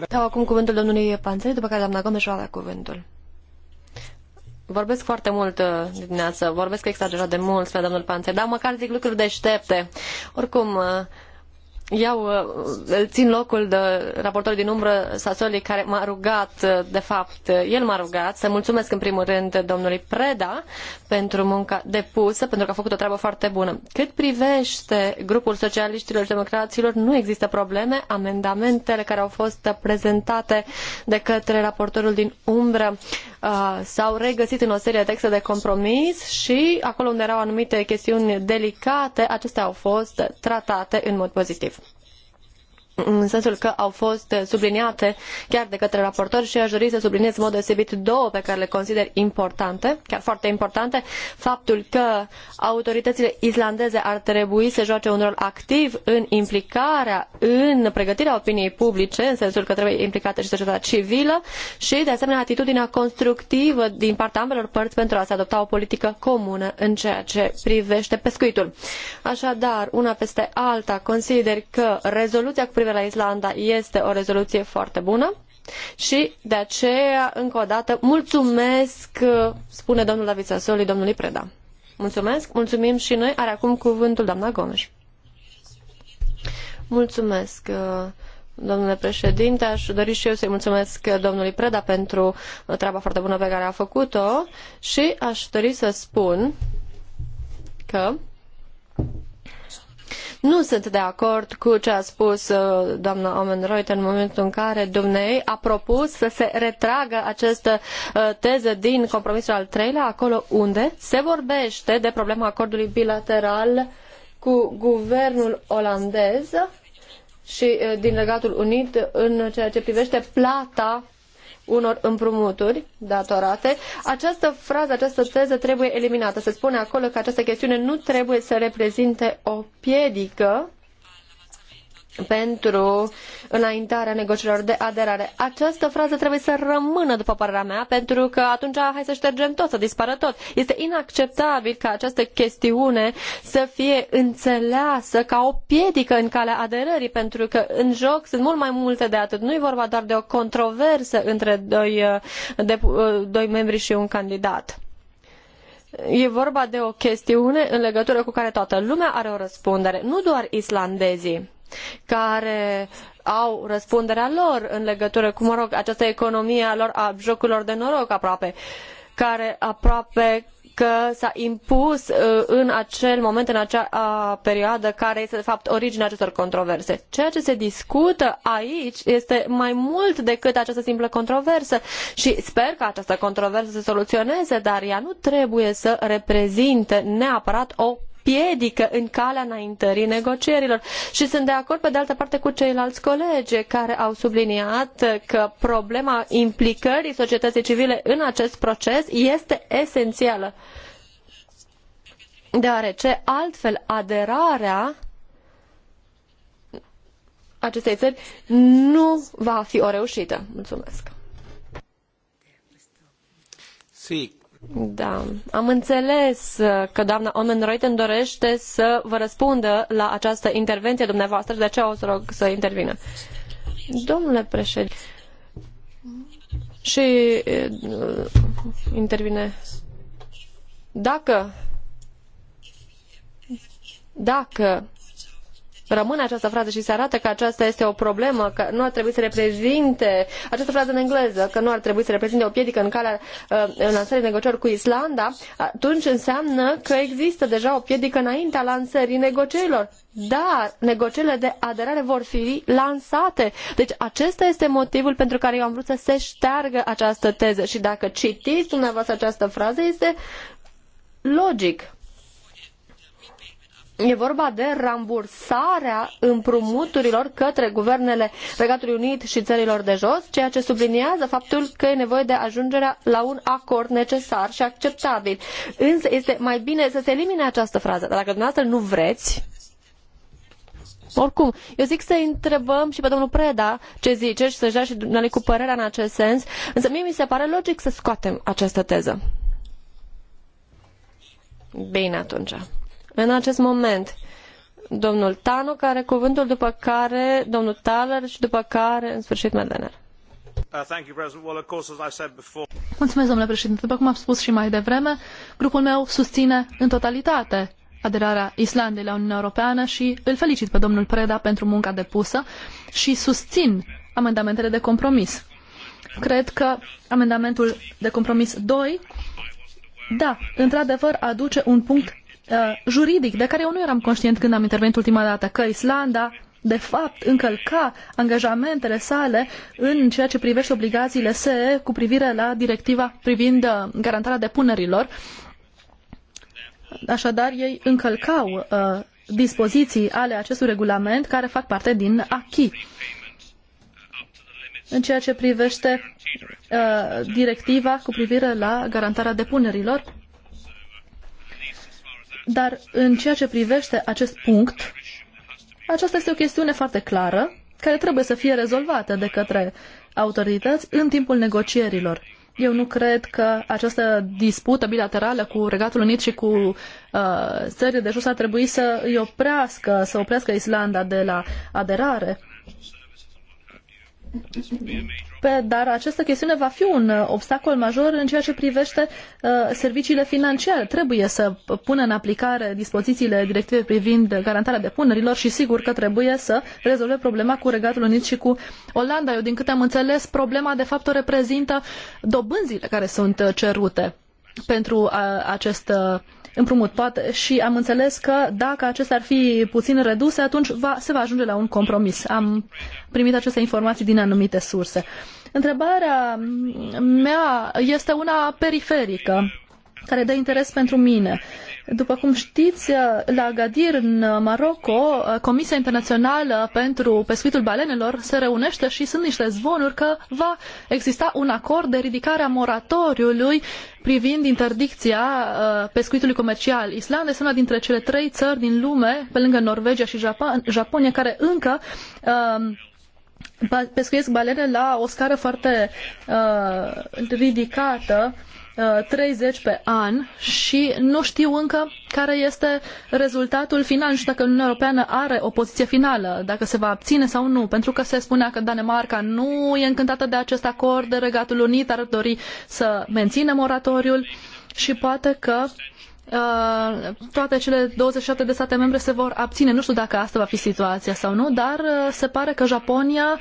Dau acum cuvântul domnului Panțeri, după care doamna Gomes va cuvântul. Vorbesc foarte mult uh, dimineață, vorbesc exagerat de mult spre domnul Panțer, dar măcar zic lucruri deștepte. Oricum, eu uh, uh, îl țin locul de raportor din umbră, Sasoli, care m-a rugat, de fapt, el m-a rugat să mulțumesc în primul rând domnului Preda pentru munca depusă, pentru că a făcut o treabă foarte bună. Cât privește grupul socialiștilor și democraților, nu există probleme. Amendamentele care au fost prezentate de către raportorul din umbră uh, s-au regăsit în o serie de texte de compromis și acolo unde erau anumite chestiuni delicate, acestea au fost tratate în mod pozitiv în sensul că au fost subliniate chiar de către raportor și aș dori să subliniez în mod deosebit două pe care le consider importante, chiar foarte importante, faptul că autoritățile islandeze ar trebui să joace un rol activ în implicarea, în pregătirea opiniei publice, în sensul că trebuie implicată și societatea civilă și, de asemenea, atitudinea constructivă din partea ambelor părți pentru a se adopta o politică comună în ceea ce privește pescuitul. Așadar, una peste alta, consider că rezoluția cu privire privire la Islanda este o rezoluție foarte bună și de aceea, încă o dată, mulțumesc, spune domnul David Sassoli, domnului Preda. Mulțumesc, mulțumim și noi. Are acum cuvântul doamna Gomes. Mulțumesc. Domnule președinte, aș dori și eu să-i mulțumesc domnului Preda pentru treaba foarte bună pe care a făcut-o și aș dori să spun că nu sunt de acord cu ce a spus uh, doamna Omen în momentul în care dumnei a propus să se retragă această uh, teză din compromisul al treilea, acolo unde se vorbește de problema acordului bilateral cu guvernul olandez și uh, din Regatul Unit în ceea ce privește plata unor împrumuturi datorate, această frază, această teză trebuie eliminată. Se spune acolo că această chestiune nu trebuie să reprezinte o piedică pentru înaintarea negocierilor de aderare. Această frază trebuie să rămână, după părerea mea, pentru că atunci hai să ștergem tot, să dispară tot. Este inacceptabil ca această chestiune să fie înțeleasă ca o piedică în calea aderării, pentru că în joc sunt mult mai multe de atât. Nu e vorba doar de o controversă între doi, uh, de, uh, doi membri și un candidat. E vorba de o chestiune în legătură cu care toată lumea are o răspundere, nu doar islandezii care au răspunderea lor în legătură cu, mă rog, această economie a lor a jocurilor de noroc aproape, care aproape că s-a impus uh, în acel moment, în acea perioadă care este de fapt originea acestor controverse. Ceea ce se discută aici este mai mult decât această simplă controversă și sper că această controversă se soluționeze, dar ea nu trebuie să reprezinte neapărat o piedică în calea înaintării negocierilor. Și sunt de acord, pe de altă parte, cu ceilalți colegi care au subliniat că problema implicării societății civile în acest proces este esențială. Deoarece, altfel, aderarea acestei țări nu va fi o reușită. Mulțumesc. Sí, da, am înțeles că doamna Omen Reuten dorește să vă răspundă la această intervenție dumneavoastră, de aceea o să rog să intervină. Domnule președinte, și intervine. Dacă dacă rămâne această frază și se arate că aceasta este o problemă, că nu ar trebui să reprezinte această frază în engleză, că nu ar trebui să reprezinte o piedică în calea uh, lansării negocierilor cu Islanda, atunci înseamnă că există deja o piedică înaintea lansării negocierilor. Dar negocierile de aderare vor fi lansate. Deci acesta este motivul pentru care eu am vrut să se șteargă această teză. Și dacă citiți dumneavoastră această frază, este logic E vorba de rambursarea împrumuturilor către guvernele Regatului Unit și țărilor de jos, ceea ce subliniază faptul că e nevoie de ajungerea la un acord necesar și acceptabil. Însă este mai bine să se elimine această frază. Dar dacă dumneavoastră nu vreți, oricum, eu zic să întrebăm și pe domnul Preda ce zice și să-și dea și dumneavoastră cu părerea în acest sens, însă mie mi se pare logic să scoatem această teză. Bine atunci în acest moment. Domnul Tano, care cuvântul după care domnul Taler și după care, în sfârșit, Medener. Uh, Mulțumesc, domnule președinte. După cum am spus și mai devreme, grupul meu susține în totalitate aderarea Islandei la Uniunea Europeană și îl felicit pe domnul Preda pentru munca depusă și susțin amendamentele de compromis. Cred că amendamentul de compromis 2, da, într-adevăr aduce un punct Uh, juridic de care eu nu eram conștient când am intervenit ultima dată, că Islanda de fapt încălca angajamentele sale în ceea ce privește obligațiile SE cu privire la directiva privind uh, garantarea depunerilor. Așadar, ei încălcau uh, dispoziții ale acestui regulament care fac parte din acquis. În ceea ce privește uh, directiva cu privire la garantarea depunerilor, dar în ceea ce privește acest punct, aceasta este o chestiune foarte clară care trebuie să fie rezolvată de către autorități în timpul negocierilor. Eu nu cred că această dispută bilaterală cu Regatul Unit și cu uh, țările de jos ar trebui să îi oprească, să oprească Islanda de la aderare pe, dar această chestiune va fi un uh, obstacol major în ceea ce privește uh, serviciile financiare. Trebuie să pună în aplicare dispozițiile directive privind garantarea depunerilor și sigur că trebuie să rezolve problema cu Regatul Unit și cu Olanda. Eu, din câte am înțeles, problema de fapt o reprezintă dobânzile care sunt uh, cerute pentru a, uh, acest împrumutat și am înțeles că dacă acestea ar fi puțin reduse, atunci va, se va ajunge la un compromis. Am primit aceste informații din anumite surse. Întrebarea mea este una periferică care dă interes pentru mine. După cum știți, la Agadir, în Maroco, Comisia Internațională pentru Pescuitul Balenelor se reunește și sunt niște zvonuri că va exista un acord de ridicare a moratoriului privind interdicția uh, pescuitului comercial. Islanda este una dintre cele trei țări din lume, pe lângă Norvegia și Japonia, care încă uh, pescuiesc balene la o scară foarte uh, ridicată 30 uh, pe an și nu știu încă care este rezultatul final, nu știu dacă Uniunea Europeană are o poziție finală, dacă se va abține sau nu, pentru că se spunea că Danemarca nu e încântată de acest acord, Regatul Unit ar dori să mențină moratoriul și poate că uh, toate cele 27 de state membre se vor abține. Nu știu dacă asta va fi situația sau nu, dar uh, se pare că Japonia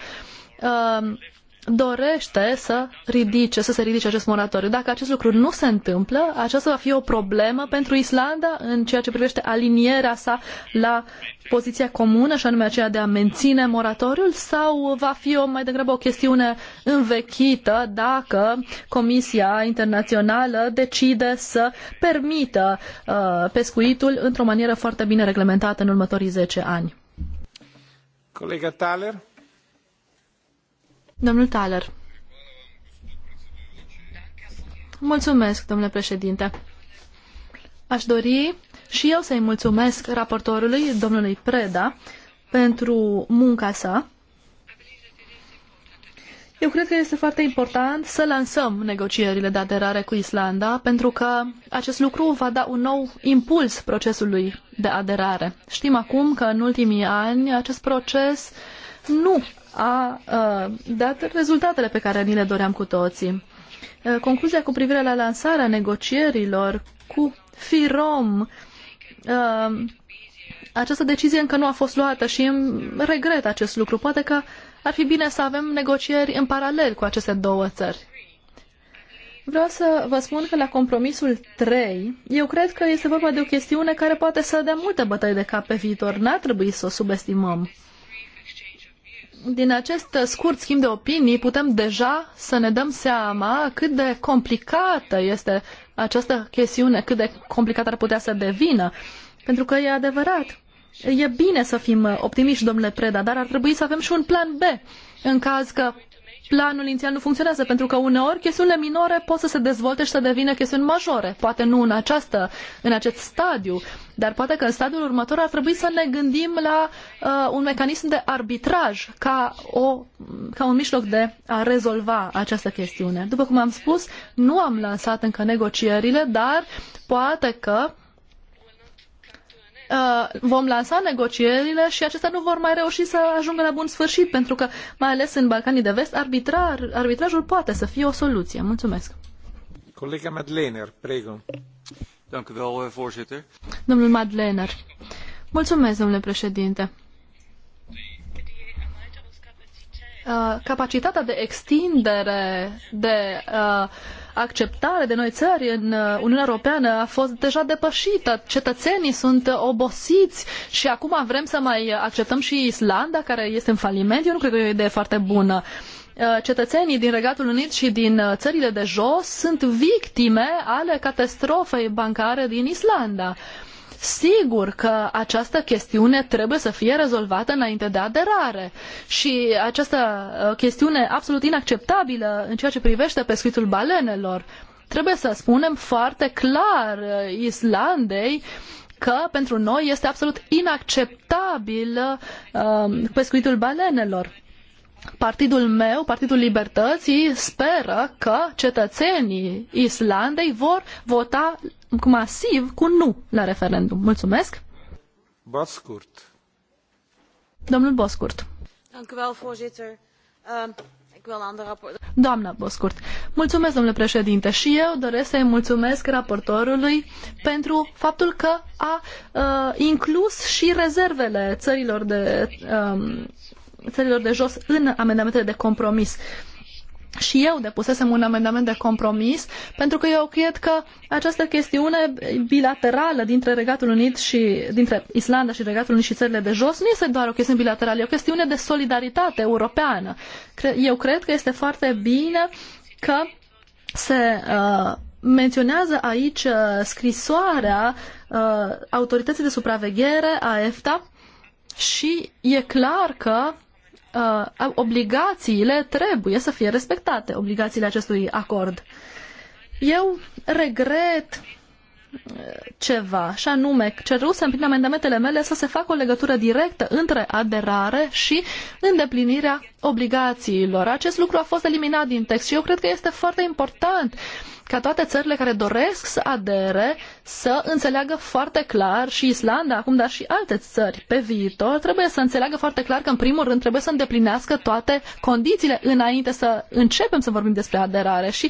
dorește să ridice, să se ridice acest moratoriu. Dacă acest lucru nu se întâmplă, aceasta va fi o problemă pentru Islanda în ceea ce privește alinierea sa la poziția comună, și anume aceea de a menține moratoriul, sau va fi o, mai degrabă o chestiune învechită dacă Comisia Internațională decide să permită uh, pescuitul într-o manieră foarte bine reglementată în următorii zece ani? Colega Thaler? Domnul Thaler. Mulțumesc, domnule președinte. Aș dori și eu să-i mulțumesc raportorului, domnului Preda, pentru munca sa. Eu cred că este foarte important să lansăm negocierile de aderare cu Islanda, pentru că acest lucru va da un nou impuls procesului de aderare. Știm acum că în ultimii ani acest proces nu a dat rezultatele pe care ni le doream cu toții. Concluzia cu privire la lansarea negocierilor cu FIROM această decizie încă nu a fost luată și îmi regret acest lucru. Poate că ar fi bine să avem negocieri în paralel cu aceste două țări. Vreau să vă spun că la compromisul 3, eu cred că este vorba de o chestiune care poate să dea multe bătăi de cap pe viitor. N-ar trebui să o subestimăm din acest scurt schimb de opinii putem deja să ne dăm seama cât de complicată este această chestiune, cât de complicată ar putea să devină. Pentru că e adevărat. E bine să fim optimiști, domnule Preda, dar ar trebui să avem și un plan B în caz că planul inițial nu funcționează, pentru că uneori chestiunile minore pot să se dezvolte și să devină chestiuni majore. Poate nu în, această, în acest stadiu, dar poate că în stadiul următor ar trebui să ne gândim la uh, un mecanism de arbitraj ca, o, ca un mijloc de a rezolva această chestiune. După cum am spus, nu am lansat încă negocierile, dar poate că Uh, vom lansa negocierile și acestea nu vor mai reuși să ajungă la bun sfârșit, pentru că, mai ales în Balcanii de Vest, arbitrar, arbitrajul poate să fie o soluție. Mulțumesc. Colega Madlener, prego. Eh, Domnul Madlener. Mulțumesc, domnule președinte. Uh, capacitatea de extindere, de uh, acceptare de noi țări în uh, Uniunea Europeană a fost deja depășită. Cetățenii sunt obosiți și acum vrem să mai acceptăm și Islanda, care este în faliment. Eu nu cred că e o idee foarte bună uh, cetățenii din Regatul Unit și din uh, țările de jos sunt victime ale catastrofei bancare din Islanda. Sigur că această chestiune trebuie să fie rezolvată înainte de aderare și această uh, chestiune absolut inacceptabilă în ceea ce privește pescuitul balenelor. Trebuie să spunem foarte clar uh, Islandei că pentru noi este absolut inacceptabil uh, pescuitul balenelor. Partidul meu, Partidul Libertății, speră că cetățenii Islandei vor vota masiv cu nu la referendum. Mulțumesc! Bascurt. Domnul Boscurt. Ehm, Doamna Boscurt. Mulțumesc, domnule președinte, și eu doresc să-i mulțumesc raportorului pentru faptul că a uh, inclus și rezervele țărilor de, um, țărilor de jos în amendamentele de compromis. Uh, și eu depusesem un amendament de compromis, pentru că eu cred că această chestiune bilaterală dintre Regatul Unit și dintre Islanda și Regatul Unit și țările de jos nu este doar o chestiune bilaterală, e o chestiune de solidaritate europeană. Eu cred că este foarte bine că se uh, menționează aici uh, scrisoarea uh, autorității de supraveghere a EFTA și e clar că uh, obligațiile trebuie să fie respectate, obligațiile acestui acord. Eu regret uh, ceva, și anume cerusem prin amendamentele mele să se facă o legătură directă între aderare și îndeplinirea obligațiilor. Acest lucru a fost eliminat din text și eu cred că este foarte important ca toate țările care doresc să adere să înțeleagă foarte clar și Islanda acum, dar și alte țări pe viitor, trebuie să înțeleagă foarte clar că în primul rând trebuie să îndeplinească toate condițiile înainte să începem să vorbim despre aderare și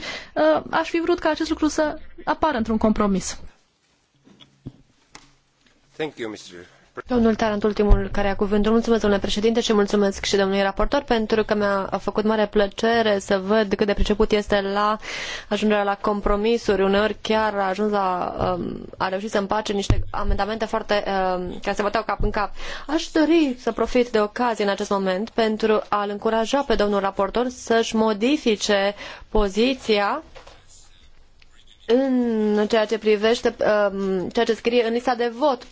uh, aș fi vrut ca acest lucru să apară într-un compromis. Thank you, Mr. Domnul Tarant, ultimul care a cuvântul. Mulțumesc, domnule președinte, și mulțumesc și domnului raportor pentru că mi-a făcut mare plăcere să văd cât de priceput este la ajungerea la compromisuri. Uneori chiar a ajuns la, um, a reușit să împace niște amendamente foarte, um, care se băteau cap în cap. Aș dori să profit de ocazie în acest moment pentru a-l încuraja pe domnul raportor să-și modifice poziția în ceea ce privește um, ceea ce scrie în lista de vot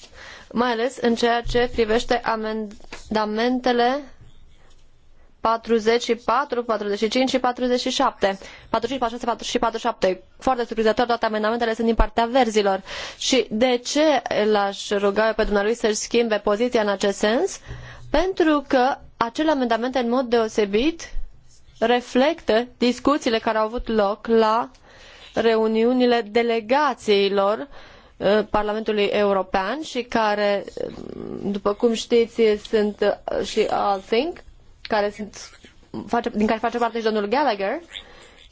mai ales în ceea ce privește amendamentele 44, 45 și 47. 45, 46, și 47. Foarte surprinzător, toate amendamentele sunt din partea verzilor. Și de ce l-aș ruga pe dumnealui să-și schimbe poziția în acest sens? Pentru că acele amendamente, în mod deosebit, reflectă discuțiile care au avut loc la reuniunile delegațiilor uh, Uh, Parlamentului European și care, um, după cum știți, sunt uh, și Think, care sunt, face, din care face parte și domnul Gallagher,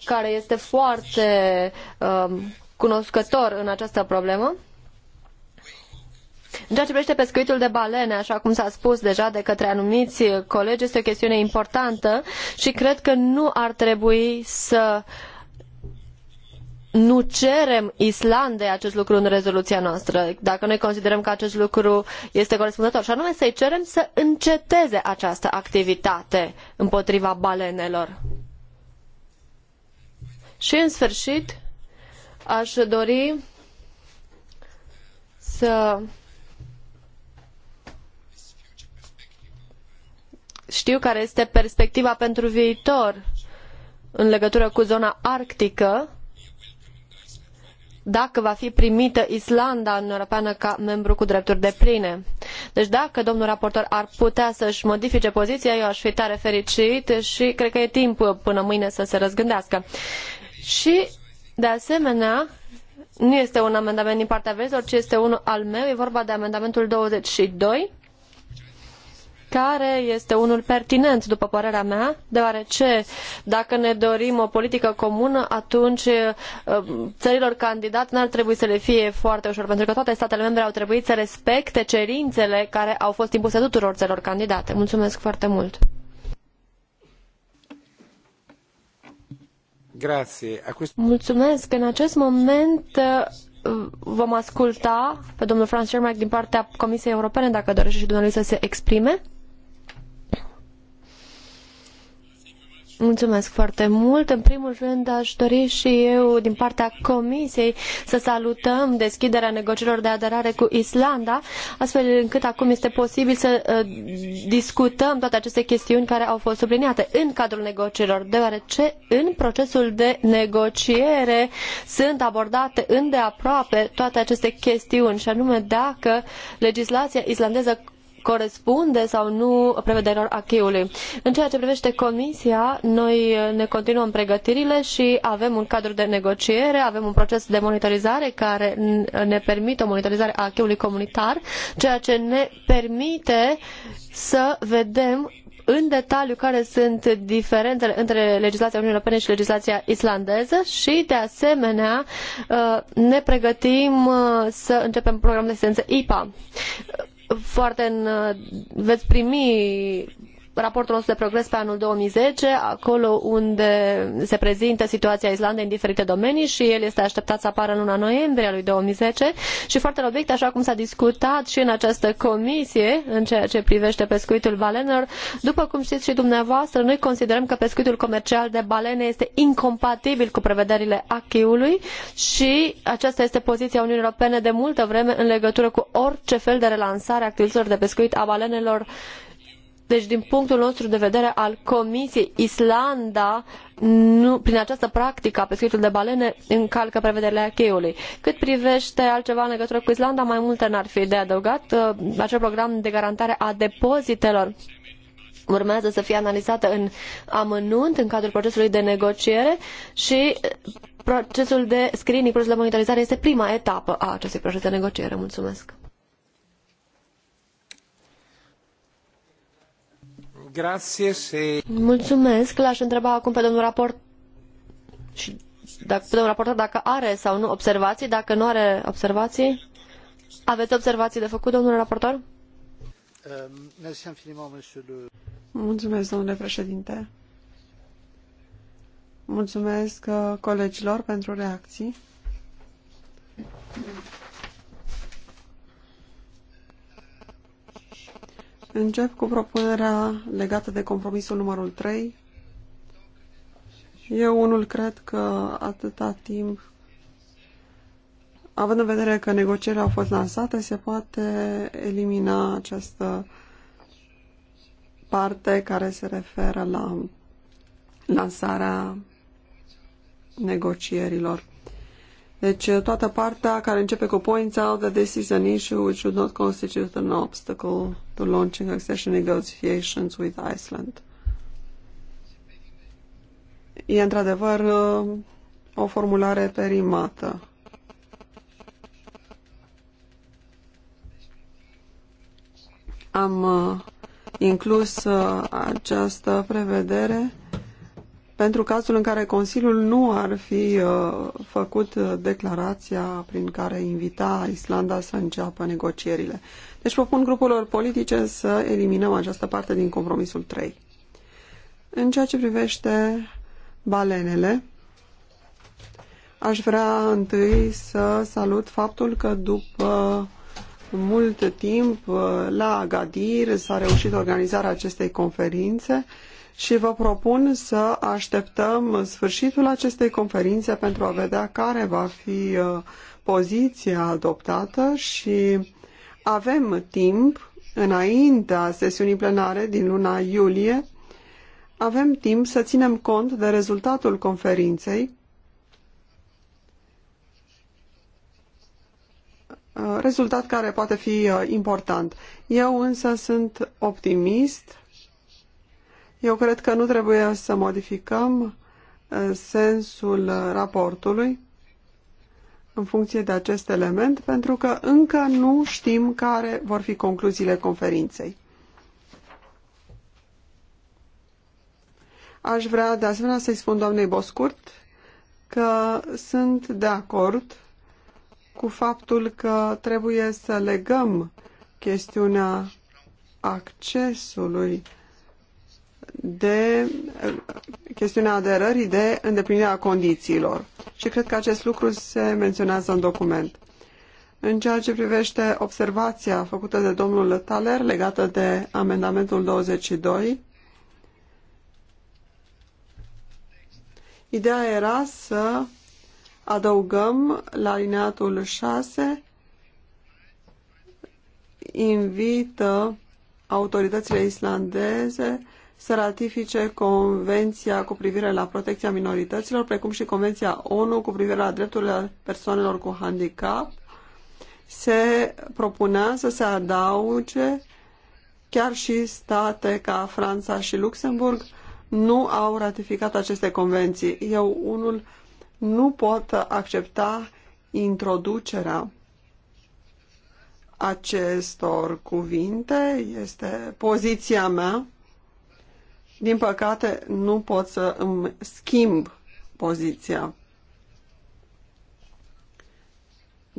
care este foarte um, cunoscător în această problemă. În ceea ce privește pescuitul de balene, așa cum s-a spus deja de către anumiți colegi, este o chestiune importantă și cred că nu ar trebui să uh, nu cerem Islandei acest lucru în rezoluția noastră, dacă noi considerăm că acest lucru este corespunzător, și anume să-i cerem să înceteze această activitate împotriva balenelor. Și în sfârșit, aș dori să știu care este perspectiva pentru viitor în legătură cu zona arctică dacă va fi primită Islanda în Uniunea Europeană ca membru cu drepturi depline. Deci dacă domnul raportor ar putea să-și modifice poziția, eu aș fi tare fericit și cred că e timp până mâine să se răzgândească. Și, de asemenea, nu este un amendament din partea verzilor, ci este unul al meu, e vorba de amendamentul 22 care este unul pertinent, după părerea mea, deoarece dacă ne dorim o politică comună, atunci eh, țărilor candidat n-ar trebui să le fie foarte ușor, pentru că toate statele membre au trebuit să respecte cerințele care au fost impuse tuturor țărilor candidate. Mulțumesc foarte mult! Mulțumesc. În acest moment eh, vom asculta pe domnul Franz Schirmack din partea Comisiei Europene, dacă dorește și dumneavoastră să se exprime. Mulțumesc foarte mult. În primul rând aș dori și eu din partea Comisiei să salutăm deschiderea negocierilor de aderare cu Islanda, astfel încât acum este posibil să uh, discutăm toate aceste chestiuni care au fost subliniate în cadrul negocierilor, deoarece în procesul de negociere sunt abordate îndeaproape toate aceste chestiuni, și anume dacă legislația islandeză corespunde sau nu prevederilor acheiului. În ceea ce privește Comisia, noi ne continuăm pregătirile și avem un cadru de negociere, avem un proces de monitorizare care ne permite o monitorizare a acheiului comunitar, ceea ce ne permite să vedem în detaliu care sunt diferențele între legislația Uniunii Europene și legislația islandeză și, de asemenea, uh, ne pregătim uh, să începem programul de asistență IPA foarte în, veți primi raportul nostru de progres pe anul 2010, acolo unde se prezintă situația Islandei în diferite domenii și el este așteptat să apară în luna noiembrie a lui 2010 și foarte la obiect, așa cum s-a discutat și în această comisie în ceea ce privește pescuitul balenelor, după cum știți și dumneavoastră, noi considerăm că pescuitul comercial de balene este incompatibil cu prevederile acquis-ului și aceasta este poziția Uniunii Europene de multă vreme în legătură cu orice fel de relansare a activităților de pescuit a balenelor deci, din punctul nostru de vedere al Comisiei, Islanda, nu, prin această practică a pescuitului de balene, încalcă prevederile acheiului. Cât privește altceva în legătură cu Islanda, mai multe n-ar fi de adăugat. Uh, acel program de garantare a depozitelor urmează să fie analizată în amănunt în cadrul procesului de negociere și uh, procesul de screening, procesul de monitorizare este prima etapă a acestui proces de negociere. Mulțumesc! Mulțumesc. L-aș întreba acum pe domnul raport și dacă, pe domnul raportor dacă are sau nu observații. Dacă nu are observații, aveți observații de făcut, domnule raportor? Mulțumesc, domnule președinte. Mulțumesc uh, colegilor pentru reacții. Încep cu propunerea legată de compromisul numărul 3. Eu unul cred că atâta timp, având în vedere că negocierile au fost lansate, se poate elimina această parte care se referă la lansarea negocierilor. Deci uh, toată partea care începe cu points out that this is an issue which should not constitute an obstacle to launching accession negotiations with Iceland. E într-adevăr uh, o formulare perimată. Am uh, inclus această prevedere pentru cazul în care Consiliul nu ar fi uh, făcut uh, declarația prin care invita Islanda să înceapă negocierile. Deci propun grupurilor politice să eliminăm această parte din compromisul 3. În ceea ce privește balenele, aș vrea întâi să salut faptul că după mult timp uh, la Agadir s-a reușit organizarea acestei conferințe și vă propun să așteptăm sfârșitul acestei conferințe pentru a vedea care va fi uh, poziția adoptată și avem timp înaintea sesiunii plenare din luna iulie, avem timp să ținem cont de rezultatul conferinței uh, rezultat care poate fi uh, important. Eu însă sunt optimist eu cred că nu trebuie să modificăm uh, sensul uh, raportului în funcție de acest element, pentru că încă nu știm care vor fi concluziile conferinței. Aș vrea de asemenea să-i spun doamnei Boscurt că sunt de acord cu faptul că trebuie să legăm chestiunea accesului de eh, chestiunea aderării de îndeplinirea condițiilor. Și cred că acest lucru se menționează în document. În ceea ce privește observația făcută de domnul Taler legată de amendamentul 22, ideea era să adăugăm la alineatul 6 invită autoritățile islandeze să ratifice Convenția cu privire la protecția minorităților, precum și Convenția ONU cu privire la drepturile persoanelor cu handicap, se propunea să se adauge chiar și state ca Franța și Luxemburg nu au ratificat aceste convenții. Eu, unul, nu pot accepta introducerea acestor cuvinte. Este poziția mea. Din păcate, nu pot să îmi schimb poziția.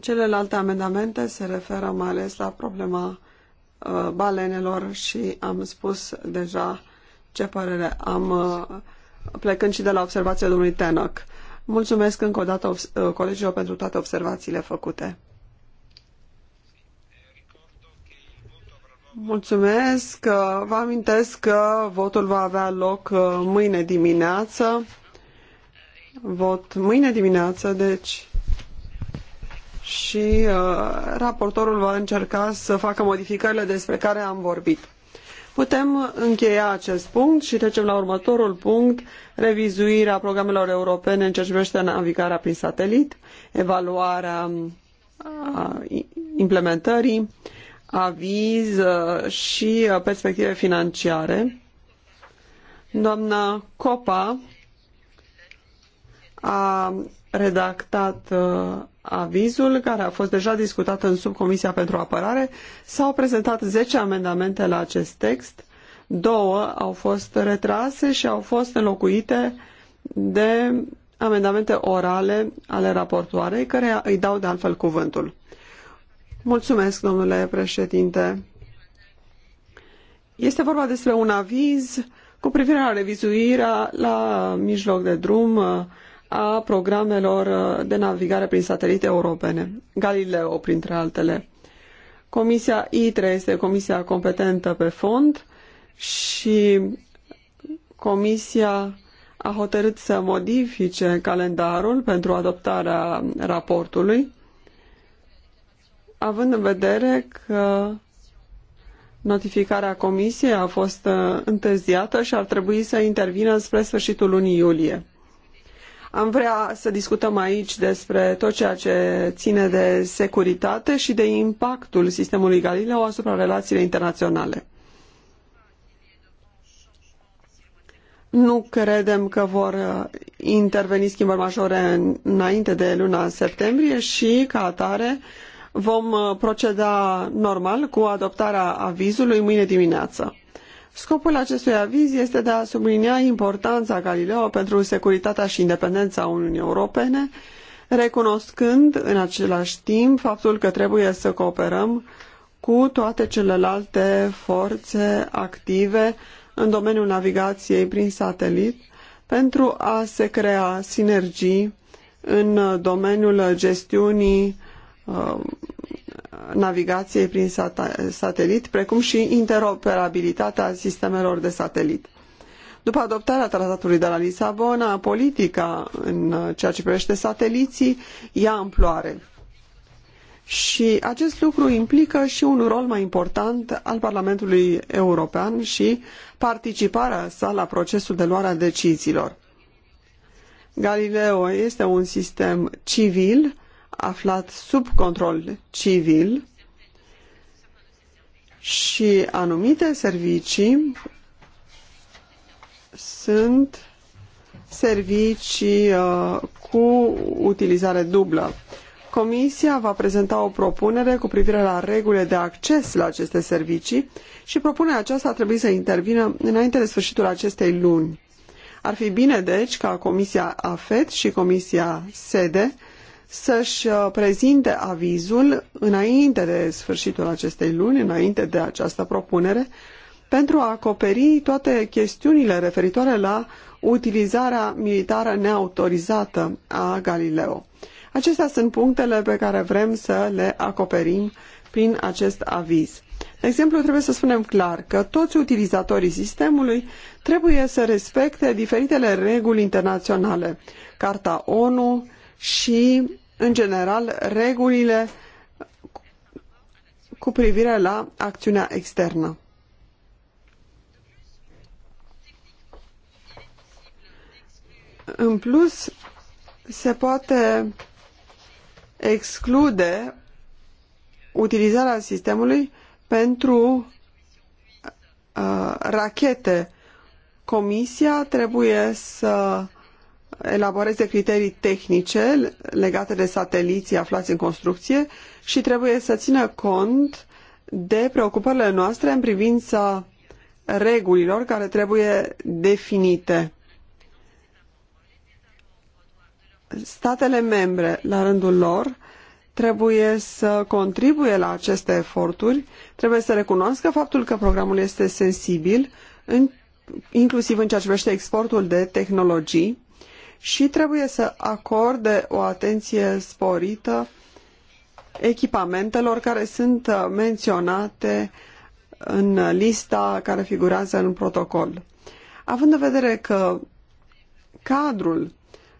Celelalte amendamente se referă mai ales la problema uh, balenelor și am spus deja ce părere am, uh, plecând și de la observația domnului Tenoc. Mulțumesc încă o dată uh, colegilor pentru toate observațiile făcute. Mulțumesc. Vă amintesc că votul va avea loc uh, mâine dimineață. Vot mâine dimineață, deci. Și uh, raportorul va încerca să facă modificările despre care am vorbit. Putem încheia acest punct și trecem la următorul punct, revizuirea programelor europene în ce privește navigarea prin satelit, evaluarea uh, implementării aviz uh, și uh, perspective financiare. Doamna Copa a redactat uh, avizul care a fost deja discutat în subcomisia pentru apărare. S-au prezentat zece amendamente la acest text. Două au fost retrase și au fost înlocuite de amendamente orale ale raportoarei, care îi dau de altfel cuvântul. Mulțumesc, domnule președinte. Este vorba despre un aviz cu privire la revizuirea la mijloc de drum a programelor de navigare prin satelite europene, Galileo printre altele. Comisia ITRE este comisia competentă pe fond și comisia a hotărât să modifice calendarul pentru adoptarea raportului având în vedere că notificarea comisiei a fost uh, întârziată și ar trebui să intervină spre sfârșitul lunii iulie. Am vrea să discutăm aici despre tot ceea ce ține de securitate și de impactul sistemului Galileo asupra relațiilor internaționale. Nu credem că vor uh, interveni schimbări majore înainte de luna septembrie și, ca atare, uh, Vom uh, proceda normal cu adoptarea avizului mâine dimineață. Scopul acestui aviz este de a sublinia importanța Galileo pentru securitatea și independența Uniunii Europene, recunoscând în același timp faptul că trebuie să cooperăm cu toate celelalte forțe active în domeniul navigației prin satelit pentru a se crea sinergii în domeniul gestiunii Uh, navigației prin satelit, precum și interoperabilitatea sistemelor de satelit. După adoptarea tratatului de la Lisabona, politica în ceea ce privește sateliții ia amploare. Și acest lucru implică și un rol mai important al Parlamentului European și participarea sa la procesul de luare a deciziilor. Galileo este un sistem civil aflat sub control civil și anumite servicii sunt servicii uh, cu utilizare dublă. Comisia va prezenta o propunere cu privire la regulile de acces la aceste servicii și propunerea aceasta trebuie să intervină înainte de sfârșitul acestei luni. Ar fi bine, deci, ca Comisia AFET și Comisia SEDE să-și uh, prezinte avizul înainte de sfârșitul acestei luni, înainte de această propunere, pentru a acoperi toate chestiunile referitoare la utilizarea militară neautorizată a Galileo. Acestea sunt punctele pe care vrem să le acoperim prin acest aviz. De exemplu, trebuie să spunem clar că toți utilizatorii sistemului trebuie să respecte diferitele reguli internaționale, Carta ONU, și, în general, regulile cu privire la acțiunea externă. În plus, se poate exclude utilizarea sistemului pentru uh, rachete. Comisia trebuie să elaboreze criterii tehnice legate de sateliții aflați în construcție și trebuie să țină cont de preocupările noastre în privința regulilor care trebuie definite. Statele membre, la rândul lor, trebuie să contribuie la aceste eforturi, trebuie să recunoască faptul că programul este sensibil, în, inclusiv în ceea ce privește exportul de tehnologii, și trebuie să acorde o atenție sporită echipamentelor care sunt uh, menționate în lista care figurează în protocol. Având în vedere că cadrul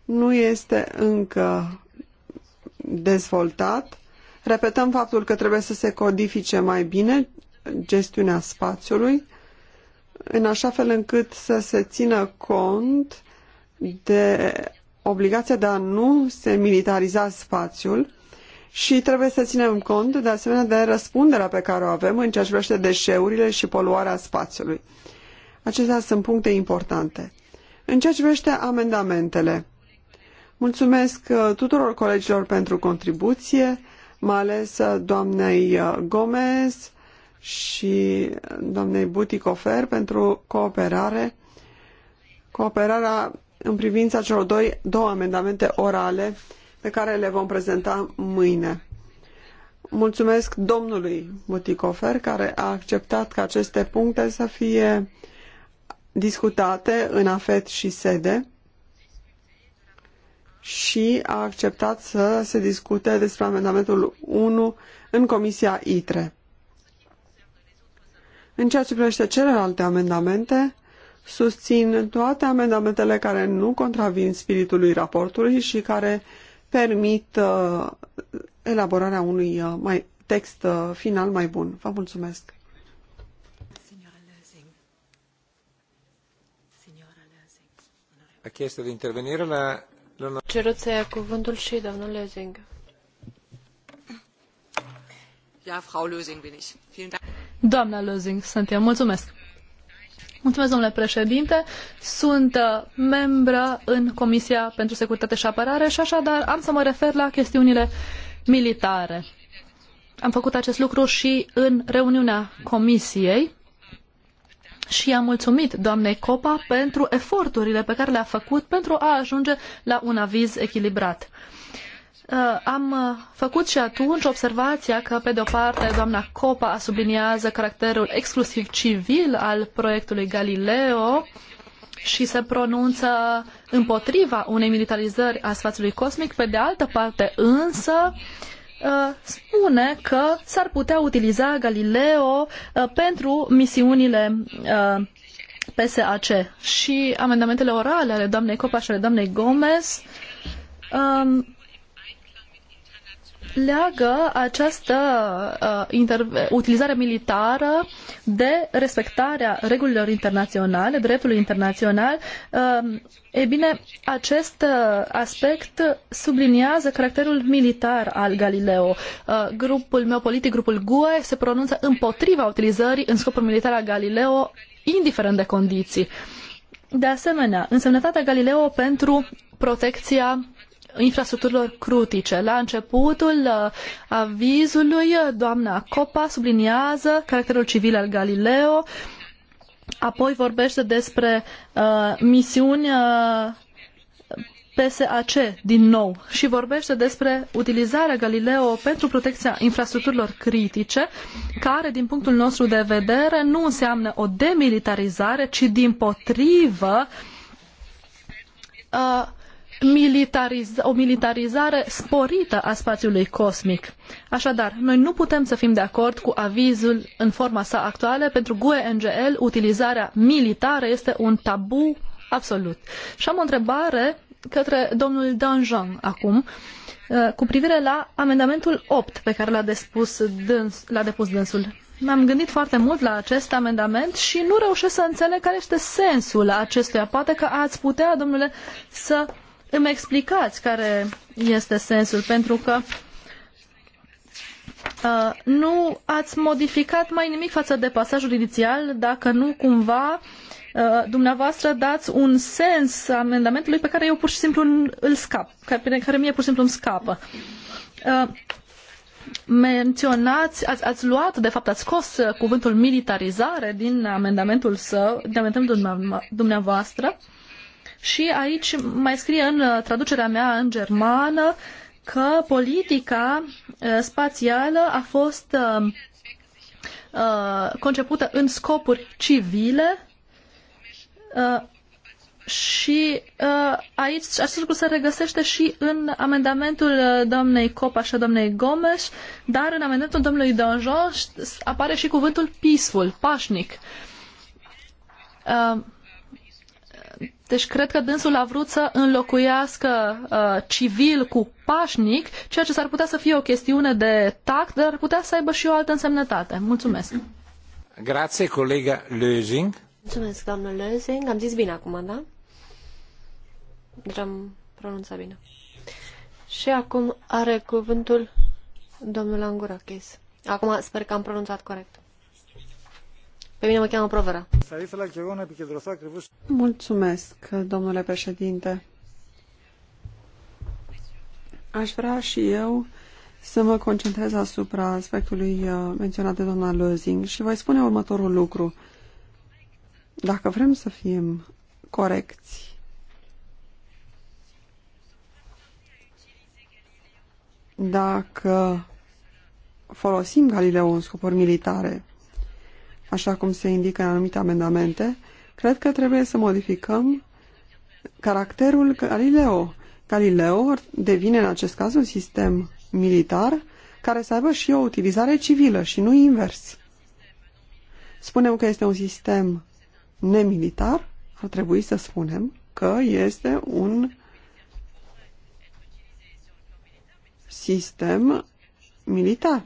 nu este încă dezvoltat, repetăm faptul că trebuie să se codifice mai bine gestiunea spațiului, în așa fel încât să se țină cont de obligația de a nu se militariza spațiul și trebuie să ținem cont de asemenea de răspunderea pe care o avem în ceea ce privește deșeurile și poluarea spațiului. Acestea sunt puncte importante. În ceea ce privește amendamentele, mulțumesc uh, tuturor colegilor pentru contribuție, mai ales uh, doamnei uh, Gomez și doamnei Buticofer pentru cooperare. Cooperarea în privința celor doi, două amendamente orale pe care le vom prezenta mâine. Mulțumesc domnului Buticofer care a acceptat ca aceste puncte să fie discutate în afet și sede și a acceptat să se discute despre amendamentul 1 în Comisia ITRE. În ceea ce privește celelalte amendamente, Susțin toate amendamentele care nu contravin spiritului raportului și care permit uh, elaborarea unui uh, mai, text uh, final mai bun. Vă mulțumesc! A de intervenire la... Cerut să ia cuvântul și domnul Lezing. Ja, Frau Lösing bin Doamna Lösing, sunt eu. Mulțumesc. Mulțumesc, domnule președinte. Sunt uh, membră în Comisia pentru Securitate și Apărare și așadar am să mă refer la chestiunile militare. Am făcut acest lucru și în reuniunea Comisiei și am mulțumit doamnei Copa pentru eforturile pe care le-a făcut pentru a ajunge la un aviz echilibrat. Uh, am uh, făcut și atunci observația că, pe de o parte, doamna Copa subliniază caracterul exclusiv civil al proiectului Galileo și se pronunță împotriva unei militarizări a spațiului cosmic, pe de altă parte însă uh, spune că s-ar putea utiliza Galileo pentru misiunile PSAC și amendamentele orale ale doamnei Copa și ale doamnei Gomez um, leagă această uh, utilizare militară de respectarea regulilor internaționale, dreptului internațional, uh, e bine, acest uh, aspect subliniază caracterul militar al Galileo. Uh, grupul meu politic, grupul GUE, se pronunță împotriva utilizării în scopuri militare a Galileo, indiferent de condiții. De asemenea, însemnătatea Galileo pentru protecția infrastructurilor crutice. La începutul uh, avizului, uh, doamna Copa subliniază caracterul civil al Galileo, apoi vorbește despre uh, misiuni uh, PSAC din nou și vorbește despre utilizarea Galileo pentru protecția infrastructurilor critice, care, din punctul nostru de vedere, nu înseamnă o demilitarizare, ci din potrivă uh, militariz- o militarizare sporită a spațiului cosmic. Așadar, noi nu putem să fim de acord cu avizul în forma sa actuală. Pentru GUE-NGL, utilizarea militară este un tabu absolut. Și am o întrebare către domnul Danjean acum, uh, cu privire la amendamentul 8 pe care l-a, depus, dâns, l-a depus dânsul. M-am gândit foarte mult la acest amendament și nu reușesc să înțeleg care este sensul acestuia. Poate că ați putea, domnule, să îmi explicați care este sensul, pentru că uh, nu ați modificat mai nimic față de pasajul inițial dacă nu cumva uh, dumneavoastră dați un sens amendamentului pe care eu pur și simplu îl scap, care, care mie pur și simplu îmi scapă. Uh, menționați, ați, ați luat, de fapt ați scos uh, cuvântul militarizare din amendamentul său, din amendamentul dumneavoastră. Uh, și aici mai scrie în uh, traducerea mea în germană că politica uh, spațială a fost uh, concepută în scopuri civile și aici acest lucru se regăsește și în amendamentul uh, doamnei Copa și a doamnei Gomes, dar în amendamentul domnului Donjon apare și cuvântul peaceful, pașnic. Uh, deci cred că dânsul a vrut să înlocuiască uh, civil cu pașnic, ceea ce s-ar putea să fie o chestiune de tact, dar ar putea să aibă și o altă însemnătate. Mulțumesc. Grazie, colega Lösing. Mulțumesc, doamnă Lösing. Am zis bine acum, da? Deci am pronunțat bine. Și acum are cuvântul domnul Angurachis. Acum sper că am pronunțat corect. Pe mine mă cheamă Provera. Mulțumesc, domnule președinte. Aș vrea și eu să mă concentrez asupra aspectului uh, menționat de doamna Lozing și voi spune următorul lucru. Dacă vrem să fim corecți, dacă folosim Galileo în scopuri militare, așa cum se indică în anumite amendamente, cred că trebuie să modificăm caracterul Galileo. Galileo devine în acest caz un sistem militar care să aibă și o utilizare civilă și nu invers. Spunem că este un sistem nemilitar, ar trebui să spunem că este un sistem militar.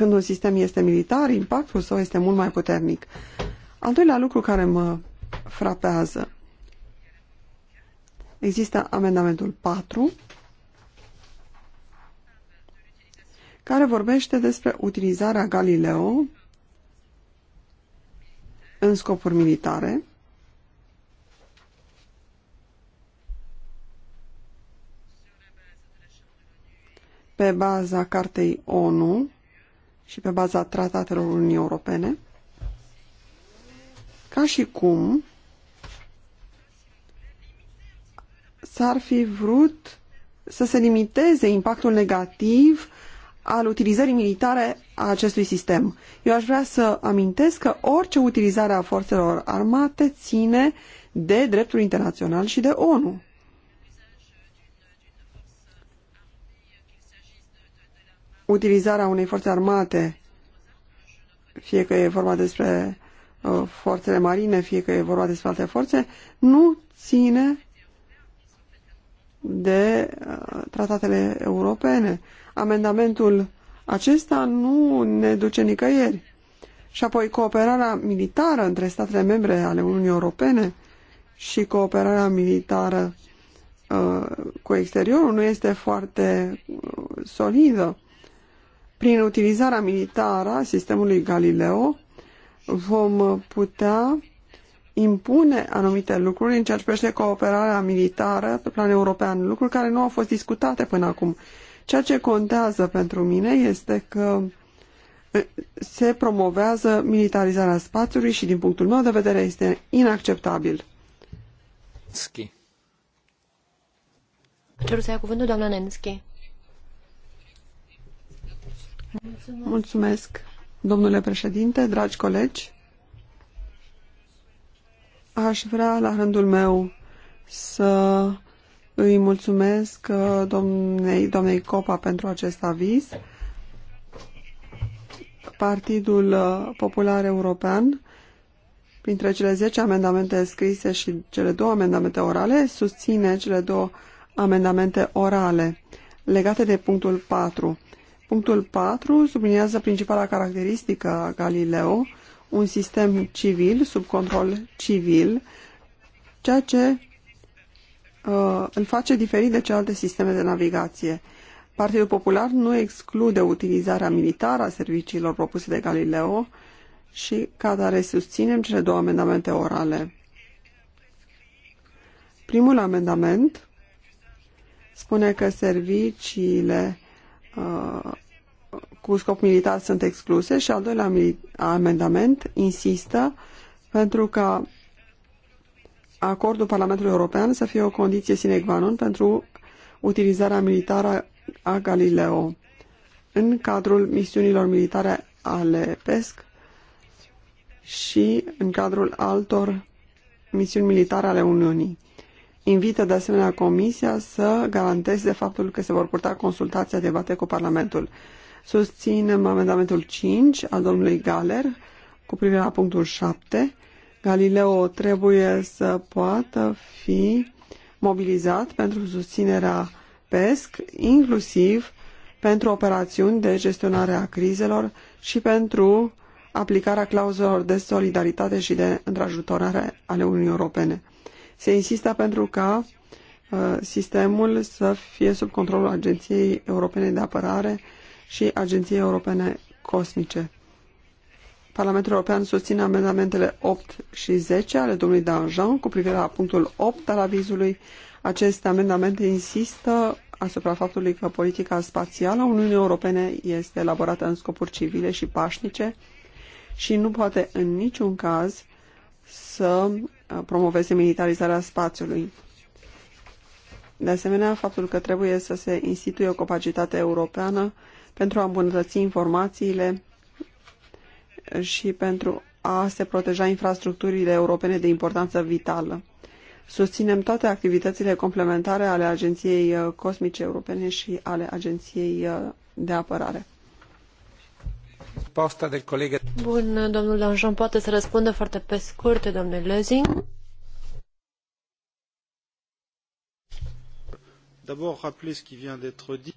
când un sistem este militar, impactul său este mult mai puternic. Al doilea lucru care mă frapează. Există amendamentul 4, care vorbește despre utilizarea Galileo în scopuri militare. pe baza cartei ONU și pe baza tratatelor Uniunii Europene, ca și cum s-ar fi vrut să se limiteze impactul negativ al utilizării militare a acestui sistem. Eu aș vrea să amintesc că orice utilizare a forțelor armate ține de dreptul internațional și de ONU. utilizarea unei forțe armate, fie că e vorba despre uh, forțele marine, fie că e vorba despre alte forțe, nu ține de uh, tratatele europene. Amendamentul acesta nu ne duce nicăieri. Și apoi cooperarea militară între statele membre ale Uniunii Europene și cooperarea militară uh, cu exteriorul nu este foarte uh, solidă. Prin utilizarea militară a sistemului Galileo vom putea impune anumite lucruri în ceea ce privește cooperarea militară pe plan european, lucruri care nu au fost discutate până acum. Ceea ce contează pentru mine este că se promovează militarizarea spațiului și, din punctul meu de vedere, este inacceptabil. Schi. Cer să ia cuvântul doamna Nenski. Mulțumesc. Mulțumesc, domnule președinte, dragi colegi. Aș vrea, la rândul meu, să îi mulțumesc uh, domnei, domnei Copa pentru acest aviz. Partidul uh, Popular European, printre cele 10 amendamente scrise și cele două amendamente orale, susține cele două amendamente orale legate de punctul 4. Punctul 4 subliniază principala caracteristică a Galileo, un sistem civil, sub control civil, ceea ce uh, îl face diferit de celelalte sisteme de navigație. Partidul Popular nu exclude utilizarea militară a serviciilor propuse de Galileo și, ca tare, susținem cele două amendamente orale. Primul amendament spune că serviciile Uh, cu scop militar sunt excluse și al doilea amendament insistă pentru ca acordul Parlamentului European să fie o condiție sine qua non pentru utilizarea militară a Galileo. În cadrul misiunilor militare ale PESC și în cadrul altor misiuni militare ale Uniunii invită de asemenea Comisia să garanteze faptul că se vor purta consultații adevărate cu Parlamentul. Susținem amendamentul 5 al domnului Galer cu privire la punctul 7. Galileo trebuie să poată fi mobilizat pentru susținerea PESC, inclusiv pentru operațiuni de gestionare a crizelor și pentru aplicarea clauzelor de solidaritate și de întrajutorare ale Uniunii Europene se insista pentru ca uh, sistemul să fie sub controlul Agenției Europene de Apărare și Agenției Europene Cosmice. Parlamentul European susține amendamentele 8 și 10 ale domnului Danjean cu privire la punctul 8 al avizului. Aceste amendamente insistă asupra faptului că politica spațială a Uniunii Europene este elaborată în scopuri civile și pașnice și nu poate în niciun caz să promoveze militarizarea spațiului. De asemenea, faptul că trebuie să se instituie o capacitate europeană pentru a îmbunătăți informațiile și pentru a se proteja infrastructurile europene de importanță vitală. Susținem toate activitățile complementare ale Agenției uh, Cosmice Europene și ale Agenției uh, de Apărare. Posta de colegă. Bun, domnul Danjean poate să răspundă foarte pe scurt, domnule Lezing. D'abord, rappeler ce qui vient d'être dit.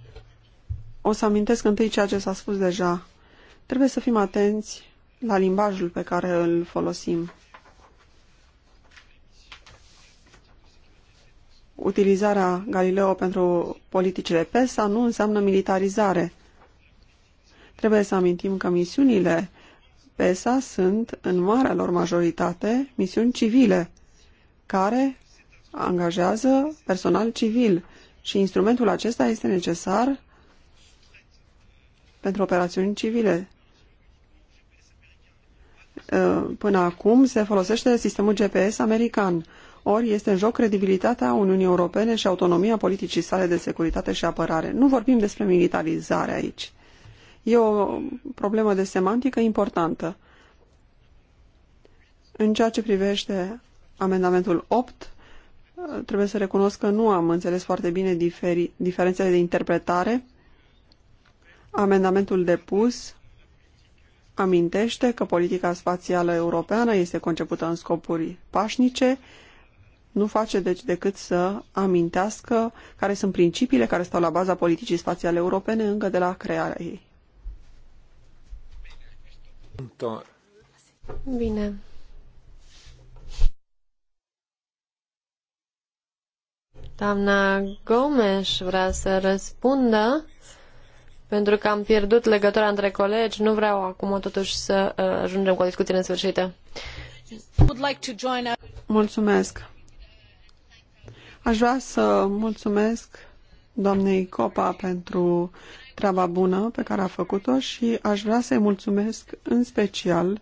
O să amintesc întâi ceea ce s-a spus deja. Trebuie să fim atenți la limbajul pe care îl folosim. Utilizarea Galileo pentru politicile PESA nu înseamnă militarizare. Trebuie să amintim că misiunile PESA sunt, în marea lor majoritate, misiuni civile, care angajează personal civil și instrumentul acesta este necesar pentru operațiuni civile. Până acum se folosește sistemul GPS american, ori este în joc credibilitatea Uniunii Europene și autonomia politicii sale de securitate și apărare. Nu vorbim despre militarizare aici. E o problemă de semantică importantă. În ceea ce privește amendamentul 8, trebuie să recunosc că nu am înțeles foarte bine diferențele de interpretare. Amendamentul depus amintește că politica spațială europeană este concepută în scopuri pașnice, nu face deci decât să amintească care sunt principiile care stau la baza politicii spațiale europene încă de la crearea ei. Bine. Doamna Gomes vrea să răspundă pentru că am pierdut legătura între colegi. Nu vreau acum totuși să uh, ajungem cu o discuție nesfârșită. Mulțumesc. Aș vrea să mulțumesc doamnei Copa pentru treaba bună pe care a făcut-o și aș vrea să-i mulțumesc în special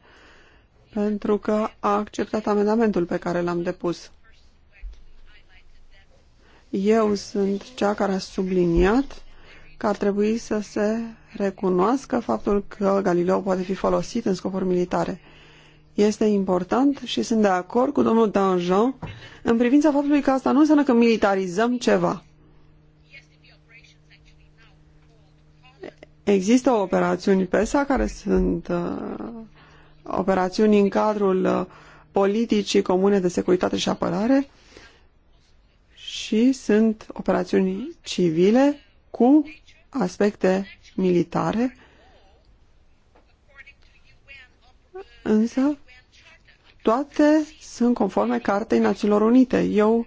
pentru că a acceptat amendamentul pe care l-am depus. Eu sunt cea care a subliniat că ar trebui să se recunoască faptul că Galileo poate fi folosit în scopuri militare. Este important și sunt de acord cu domnul Danjean în privința faptului că asta nu înseamnă că militarizăm ceva. Există operațiuni PESA care sunt uh, operațiuni în cadrul uh, politicii comune de securitate și apărare și sunt operațiuni civile cu aspecte militare, însă toate sunt conforme Cartei Națiunilor Unite. Eu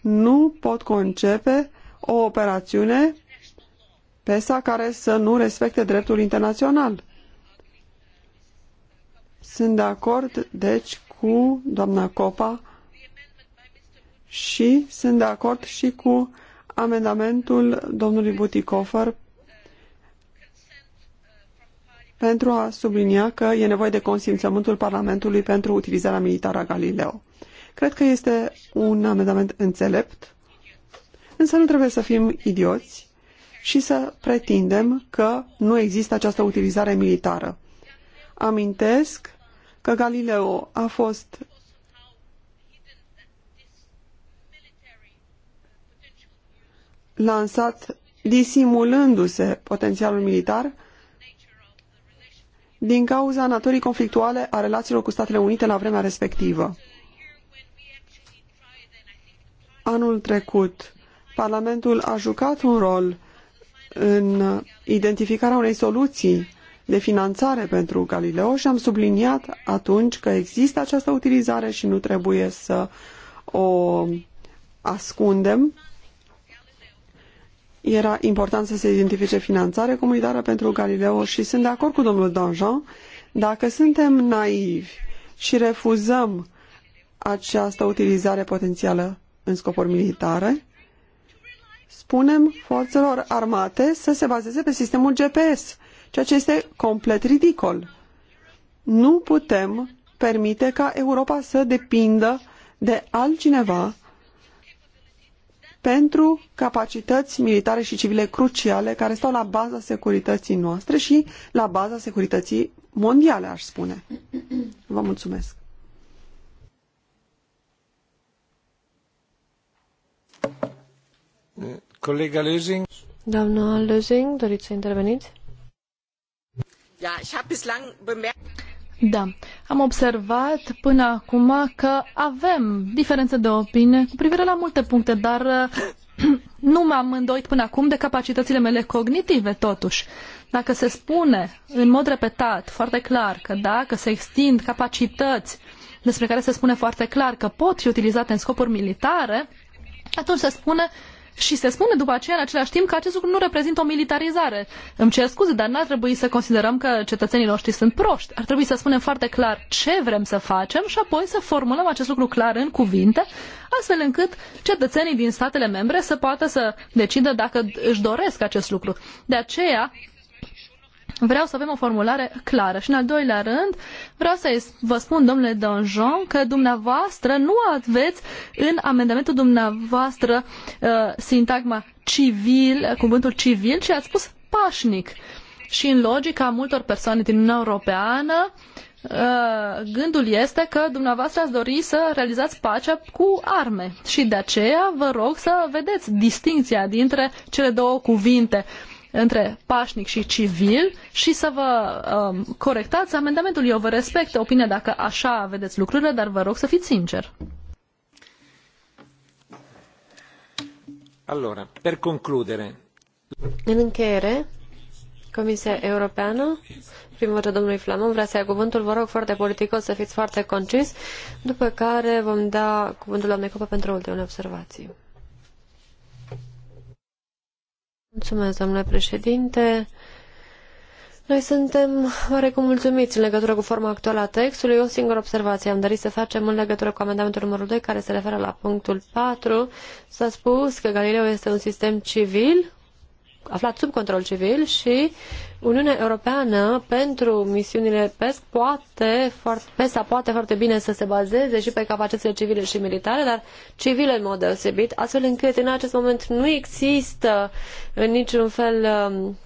nu pot concepe o operațiune PESA care să nu respecte dreptul internațional. Sunt de acord, deci, cu doamna Copa și sunt de acord și cu amendamentul domnului Buticofer pentru a sublinia că e nevoie de consimțământul Parlamentului pentru utilizarea militară a Galileo. Cred că este un amendament înțelept, însă nu trebuie să fim idioți și să pretindem că nu există această utilizare militară. Amintesc că Galileo a fost lansat disimulându-se potențialul militar din cauza naturii conflictuale a relațiilor cu Statele Unite la vremea respectivă. Anul trecut, Parlamentul a jucat un rol în identificarea unei soluții de finanțare pentru Galileo și am subliniat atunci că există această utilizare și nu trebuie să o ascundem. Era important să se identifice finanțare comunitară pentru Galileo și sunt de acord cu domnul Danjean. Dacă suntem naivi și refuzăm această utilizare potențială în scopuri militare, spunem forțelor armate să se bazeze pe sistemul GPS, ceea ce este complet ridicol. Nu putem permite ca Europa să depindă de altcineva pentru capacități militare și civile cruciale care stau la baza securității noastre și la baza securității mondiale, aș spune. Vă mulțumesc. Colega Lösing. Doamna Lösing, doriți să interveniți? Da, am observat până acum că avem diferențe de opinie cu privire la multe puncte, dar nu m-am îndoit până acum de capacitățile mele cognitive, totuși. Dacă se spune în mod repetat, foarte clar, că dacă se extind capacități despre care se spune foarte clar că pot fi utilizate în scopuri militare, atunci se spune și se spune după aceea, în același timp, că acest lucru nu reprezintă o militarizare. Îmi cer scuze, dar n-ar trebui să considerăm că cetățenii noștri sunt proști. Ar trebui să spunem foarte clar ce vrem să facem și apoi să formulăm acest lucru clar în cuvinte, astfel încât cetățenii din statele membre să poată să decidă dacă își doresc acest lucru. De aceea, Vreau să avem o formulare clară. Și în al doilea rând, vreau să vă spun, domnule Donjon, că dumneavoastră nu aveți în amendamentul dumneavoastră uh, sintagma civil, uh, cuvântul civil, ci ați spus pașnic. Și în logica multor persoane din Uniunea Europeană, uh, gândul este că dumneavoastră ați dori să realizați pacea cu arme. Și de aceea vă rog să vedeți distinția dintre cele două cuvinte. Uh, între pașnic și civil și să vă um, corectați amendamentul. Eu vă respect opinia dacă așa vedeți lucrurile, dar vă rog să fiți sincer. Allora, per concludere. În încheiere, Comisia Europeană, primul rând domnului Flamon, vrea să ia cuvântul, vă rog foarte politicos să fiți foarte concis, după care vom da cuvântul doamnei Copă pentru ultimele observații. Mulțumesc, domnule președinte. Noi suntem oarecum mulțumiți în legătură cu forma actuală a textului. O singură observație am dorit să facem în legătură cu amendamentul numărul 2, care se referă la punctul 4. S-a spus că Galileo este un sistem civil, aflat sub control civil și Uniunea Europeană pentru misiunile PESC poate, PESA poate foarte bine să se bazeze și pe capacitățile civile și militare, dar civile în mod deosebit, astfel încât în acest moment nu există în niciun fel um,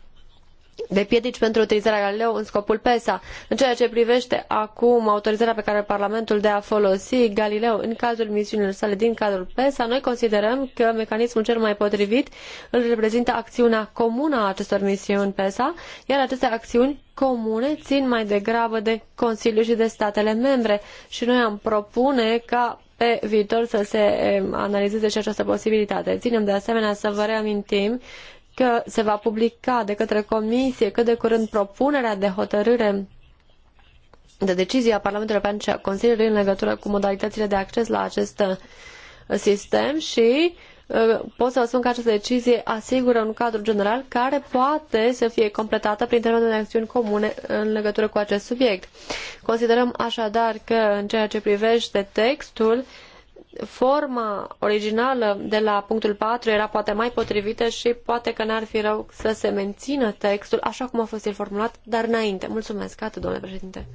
de piedici pentru utilizarea Galileo în scopul PESA. În ceea ce privește acum autorizarea pe care Parlamentul de a folosi Galileo în cazul misiunilor sale din cadrul PESA, noi considerăm că mecanismul cel mai potrivit îl reprezintă acțiunea comună a acestor misiuni PESA, iar aceste acțiuni comune țin mai degrabă de Consiliu și de statele membre și noi am propune ca pe viitor să se eh, analizeze și această posibilitate. Ținem de asemenea să vă reamintim că se va publica de către Comisie cât de curând propunerea de hotărâre de decizie a Parlamentului European și a Consiliului în legătură cu modalitățile de acces la acest uh, sistem și uh, pot să vă spun că această decizie asigură un cadru general care poate să fie completată prin intermediul unei acțiuni comune în legătură cu acest subiect. Considerăm așadar că în ceea ce privește textul, forma originală de la punctul 4 era poate mai potrivită și poate că n-ar fi rău să se mențină textul așa cum a fost el formulat, dar înainte. Mulțumesc, atât, domnule președinte.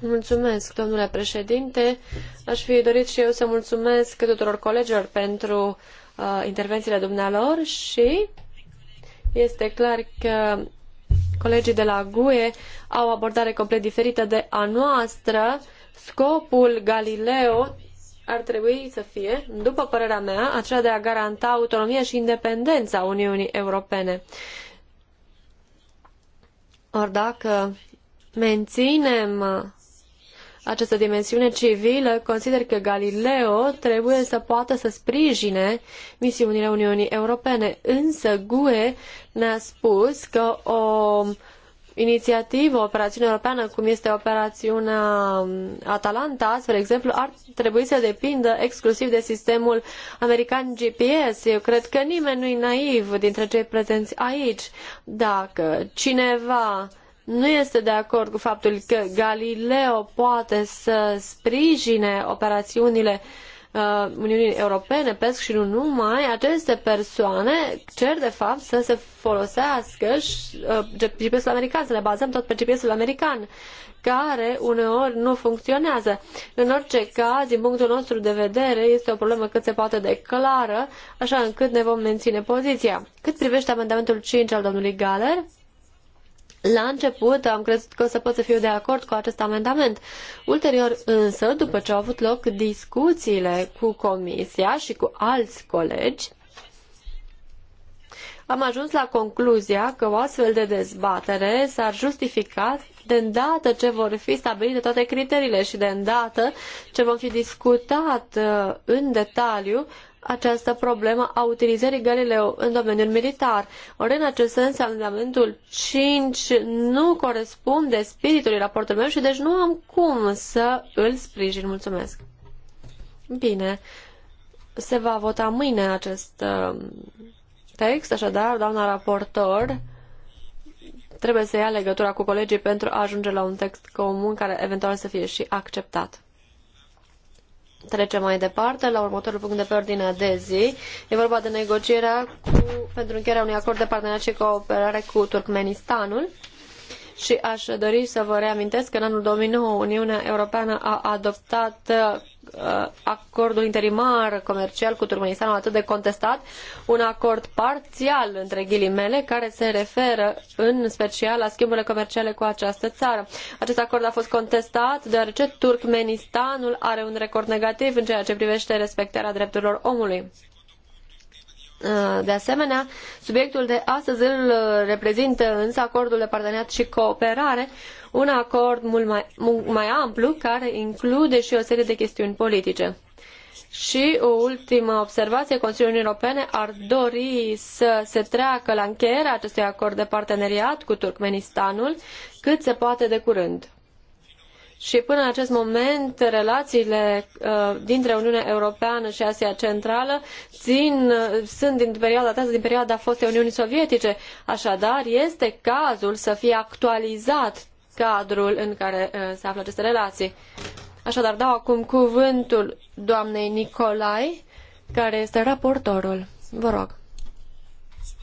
Mulțumesc, domnule președinte. Aș fi dorit și eu să mulțumesc tuturor colegilor pentru uh, intervențiile dumnealor și este clar că Colegii de la GUE au o abordare complet diferită de a noastră. Scopul Galileo ar trebui să fie, după părerea mea, acela de a garanta autonomia și independența Uniunii Europene. Ori dacă menținem această dimensiune civilă, consider că Galileo trebuie să poată să sprijine misiunile Uniunii Europene. Însă GUE ne-a spus că o inițiativă, o operațiune europeană, cum este operațiunea um, Atalanta, spre exemplu, ar trebui să depindă exclusiv de sistemul american GPS. Eu cred că nimeni nu e naiv dintre cei prezenți aici. Dacă cineva nu este de acord cu faptul că Galileo poate să sprijine operațiunile uh, Uniunii Europene, PESC și nu numai, aceste persoane cer de fapt să se folosească uh, GPS-ul american, să ne bazăm tot pe GPS-ul american care uneori nu funcționează. În orice caz, din punctul nostru de vedere, este o problemă cât se poate de clară, așa încât ne vom menține poziția. Cât privește amendamentul 5 al domnului Galer, la început am crezut că o să pot să fiu de acord cu acest amendament. Ulterior însă, după ce au avut loc discuțiile cu comisia și cu alți colegi, am ajuns la concluzia că o astfel de dezbatere s-ar justifica de îndată ce vor fi stabilite toate criteriile și de îndată ce vom fi discutat uh, în detaliu această problemă a utilizării Galileo în domeniul militar. Ori, în acest sens, amendamentul 5 nu corespunde spiritului raportului meu și deci nu am cum să îl sprijin. Mulțumesc. Bine. Se va vota mâine acest uh, text, așadar, doamna raportor trebuie să ia legătura cu colegii pentru a ajunge la un text comun care eventual să fie și acceptat. Trecem mai departe la următorul punct de pe ordinea de zi. E vorba de negocierea cu, pentru încheierea unui acord de parteneriat și cooperare cu Turkmenistanul și aș dori să vă reamintesc că în anul 2009 Uniunea Europeană a adoptat uh, acordul interimar comercial cu Turkmenistanul atât de contestat, un acord parțial între ghilimele care se referă în special la schimburile comerciale cu această țară. Acest acord a fost contestat deoarece Turkmenistanul are un record negativ în ceea ce privește respectarea drepturilor omului. Eh, de asemenea, subiectul de astăzi îl eh, reprezintă însă acordul de parteneriat și cooperare, un acord mult mai, mult mai amplu care include și o serie de chestiuni politice. Și o ultimă observație, Consiliul Uniunii Europene ar dori să se treacă la încheierea acestui acord de parteneriat cu Turkmenistanul cât se poate de curând. Și până în acest moment, relațiile uh, dintre Uniunea Europeană și Asia Centrală țin, uh, sunt din perioada aceasta, din perioada fostei Uniunii Sovietice. Așadar, este cazul să fie actualizat cadrul în care uh, se află aceste relații. Așadar, dau acum cuvântul doamnei Nicolai, care este raportorul. Vă rog.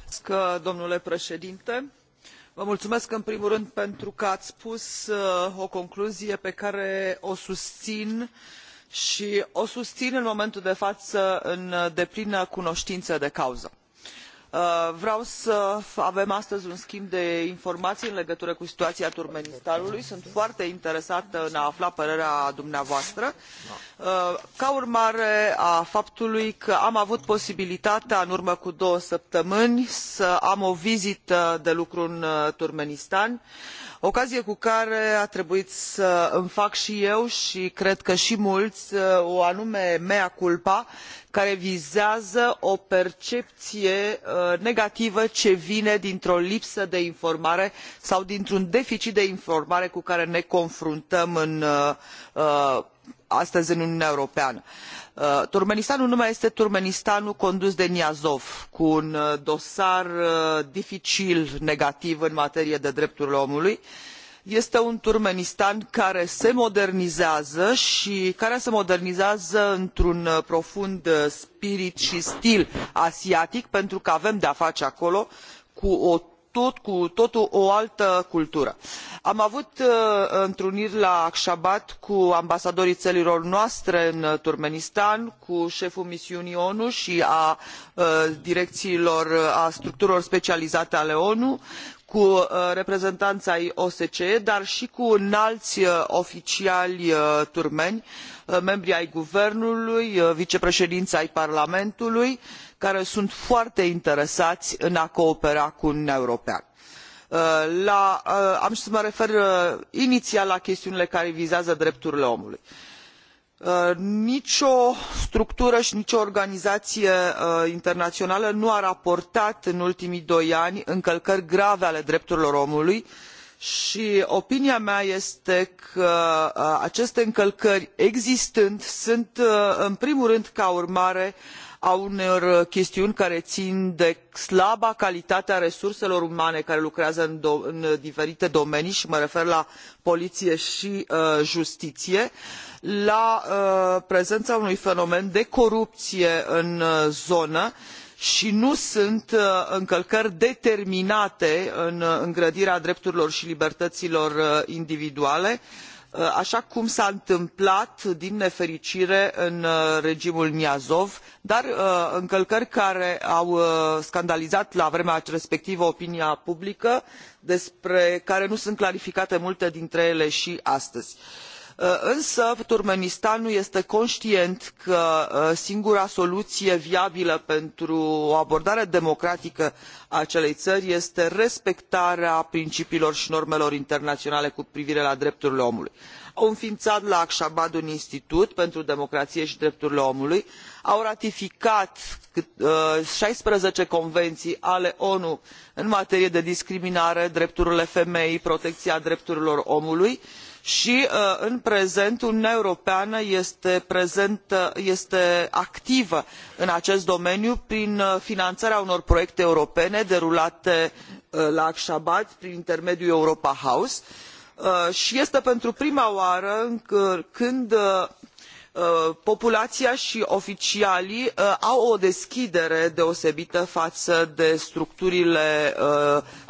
Mulțumesc, domnule președinte vă mulțumesc în primul rând pentru că ați spus uh, o concluzie pe care o susțin și o susțin în momentul de față în uh, deplină cunoștință de cauză Uh, vreau să avem astăzi un schimb de informații în legătură cu situația turkmenistanului sunt foarte interesată în a afla părerea dumneavoastră uh, ca urmare a faptului că am avut posibilitatea în urmă cu două săptămâni să am o vizită de lucru în uh, turkmenistan ocazie cu care a trebuit să îmi fac i eu i cred că i muli uh, o anume mea culpa care vizează o percepie uh, negativă ce vine dintr o lipsă de informare sau dintr un deficit de informare cu care ne confruntăm uh, astăzi în uniunea europeană. Uh, turkmenistanul nu mai este turkmenistanul condus de niazov cu un uh, dosar uh, dificil negativ în materie de drepturile omului este un turkmenistan care se modernizează i care se modernizează într un profund spirit i stil asiatic pentru că avem de a face acolo cu o tot cu totul o altă cultură. am avut uh, întruniri la ashgabat cu ambasadorii ărilor noastre în turkmenistan cu eful misiunii onu și a uh, direcțiilor a structurilor specializate ale onu cu uh, reprezentani ai osce dar și cu înali oficiali turkmeni membri ai guvernului vicepreedini ai parlamentului care sunt foarte interesai în a coopera cu uniunea europeană. Uh, uh, am să mă refer uh, iniial la chestiunile care vizează drepturile omului. nicio structură i nicio organizaie internaională nu a raportat în ultimii doi ani încălcări grave ale drepturilor omului i opinia mea este că aceste încălcări existând sunt în primul rând ca urmare a unor uh, chestiuni care in de slaba calitate a resurselor umane care lucrează în, diferite domenii i mă refer la poliie i uh, justiie la uh, prezena unui fenomen de corupie în zonă i nu sunt încălcări determinate în îngrădirea drepturilor i libertăilor individuale ci Uh, așa cum s a întâmplat din nefericire în uh, regimul niazov dar uh, încălcări care au scandalizat la vremea respectivă opinia publică despre care nu sunt clarificate multe dintre ele și astăzi. Uh, însă turkmenistanul este conștient că uh, singura soluție viabilă pentru o abordare democratică a acelei ări este respectarea principiilor și normelor internaționale cu privire la drepturile omului. au înfiinat la ashgabat un institut pentru democrație și drepturile omului au ratificat uh, șaisprezece convenții ale onu în materie de discriminare drepturile femeii protecția drepturilor omului i i uh, în prezent uniunea europeană uh, este, activă în acest domeniu prin uh, finanarea unor proiecte europene derulate la ashgabat prin intermediul europa house i este pentru prima oară când populaia i oficialii au o deschidere deosebită faă de structurile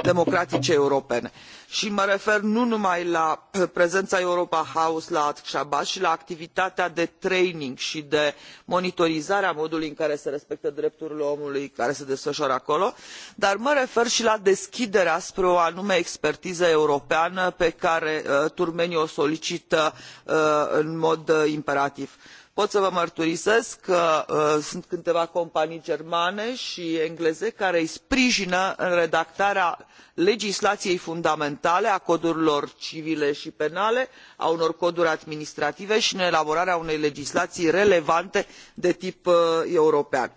democratice europene și mă refer nu numai la prezența europa house la ask shabat ci și la activitatea de training și de monitorizare a modului în care se respectă drepturile omului care se desfășoară acolo dar mă refer și la deschiderea spre o anume expertiză europeană pe care uh, turmenii o solicită uh, în mod uh, imperativ pot să vă mărturisesc că uh, sunt câteva companii germane i engleze care îi sprijină în redactarea legislaiei fundamentale a codurilor civile i penale a unor coduri administrative i în elaborarea unei legislaii relevante de tip uh, european.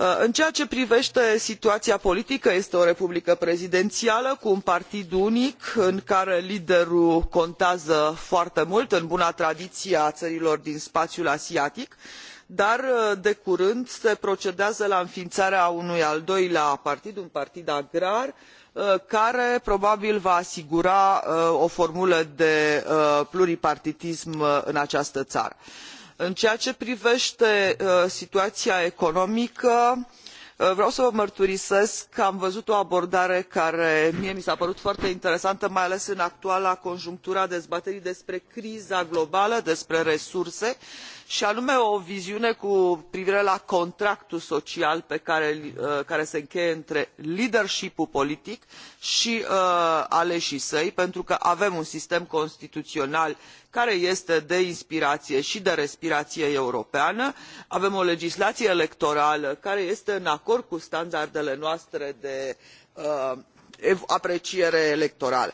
Uh, în ceea ce privete situaia politică este o republică prezidenială cu un partid unic în care liderul contează foarte mult în buna tradiie a ărilor din spaiul asiatic dar uh, de curând se procedează la înfiinarea unui al doilea partid un partid agrar uh, care probabil va asigura o formulă de pluripartidism în această ară în ceea ce privete uh, situaia economică uh, vreau să vă mărturisesc că am văzut o abordare care mie mi s a părut foarte interesantă mai ales în actuala conjunctură a dezbaterii despre criza globală despre resurse i și anume o viziune cu privire la contractul social pe care, uh, se încheie între leadershipul politic și uh, săi pentru că avem un sistem constituional care este de inspirație și de respirație europeană avem o legislație electorală care este în acord cu standardele noastre de uh, apreciere electorală.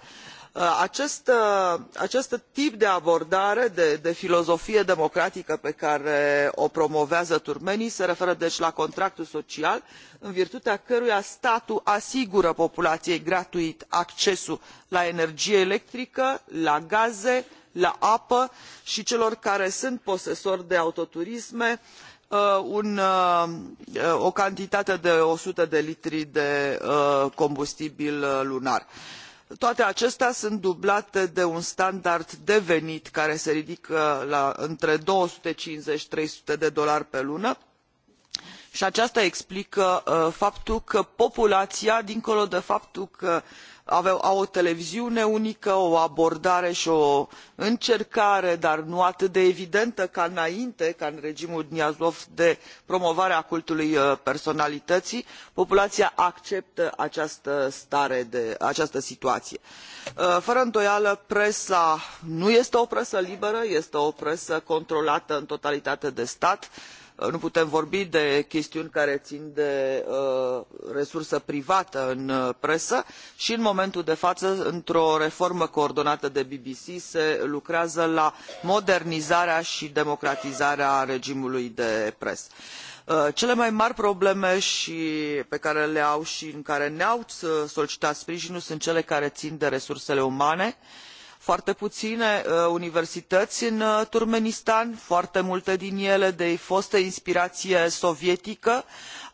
Uh, uh, acest, tip de abordare de, filozofie democratică pe care o promovează turmenii se referă deci la contractul social în virtutea căruia statul asigură populației gratuit accesul la energie electrică la gaze la apă și celor care sunt posesori de autoturisme uh, o cantitate de o sută de litri de combustibil lunar toate acestea sunt dublate de un standard de venit care se ridică la între două sute cincizeci trei sute de dolari pe lună i aceasta explică uh, faptul că populaia dincolo de faptul că au o televiziune unică o abordare și o încercare dar nu atât de evidentă ca înainte ca în regimul niazov de promovare a cultului uh, personalității populația acceptă această, stare această situație. Uh, fără îndoială presa nu este o presă liberă este o presă controlată în totalitate de stat Uh, nu putem vorbi de chestiuni care țin de uh, resursă privată în uh, presă și în momentul de față într o reformă coordonată de bbc se lucrează la modernizarea și democratizarea regimului de presă cele mai mari probleme pe care le au și în care ne au solicitat sprijinul sunt cele care țin de resursele umane și foarte puține uh, universități în uh, turkmenistan foarte multe din ele de fostă inspirație sovietică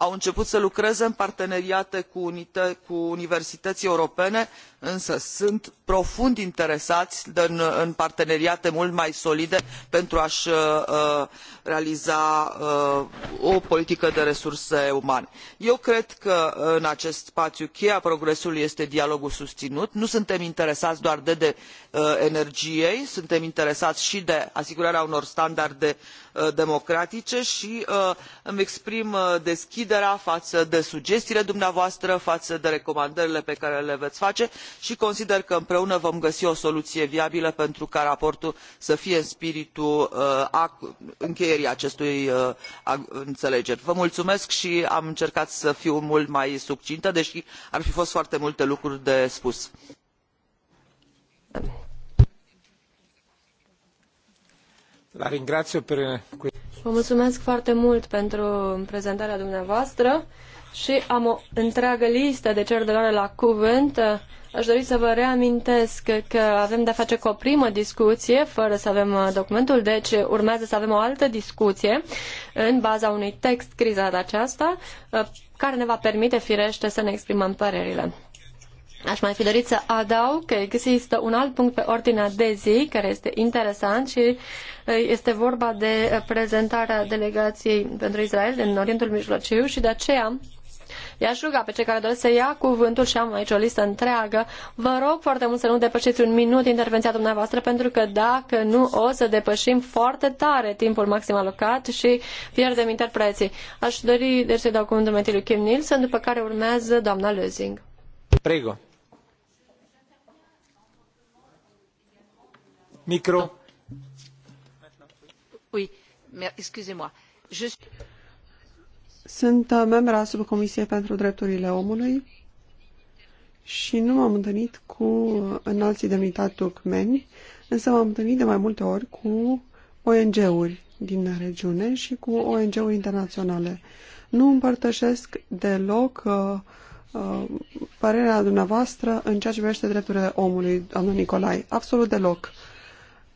au început să lucreze în parteneriate cu, universităi universități europene însă sunt profund interesați în, în parteneriate mult mai solide pentru a i uh, uh, realiza uh, o politică de resurse umane. eu cred că în acest spațiu cheia a progresului este dialogul susținut. nu suntem interesați doar de, energie energiei suntem interesați și de asigurarea unor standarde Uh, democratice și uh, îmi exprim uh, deschiderea față de sugestiile dumneavoastră față de recomandările pe care le veți face și consider că împreună vom găsi o soluție viabilă pentru ca raportul să fie în spiritul încheierii acestei înelegeri. vă mulțumesc și am încercat să fiu mult mai succintă deși ar fi fost foarte multe lucruri de spus. Vă mulțumesc foarte mult pentru prezentarea dumneavoastră și am o întreagă listă de cereri de luare la cuvânt. Aș dori să vă reamintesc că avem de-a face cu o primă discuție, fără să avem uh, documentul, deci urmează să avem o altă discuție în baza unui text crizat aceasta, uh, care ne va permite, firește, să ne exprimăm părerile. Aș mai fi dorit să adaug că există un alt punct pe ordinea de zi care este interesant și este vorba de prezentarea delegației pentru Israel din Orientul Mijlociu și de aceea I-aș ruga pe cei care doresc să ia cuvântul și am aici o listă întreagă. Vă rog foarte mult să nu depășiți un minut intervenția dumneavoastră, pentru că dacă nu, o să depășim foarte tare timpul maxim alocat și pierdem interpreții. Aș dori deci să dau cuvântul lui Kim Nielsen, după care urmează doamna Lezing. Prego. Sunt uh, membra subcomisiei pentru drepturile omului și nu m-am întâlnit cu uh, înalții demnitari turcmeni, însă m-am întâlnit de mai multe ori cu ONG-uri din regiune și cu ONG-uri internaționale. Nu împărtășesc deloc uh, uh, părerea dumneavoastră în ceea ce privește drepturile omului, domnul Nicolai. Absolut deloc. Uh,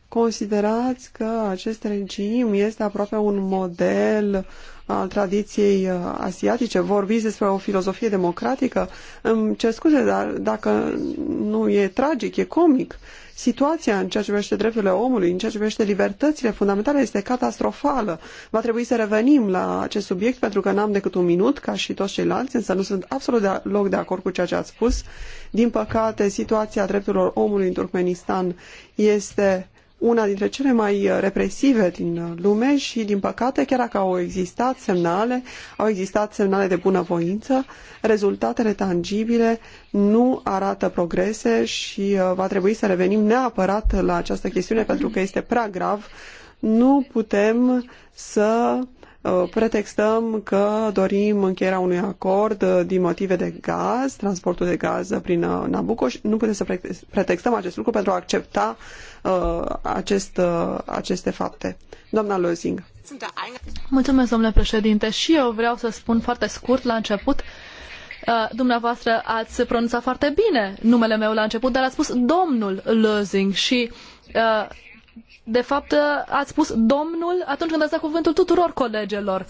Considerați că acest regim este aproape un model al tradiției uh, asiatice? Vorbiți despre o filozofie democratică? Îmi cer scuze, dar dacă nu e tragic, e comic. Situația în ceea ce privește drepturile omului, în ceea ce privește libertățile fundamentale, este catastrofală. Va trebui să revenim la acest subiect pentru că n-am decât un minut, ca și toți ceilalți, însă nu sunt absolut deloc de acord cu ceea ce ați spus. Din păcate, situația drepturilor omului în Turkmenistan este una dintre cele mai uh, represive din uh, lume și, din păcate, chiar dacă au existat semnale, au existat semnale de bunăvoință, rezultatele tangibile nu arată progrese și uh, va trebui să revenim neapărat la această chestiune pentru că este prea grav. Nu putem să pretextăm că dorim încheierea unui acord din motive de gaz, transportul de gaz prin Nabucco și nu putem să pretextăm acest lucru pentru a accepta Uh, acest, uh, aceste fapte. Doamna Lozing. Mulțumesc, domnule președinte. Și eu vreau să spun foarte scurt la început uh, dumneavoastră ați pronunțat foarte bine numele meu la început, dar ați spus domnul Lozing și de fapt ați spus domnul atunci când ați dat cuvântul tuturor colegelor.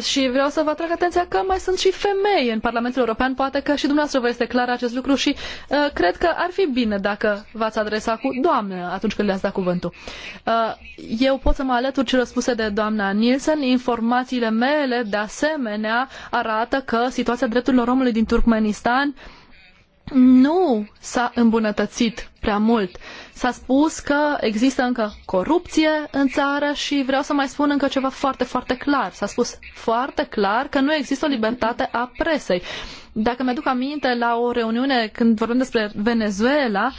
Și vreau să vă atrag atenția că mai sunt și femei în Parlamentul European, poate că și dumneavoastră vă este clar acest lucru și uh, cred că ar fi bine dacă v-ați adresa cu doamne atunci când le-ați dat cuvântul. Uh, eu pot să mă alătur ce răspuse de doamna Nielsen, informațiile mele de asemenea arată că situația drepturilor omului din Turkmenistan uh, nu s-a îmbunătățit prea mult. S-a spus că există încă corupție în țară și vreau să mai spun încă ceva foarte, foarte clar. S-a spus foarte clar că nu există o libertate a presei. Dacă mi-aduc aminte la o reuniune când vorbim despre Venezuela, uh,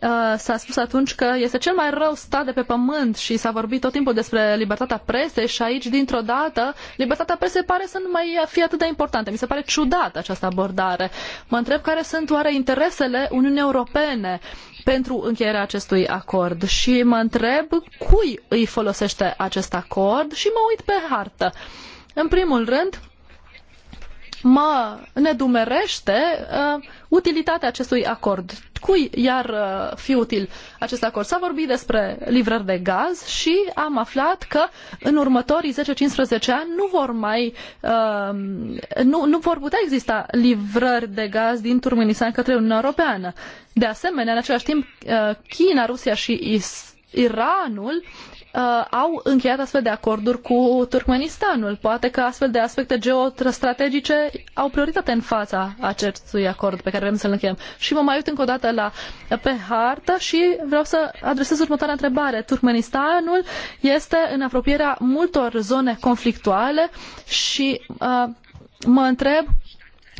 Uh, s-a spus atunci că este cel mai rău stat de pe pământ și s-a vorbit tot timpul despre libertatea presei și aici, dintr-o dată, libertatea presei pare să nu mai fie atât de importantă. Mi se pare ciudată această abordare. Mă întreb care sunt oare interesele Uniunii Europene pentru încheierea acestui acord și mă întreb cui îi folosește acest acord și mă uit pe hartă. În primul rând, mă nedumerește uh, utilitatea acestui acord. Cui iar uh, fi util acest acord? S-a vorbit despre livrări de gaz și am aflat că în următorii 10-15 ani nu vor mai uh, nu, nu vor putea exista livrări de gaz din Turkmenistan către Uniunea Europeană. De asemenea, în același timp, uh, China, Rusia și Is Iranul uh, au încheiat astfel de acorduri cu Turkmenistanul. Poate că astfel de aspecte geostrategice au prioritate în fața acestui acord pe care vrem să-l încheiem. Și mă mai uit încă o dată la, pe hartă și vreau să adresez următoarea întrebare. Turkmenistanul este în apropierea multor zone conflictuale și uh, mă întreb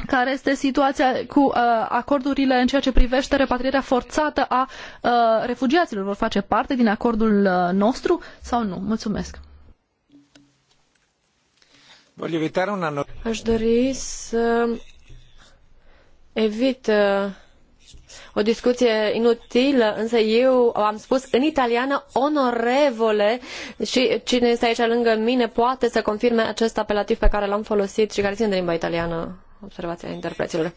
care este situația cu uh, acordurile în ceea ce privește repatrierea forțată a uh, refugiaților. Vor face parte din acordul uh, nostru sau nu? Mulțumesc! Aș dori să evit uh, o discuție inutilă, însă eu am spus în italiană onorevole și cine este aici lângă mine poate să confirme acest apelativ pe care l-am folosit și care ține de limba italiană. Observația interpreților.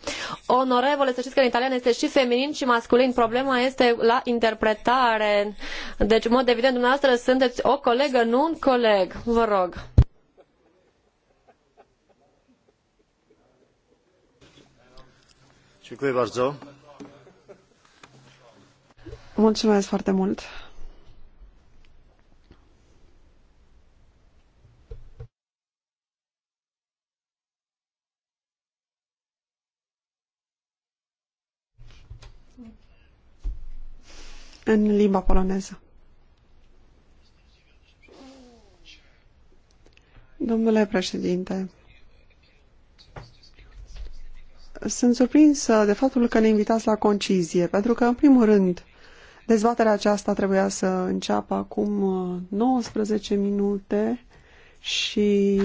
Onorevole, să știți că în italiană este și feminin și masculin. Problema este la interpretare. Deci, în mod evident, dumneavoastră sunteți o colegă, nu un coleg. Vă rog. Mulțumesc foarte mult. în limba poloneză. Domnule președinte, sunt surprinsă de faptul că ne invitați la concizie, pentru că, în primul rând, dezbaterea aceasta trebuia să înceapă acum 19 uh, minute și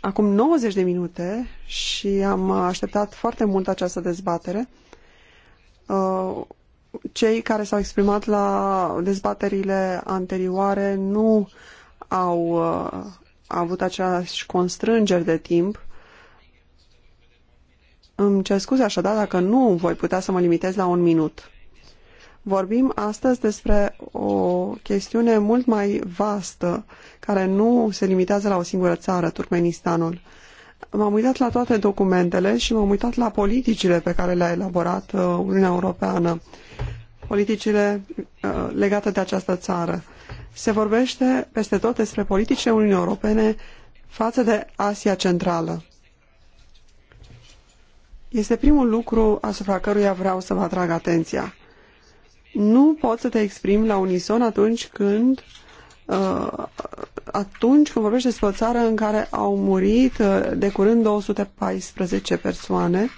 acum 90 de minute și am așteptat foarte mult această dezbatere. Uh, cei care s-au exprimat la dezbaterile anterioare nu au uh, avut aceleași constrângeri de timp. Îmi cer scuze așadar dacă nu voi putea să mă limitez la un minut. Vorbim astăzi despre o chestiune mult mai vastă, care nu se limitează la o singură țară, Turkmenistanul. Uh, M-am uitat la toate documentele și m-am uitat la politicile pe care le-a elaborat uh, Uniunea Europeană, politicile uh, legate de această țară. Se vorbește peste tot despre politicile Uniunii Europene față de Asia Centrală. Este primul lucru asupra căruia vreau să vă atrag atenția. Nu poți să te exprimi la unison atunci când uh, Uh, atunci când vorbește despre o țară în care au murit uh, de curând 214 persoane.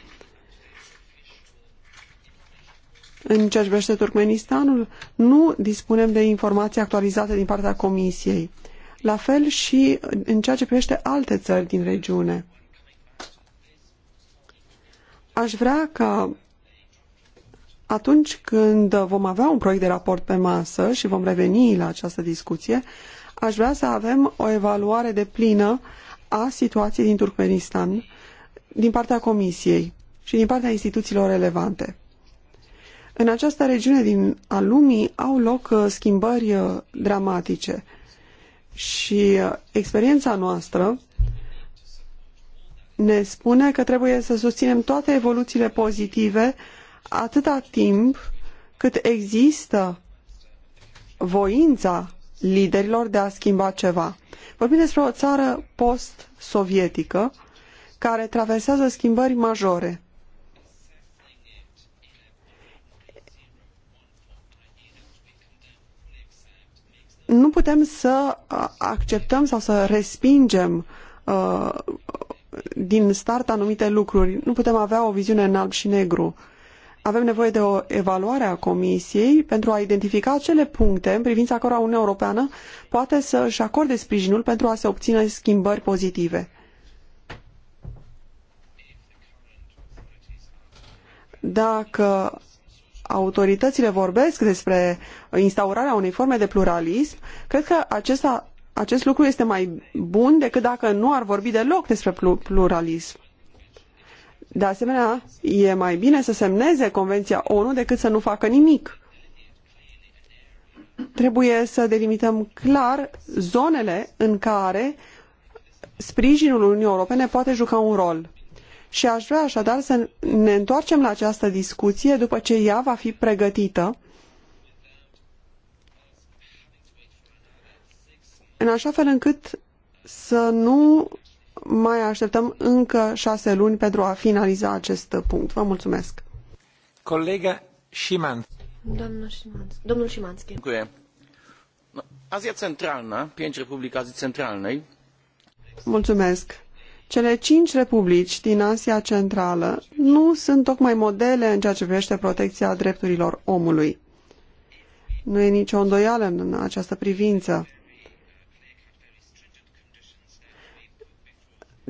În ceea ce privește Turkmenistanul, nu dispunem de informații actualizate din partea Comisiei. La fel și în ceea ce privește alte țări din regiune. Aș vrea ca atunci când vom avea un proiect de raport pe masă și vom reveni la această discuție, aș vrea să avem o evaluare de plină a situației din Turkmenistan din partea Comisiei și din partea instituțiilor relevante. În această regiune din a lumii au loc uh, schimbări uh, dramatice și uh, experiența noastră ne spune că trebuie să susținem toate evoluțiile pozitive atâta timp cât există voința liderilor de a schimba ceva. Vorbim despre o țară post-sovietică care traversează schimbări majore. Nu putem să acceptăm sau să respingem uh, din start anumite lucruri. Nu putem avea o viziune în alb și negru. Uh, avem nevoie de o evaluare a Comisiei pentru a identifica acele puncte în privința cărora Uniunea Europeană poate să își acorde sprijinul pentru a se obține schimbări pozitive. Dacă autoritățile vorbesc despre instaurarea unei forme de pluralism, cred că acesta, acest lucru este mai bun decât dacă nu ar vorbi deloc despre pluralism. De asemenea, e mai bine să semneze Convenția ONU decât să nu facă nimic. Trebuie să delimităm clar zonele în care sprijinul Uniunii Europene poate juca un rol. Și aș vrea așadar să ne întoarcem la această discuție după ce ea va fi pregătită. În așa fel încât să nu mai așteptăm încă șase luni pentru a finaliza acest punct. Vă mulțumesc. Colega Șiman. Domnul Șimanski. Domnul Șimanski. Azia Centralna, pięć republik Azii Centralnej. Mulțumesc. Cele cinci republici din Asia Centrală nu sunt tocmai modele în ceea ce privește protecția drepturilor omului. Nu e nicio îndoială în această privință.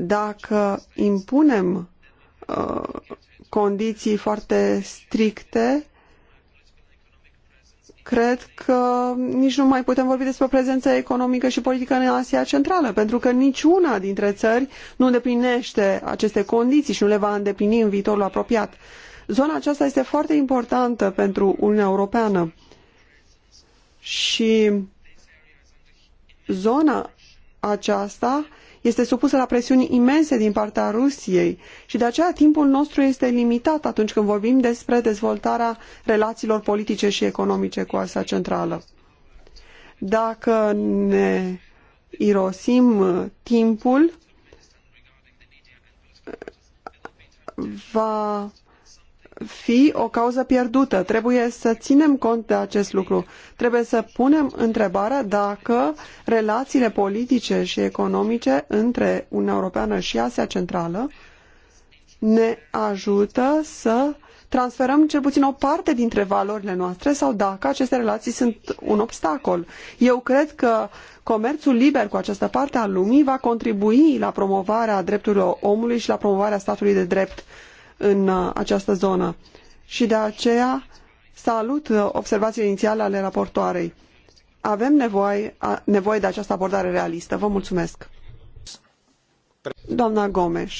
Dacă impunem uh, condiții foarte stricte, cred că nici nu mai putem vorbi despre prezența economică și politică în Asia Centrală, pentru că niciuna dintre țări nu îndeplinește aceste condiții și nu le va îndeplini în viitorul apropiat. Zona aceasta este foarte importantă pentru Uniunea Europeană și zona aceasta este supusă la presiuni imense din partea Rusiei și de aceea timpul nostru este limitat atunci când vorbim despre dezvoltarea relațiilor politice și economice cu Asia Centrală. Dacă ne irosim uh, timpul, uh, va fi o cauză pierdută. Trebuie să ținem cont de acest lucru. Trebuie să punem întrebarea dacă relațiile politice și economice între Uniunea Europeană și Asia Centrală ne ajută să transferăm cel puțin o parte dintre valorile noastre sau dacă aceste relații sunt un obstacol. Eu cred că comerțul liber cu această parte a lumii va contribui la promovarea drepturilor omului și la promovarea statului de drept în uh, această zonă și de aceea salut uh, observațiile inițiale ale raportoarei. Avem nevoie, nevoie de această abordare realistă. Vă mulțumesc. Doamna Gomes.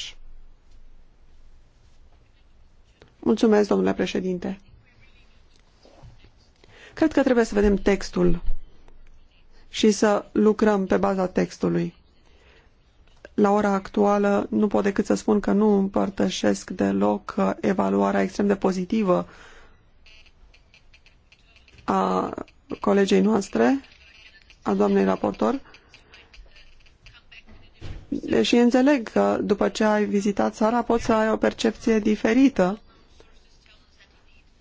Mulțumesc, domnule președinte. Cred că trebuie să vedem textul și să lucrăm pe baza textului. La ora actuală nu pot decât să spun că nu împărtășesc deloc uh, evaluarea extrem de pozitivă a colegei noastre, a doamnei raportor, deși înțeleg că după ce ai vizitat țara poți să ai o percepție diferită,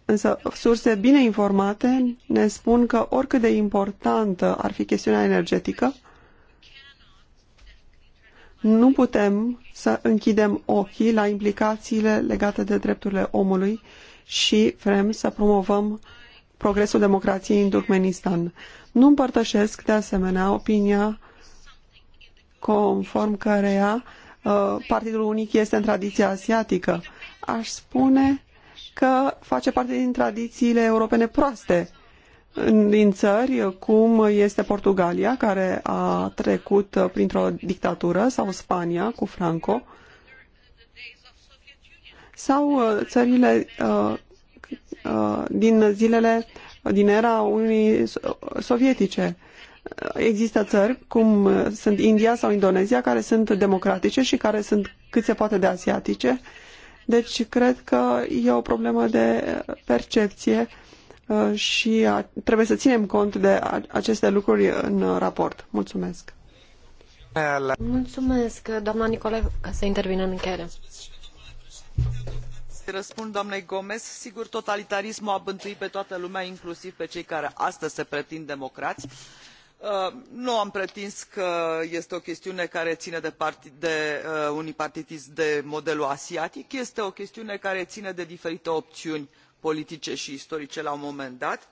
însă surse bine informate ne spun că oricât de importantă ar fi chestiunea energetică, nu putem să închidem ochii la implicațiile legate de drepturile omului și vrem să promovăm progresul democrației în Turkmenistan. Nu împărtășesc, de asemenea, opinia conform căreia uh, Partidul Unic este în tradiția asiatică. Aș spune că face parte din tradițiile europene proaste din țări cum este Portugalia, care a trecut printr-o dictatură, sau Spania cu Franco, sau uh, țările uh, uh, din zilele din era Uniunii Sovietice. Există țări, cum sunt India sau Indonezia, care sunt democratice și care sunt cât se poate de asiatice. Deci, cred că e o problemă de percepție Uh, și uh, trebuie să ținem cont de aceste lucruri în uh, raport. Mulțumesc. Mulțumesc, doamna Nicolae, ca să intervină în încheiere. Răspund doamnei Gomez, sigur totalitarismul a bântuit pe toată lumea, inclusiv pe cei care astăzi se pretind democrați nu am pretins că este o chestiune care ine de, de unipartidism de modelul asiatic este o chestiune care ine de diferite opiuni politice și istorice la un moment dat.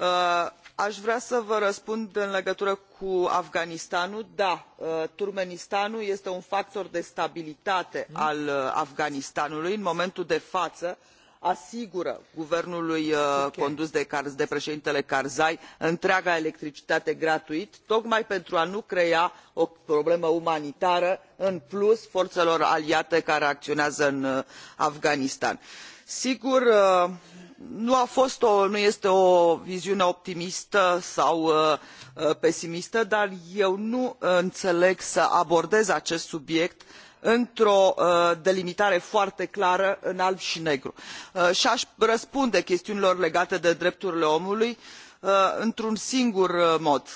Uh, aș vrea să vă răspund în legătură cu afganistanul da uh, turkmenistanul este un factor de stabilitate mhm. al uh, afganistanului în momentul de față asigură guvernului condus de, de preedintele karzai întreaga electricitate gratuit tocmai pentru a nu crea o problemă umanitară în plus forelor aliate care acionează în afganistan sigur uh, nu a fost nu este o viziune optimistă sau uh, uh, pesimistă dar eu nu înțeleg să abordez acest subiect într o delimitare foarte clară în alb și negru și a răspunde chestiunilor legate de drepturile omului într un singur mod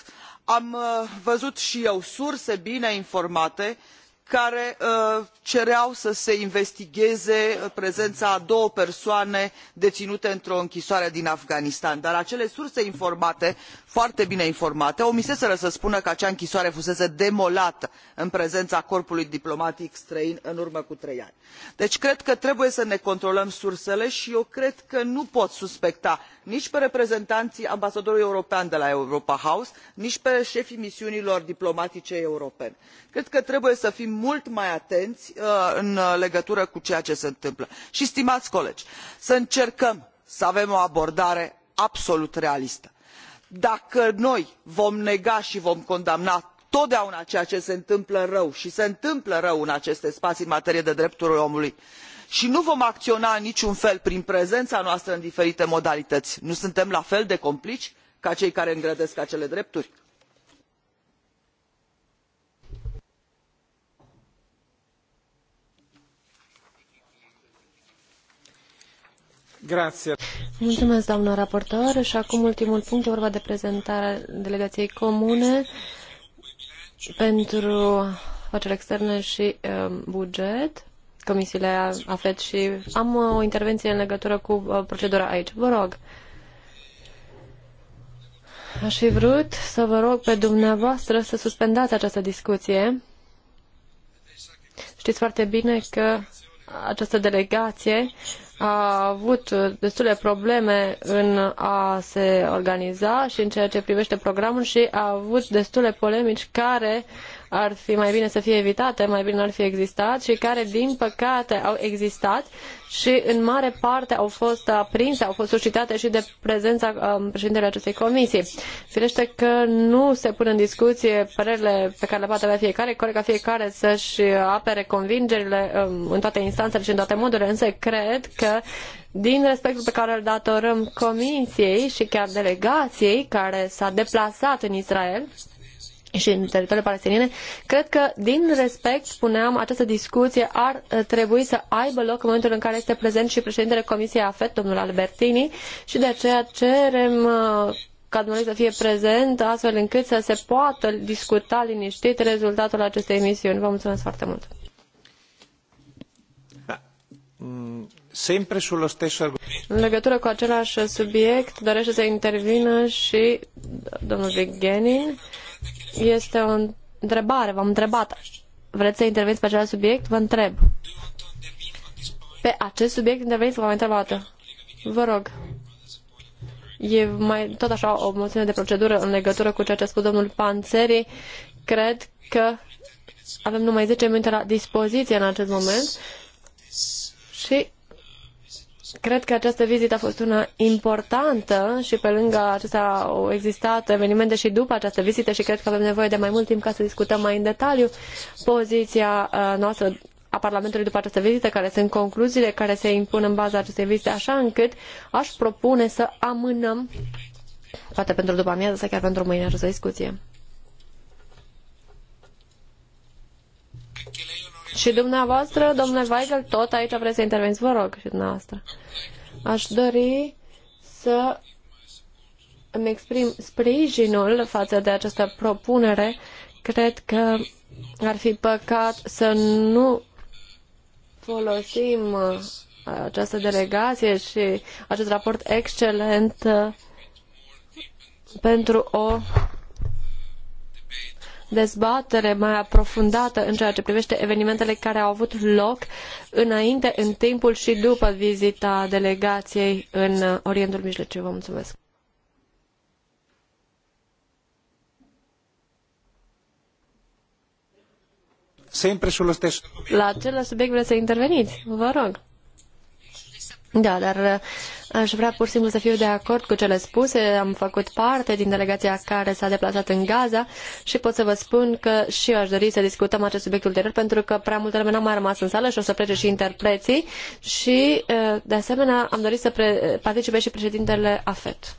am văzut și eu surse bine informate care care uh, cereau să se investigheze uh, prezena a două persoane deinute într o închisoare din afganistan dar acele surse informate foarte bine informate omiseseră să spună că acea închisoare fusese demolată în prezena corpului diplomatic străin în urmă cu trei ani. deci cred că trebuie să ne controlăm sursele i eu cred că nu pot suspecta nici pe reprezentanii ambasadorului european de la europa house nici pe efii misiunilor diplomatice europene. cred că trebuie să fim mult mai ateni uh, în legătură cu ceea ce se întâmplă i stimai colegi să încercăm să avem o abordare absolut realistă dacă noi vom nega i vom condamna totdeauna ceea ce se întâmplă rău i se întâmplă rău în aceste spaii în materie de drepturi omului i nu vom aciona în niciun fel prin prezena noastră în diferite modalităi nu suntem la fel de complici ca cei care îngrădesc acele drepturi? Mulțumesc, doamnă raportor. Și acum ultimul punct, e vorba de prezentarea delegației comune pentru afaceri externe și uh, buget, comisiile AFET și am uh, o intervenție în legătură cu uh, procedura aici. Vă rog. Aș fi vrut să vă rog pe dumneavoastră să suspendați această discuție. Știți foarte bine că această delegație a avut destule probleme în a se organiza și în ceea ce privește programul și a avut destule polemici care uh, ar fi mai bine să fie evitate, mai bine ar fi existat și care, din păcate, au existat și în mare parte au fost aprinse, au fost suscitate și de prezența um, președintele acestei comisii. Firește că nu se pun în discuție părerile pe care le poate avea fiecare, corect ca fiecare să-și apere convingerile um, în toate instanțele și în toate modurile, însă cred că din respectul pe care îl datorăm comisiei și chiar delegației care s-a deplasat în Israel, și în teritoriile palestiniene, cred că, din respect, spuneam, această discuție ar uh, trebui să aibă loc în momentul în care este prezent și președintele Comisiei AFET, domnul Albertini, și de aceea cerem uh, ca dumneavoastră să fie prezent, astfel încât să se poată discuta liniștit rezultatul acestei emisiuni. Vă mulțumesc foarte mult! În legătură cu același subiect, dorește să intervină și domnul Vigenin. Este o întrebare, v-am întrebat. Vreți să interveniți pe acest subiect? Vă întreb. Pe acest subiect interveniți, v-am întrebat. Vă rog. E mai tot așa o moțiune de procedură în legătură cu ceea ce a spus domnul Panțeri. Cred că avem numai 10 minute la dispoziție în acest moment și Cred că această vizită a fost una importantă și pe lângă acestea au existat evenimente și după această vizită și cred că avem nevoie de mai mult timp ca să discutăm mai în detaliu poziția uh, noastră a Parlamentului după această vizită, care sunt concluziile care se impun în baza acestei vizite, așa încât aș propune să amânăm, poate pentru după amiază sau chiar pentru mâine, această discuție. Și dumneavoastră, domnule Weigel, tot aici vreți să interveniți, vă rog, și dumneavoastră. Aș dori să îmi exprim sprijinul față de această propunere. Cred că ar fi păcat să nu folosim uh, această delegație și acest raport excelent uh, pentru o dezbatere mai aprofundată în ceea ce privește evenimentele care au avut loc înainte, în timpul și după vizita delegației în Orientul Mijlociu. Vă mulțumesc! La același subiect vreți să interveniți? Vă rog. Da, dar uh, aș vrea pur și simplu să fiu de acord cu cele spuse. Am făcut parte din delegația care s-a deplasat în Gaza și pot să vă spun că și eu aș dori să discutăm acest subiect ulterior pentru că prea multă lume n-a mai rămas în sală și o să plece și interpreții și uh, de asemenea am dorit să pre- participe și președintele AFET.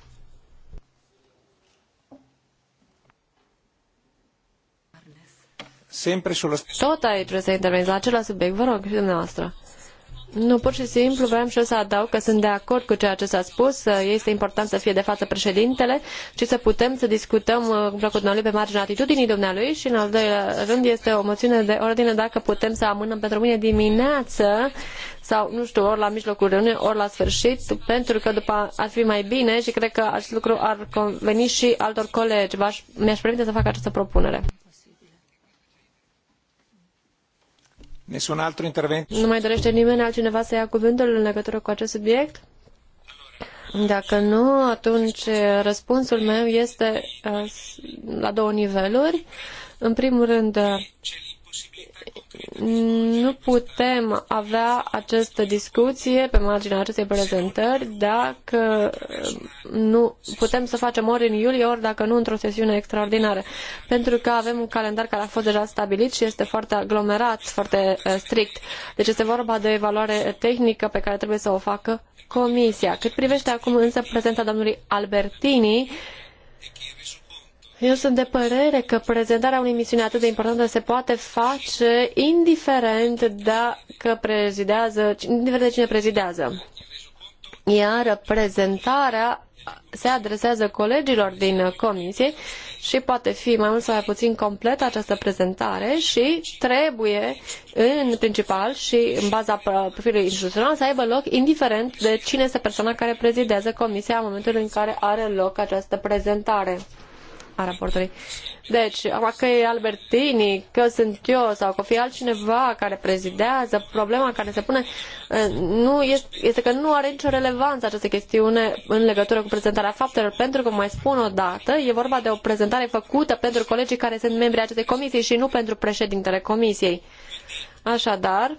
Tot aici trebuie să interveniți la acela subiect, vă rog, și dumneavoastră. Nu, pur și simplu vreau și eu să adaug că sunt de acord cu ceea ce s-a spus. Este important să fie de față președintele și să putem să discutăm uh, cu dumnealui pe marginea atitudinii dumnealui și în al doilea rând este o moțiune de ordine dacă putem să amânăm pentru mâine dimineață sau, nu știu, ori la mijlocul reuniunii, ori la sfârșit, pentru că după ar fi mai bine și cred că acest lucru ar conveni și altor colegi. Mi-aș permite să fac această propunere. Nessun altro intervento? Nu mai dorește nimeni altcineva să ia cuvântul în legătură cu acest subiect? Dacă nu, atunci eh, răspunsul meu este eh, la două niveluri. În primul rând, eh, nu putem avea această discuție pe marginea acestei prezentări dacă um, nu putem să facem ori în iulie, ori dacă nu într-o sesiune extraordinară. Pentru că avem un calendar care a fost deja stabilit și este foarte aglomerat, foarte uh, strict. Deci este vorba de o evaluare tehnică pe care trebuie să o facă Comisia. Cât privește acum însă prezența domnului Albertini, eu sunt de părere că prezentarea unei misiuni atât de importante se poate face indiferent dacă prezidează, indiferent de cine prezidează. Iar prezentarea se adresează colegilor din comisie și poate fi mai mult sau mai puțin completă această prezentare și trebuie în principal și în baza profilului instituțional să aibă loc indiferent de cine este persoana care prezidează comisia în momentul în care are loc această prezentare a raportului. Deci, acum că e Albertini, că sunt eu sau că fi altcineva care prezidează, problema care se pune eh, nu este, este că nu are nicio relevanță această chestiune în legătură cu prezentarea faptelor, pentru că, mai spun o dată, e vorba de o prezentare făcută pentru colegii care sunt membri acestei comisii și nu pentru președintele comisiei. Așadar,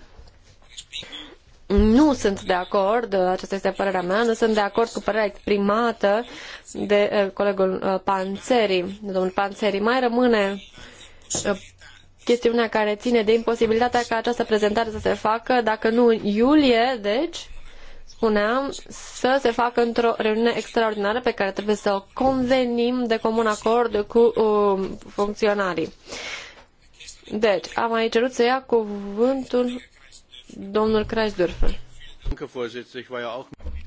nu sunt de acord, aceasta este părerea mea, nu sunt de acord cu părerea exprimată de eh, colegul eh, Panzeri, de domnul Panzeri. Mai rămâne eh, chestiunea care ține de imposibilitatea ca această prezentare să se facă, dacă nu în iulie, deci, spuneam, să se facă într-o reuniune extraordinară pe care trebuie să o convenim de comun acord cu uh, funcționarii. Deci, am mai cerut să ia cuvântul Domnul Kreisdorfer.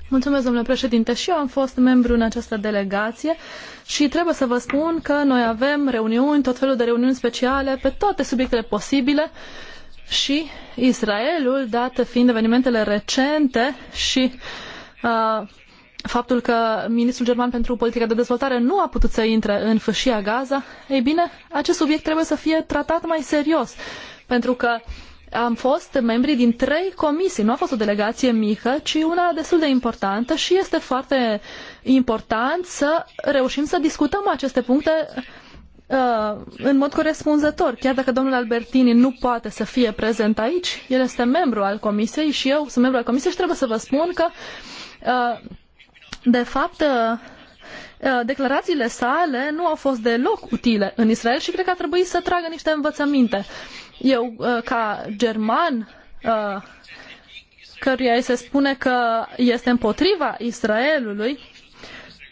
Mulțumesc, domnule președinte. Și eu am fost membru în această delegație și trebuie să vă spun că noi avem reuniuni, tot felul de reuniuni speciale pe toate subiectele posibile și Israelul, dată fiind evenimentele recente și uh, faptul că ministrul german pentru politica de dezvoltare nu a putut să intre în fâșia Gaza, ei bine, acest subiect trebuie să fie tratat mai serios, pentru că uh, am fost membri din trei comisii. Nu a fost o delegație mică, ci una destul de importantă și este foarte important să reușim să discutăm aceste puncte uh, în mod corespunzător. Chiar dacă domnul Albertini nu poate să fie prezent aici, el este membru al comisiei și eu sunt membru al comisiei și trebuie să vă spun că uh, de fapt uh, Uh, declarațiile sale nu au fost deloc utile în Israel și cred că ar trebui să tragă niște învățăminte. Eu, uh, ca german, uh, căruia îi se spune că este împotriva Israelului,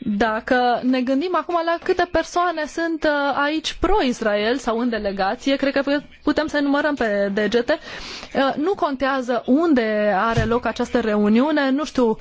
dacă ne gândim acum la câte persoane sunt aici pro-Israel sau în delegație, cred că putem să numărăm pe degete. Nu contează unde are loc această reuniune, nu știu,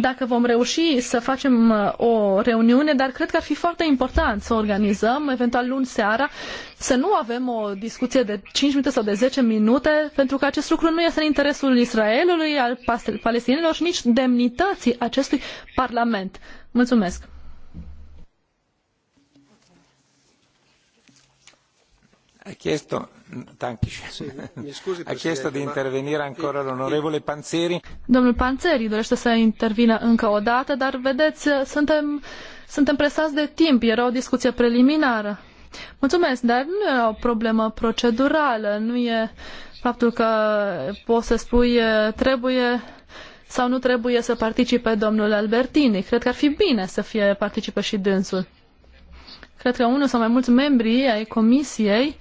dacă vom reuși să facem uh, o reuniune, dar cred că ar fi foarte important să organizăm, eventual luni seara, să nu avem o discuție de 5 minute sau de 10 minute, pentru că acest lucru nu este în interesul Israelului, al palestinilor și nici demnității acestui Parlament. Mulțumesc! chiesto a chiesto di intervenire ancora l'onorevole Panzeri. Domnul Panzeri dorește să intervină încă o dată, dar vedeți, suntem, suntem presați de timp. Era o discuție preliminară. Mulțumesc, dar nu e o problemă procedurală, nu e faptul că poți să spui trebuie sau nu trebuie să participe domnul Albertini. Cred că ar fi bine să fie participe și dânsul. Cred că unul sau mai mulți membri ai comisiei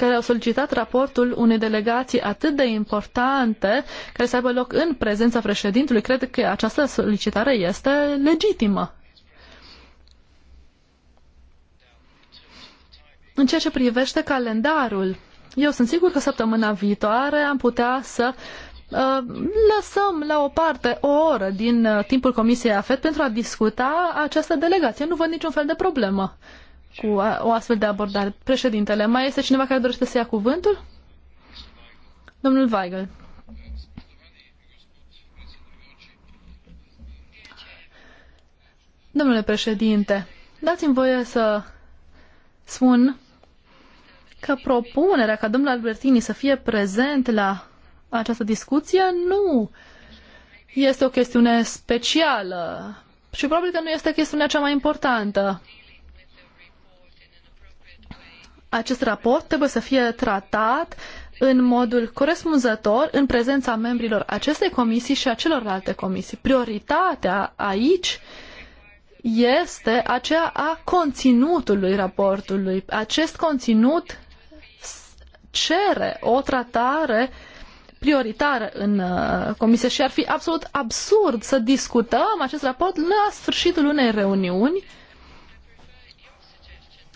care au solicitat raportul unei delegații atât de importante care să aibă loc în prezența președintelui. Cred că această solicitare este legitimă. În ceea ce privește calendarul, eu sunt sigur că săptămâna viitoare am putea să uh, lăsăm la o parte o oră din uh, timpul Comisiei AFET pentru a discuta această delegație. Nu văd niciun fel de problemă cu o astfel de abordare. Președintele, mai este cineva care dorește să ia cuvântul? Domnul Weigel. Domnule președinte, dați-mi voie să spun că propunerea ca domnul Albertini să fie prezent la această discuție nu este o chestiune specială și probabil că nu este chestiunea cea mai importantă acest raport trebuie să fie tratat în modul corespunzător în prezența membrilor acestei comisii și a celorlalte comisii. Prioritatea aici este aceea a conținutului raportului. Acest conținut cere o tratare prioritară în uh, comisie și ar fi absolut absurd să discutăm acest raport la sfârșitul unei reuniuni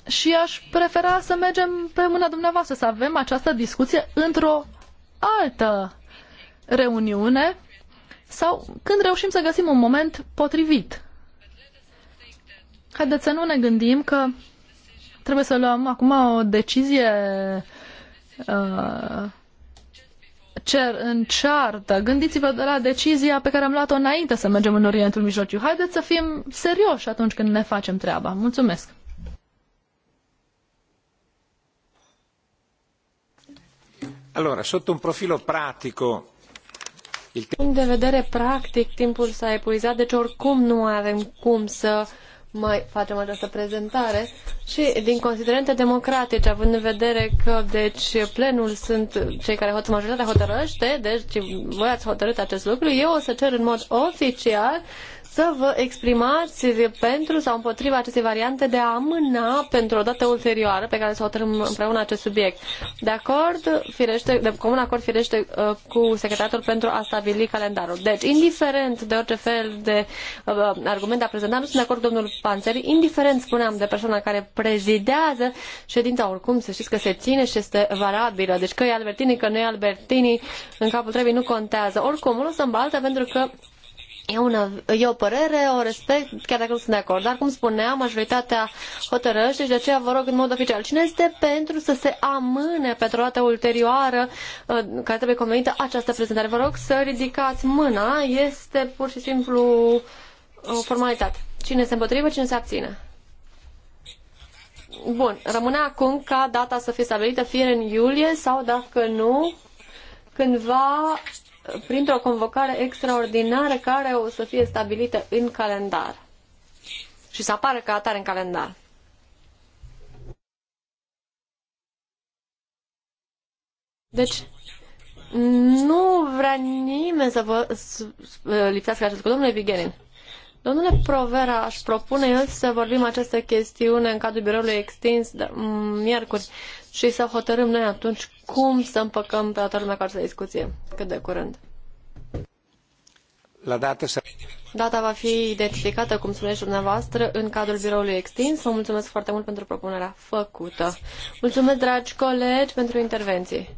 și aș prefera să mergem pe mâna dumneavoastră, să avem această discuție într-o altă reuniune sau când reușim să găsim un moment potrivit. Haideți să nu ne gândim că trebuie să luăm acum o decizie uh, cer în ceartă. Gândiți-vă de la decizia pe care am luat-o înainte să mergem în Orientul Mijlociu. Haideți să fim serioși atunci când ne facem treaba. Mulțumesc! Allora, sotto un profilo pratico il punct de vedere practic, timpul s-a epuizat, deci oricum nu avem cum să mai facem această prezentare și din considerente democratice, având în vedere că deci plenul sunt cei care hot majoritatea hotărăște, deci voi ați hotărât acest lucru, eu o să cer în mod oficial uh, să vă exprimați pentru sau împotriva acestei variante de a amâna pentru o dată ulterioară pe care să hotărâm împreună acest subiect. De acord, firește, de comun acord firește uh, cu secretarul pentru a stabili calendarul. Deci, indiferent de orice fel de uh, argument a prezenta, nu sunt de acord domnul Panțeri, indiferent, spuneam, de persoana care prezidează ședința oricum, să știți că se ține și este valabilă. Deci că e Albertini, că nu e Albertini, în capul trebuie nu contează. Oricum, nu sunt baltă pentru că E, una, e o părere, o respect, chiar dacă nu sunt de acord. Dar, cum spuneam, majoritatea hotărăște și de aceea vă rog în mod oficial. Cine este pentru să se amâne pentru o dată ulterioară uh, care trebuie convenită această prezentare? Vă rog să ridicați mâna. Este pur și simplu o formalitate. Cine se împotrivă, cine se abține? Bun. Rămâne acum ca data să fie stabilită, fie în iulie sau, dacă nu, cândva printr-o convocare extraordinară care o să fie stabilită în calendar și să apară ca atare în calendar. Deci, nu vrea nimeni să vă lipsească acest lucru. Domnule Vigenin, domnule Provera, aș propune eu să vorbim această chestiune în cadrul biroului extins mm, miercuri și să hotărâm noi atunci cum să împăcăm pe toată lumea cu această discuție cât de curând. La dată să... Data va fi identificată, cum spuneți dumneavoastră, în cadrul biroului extins. Vă mulțumesc foarte mult pentru propunerea făcută. Mulțumesc, dragi colegi, pentru intervenții.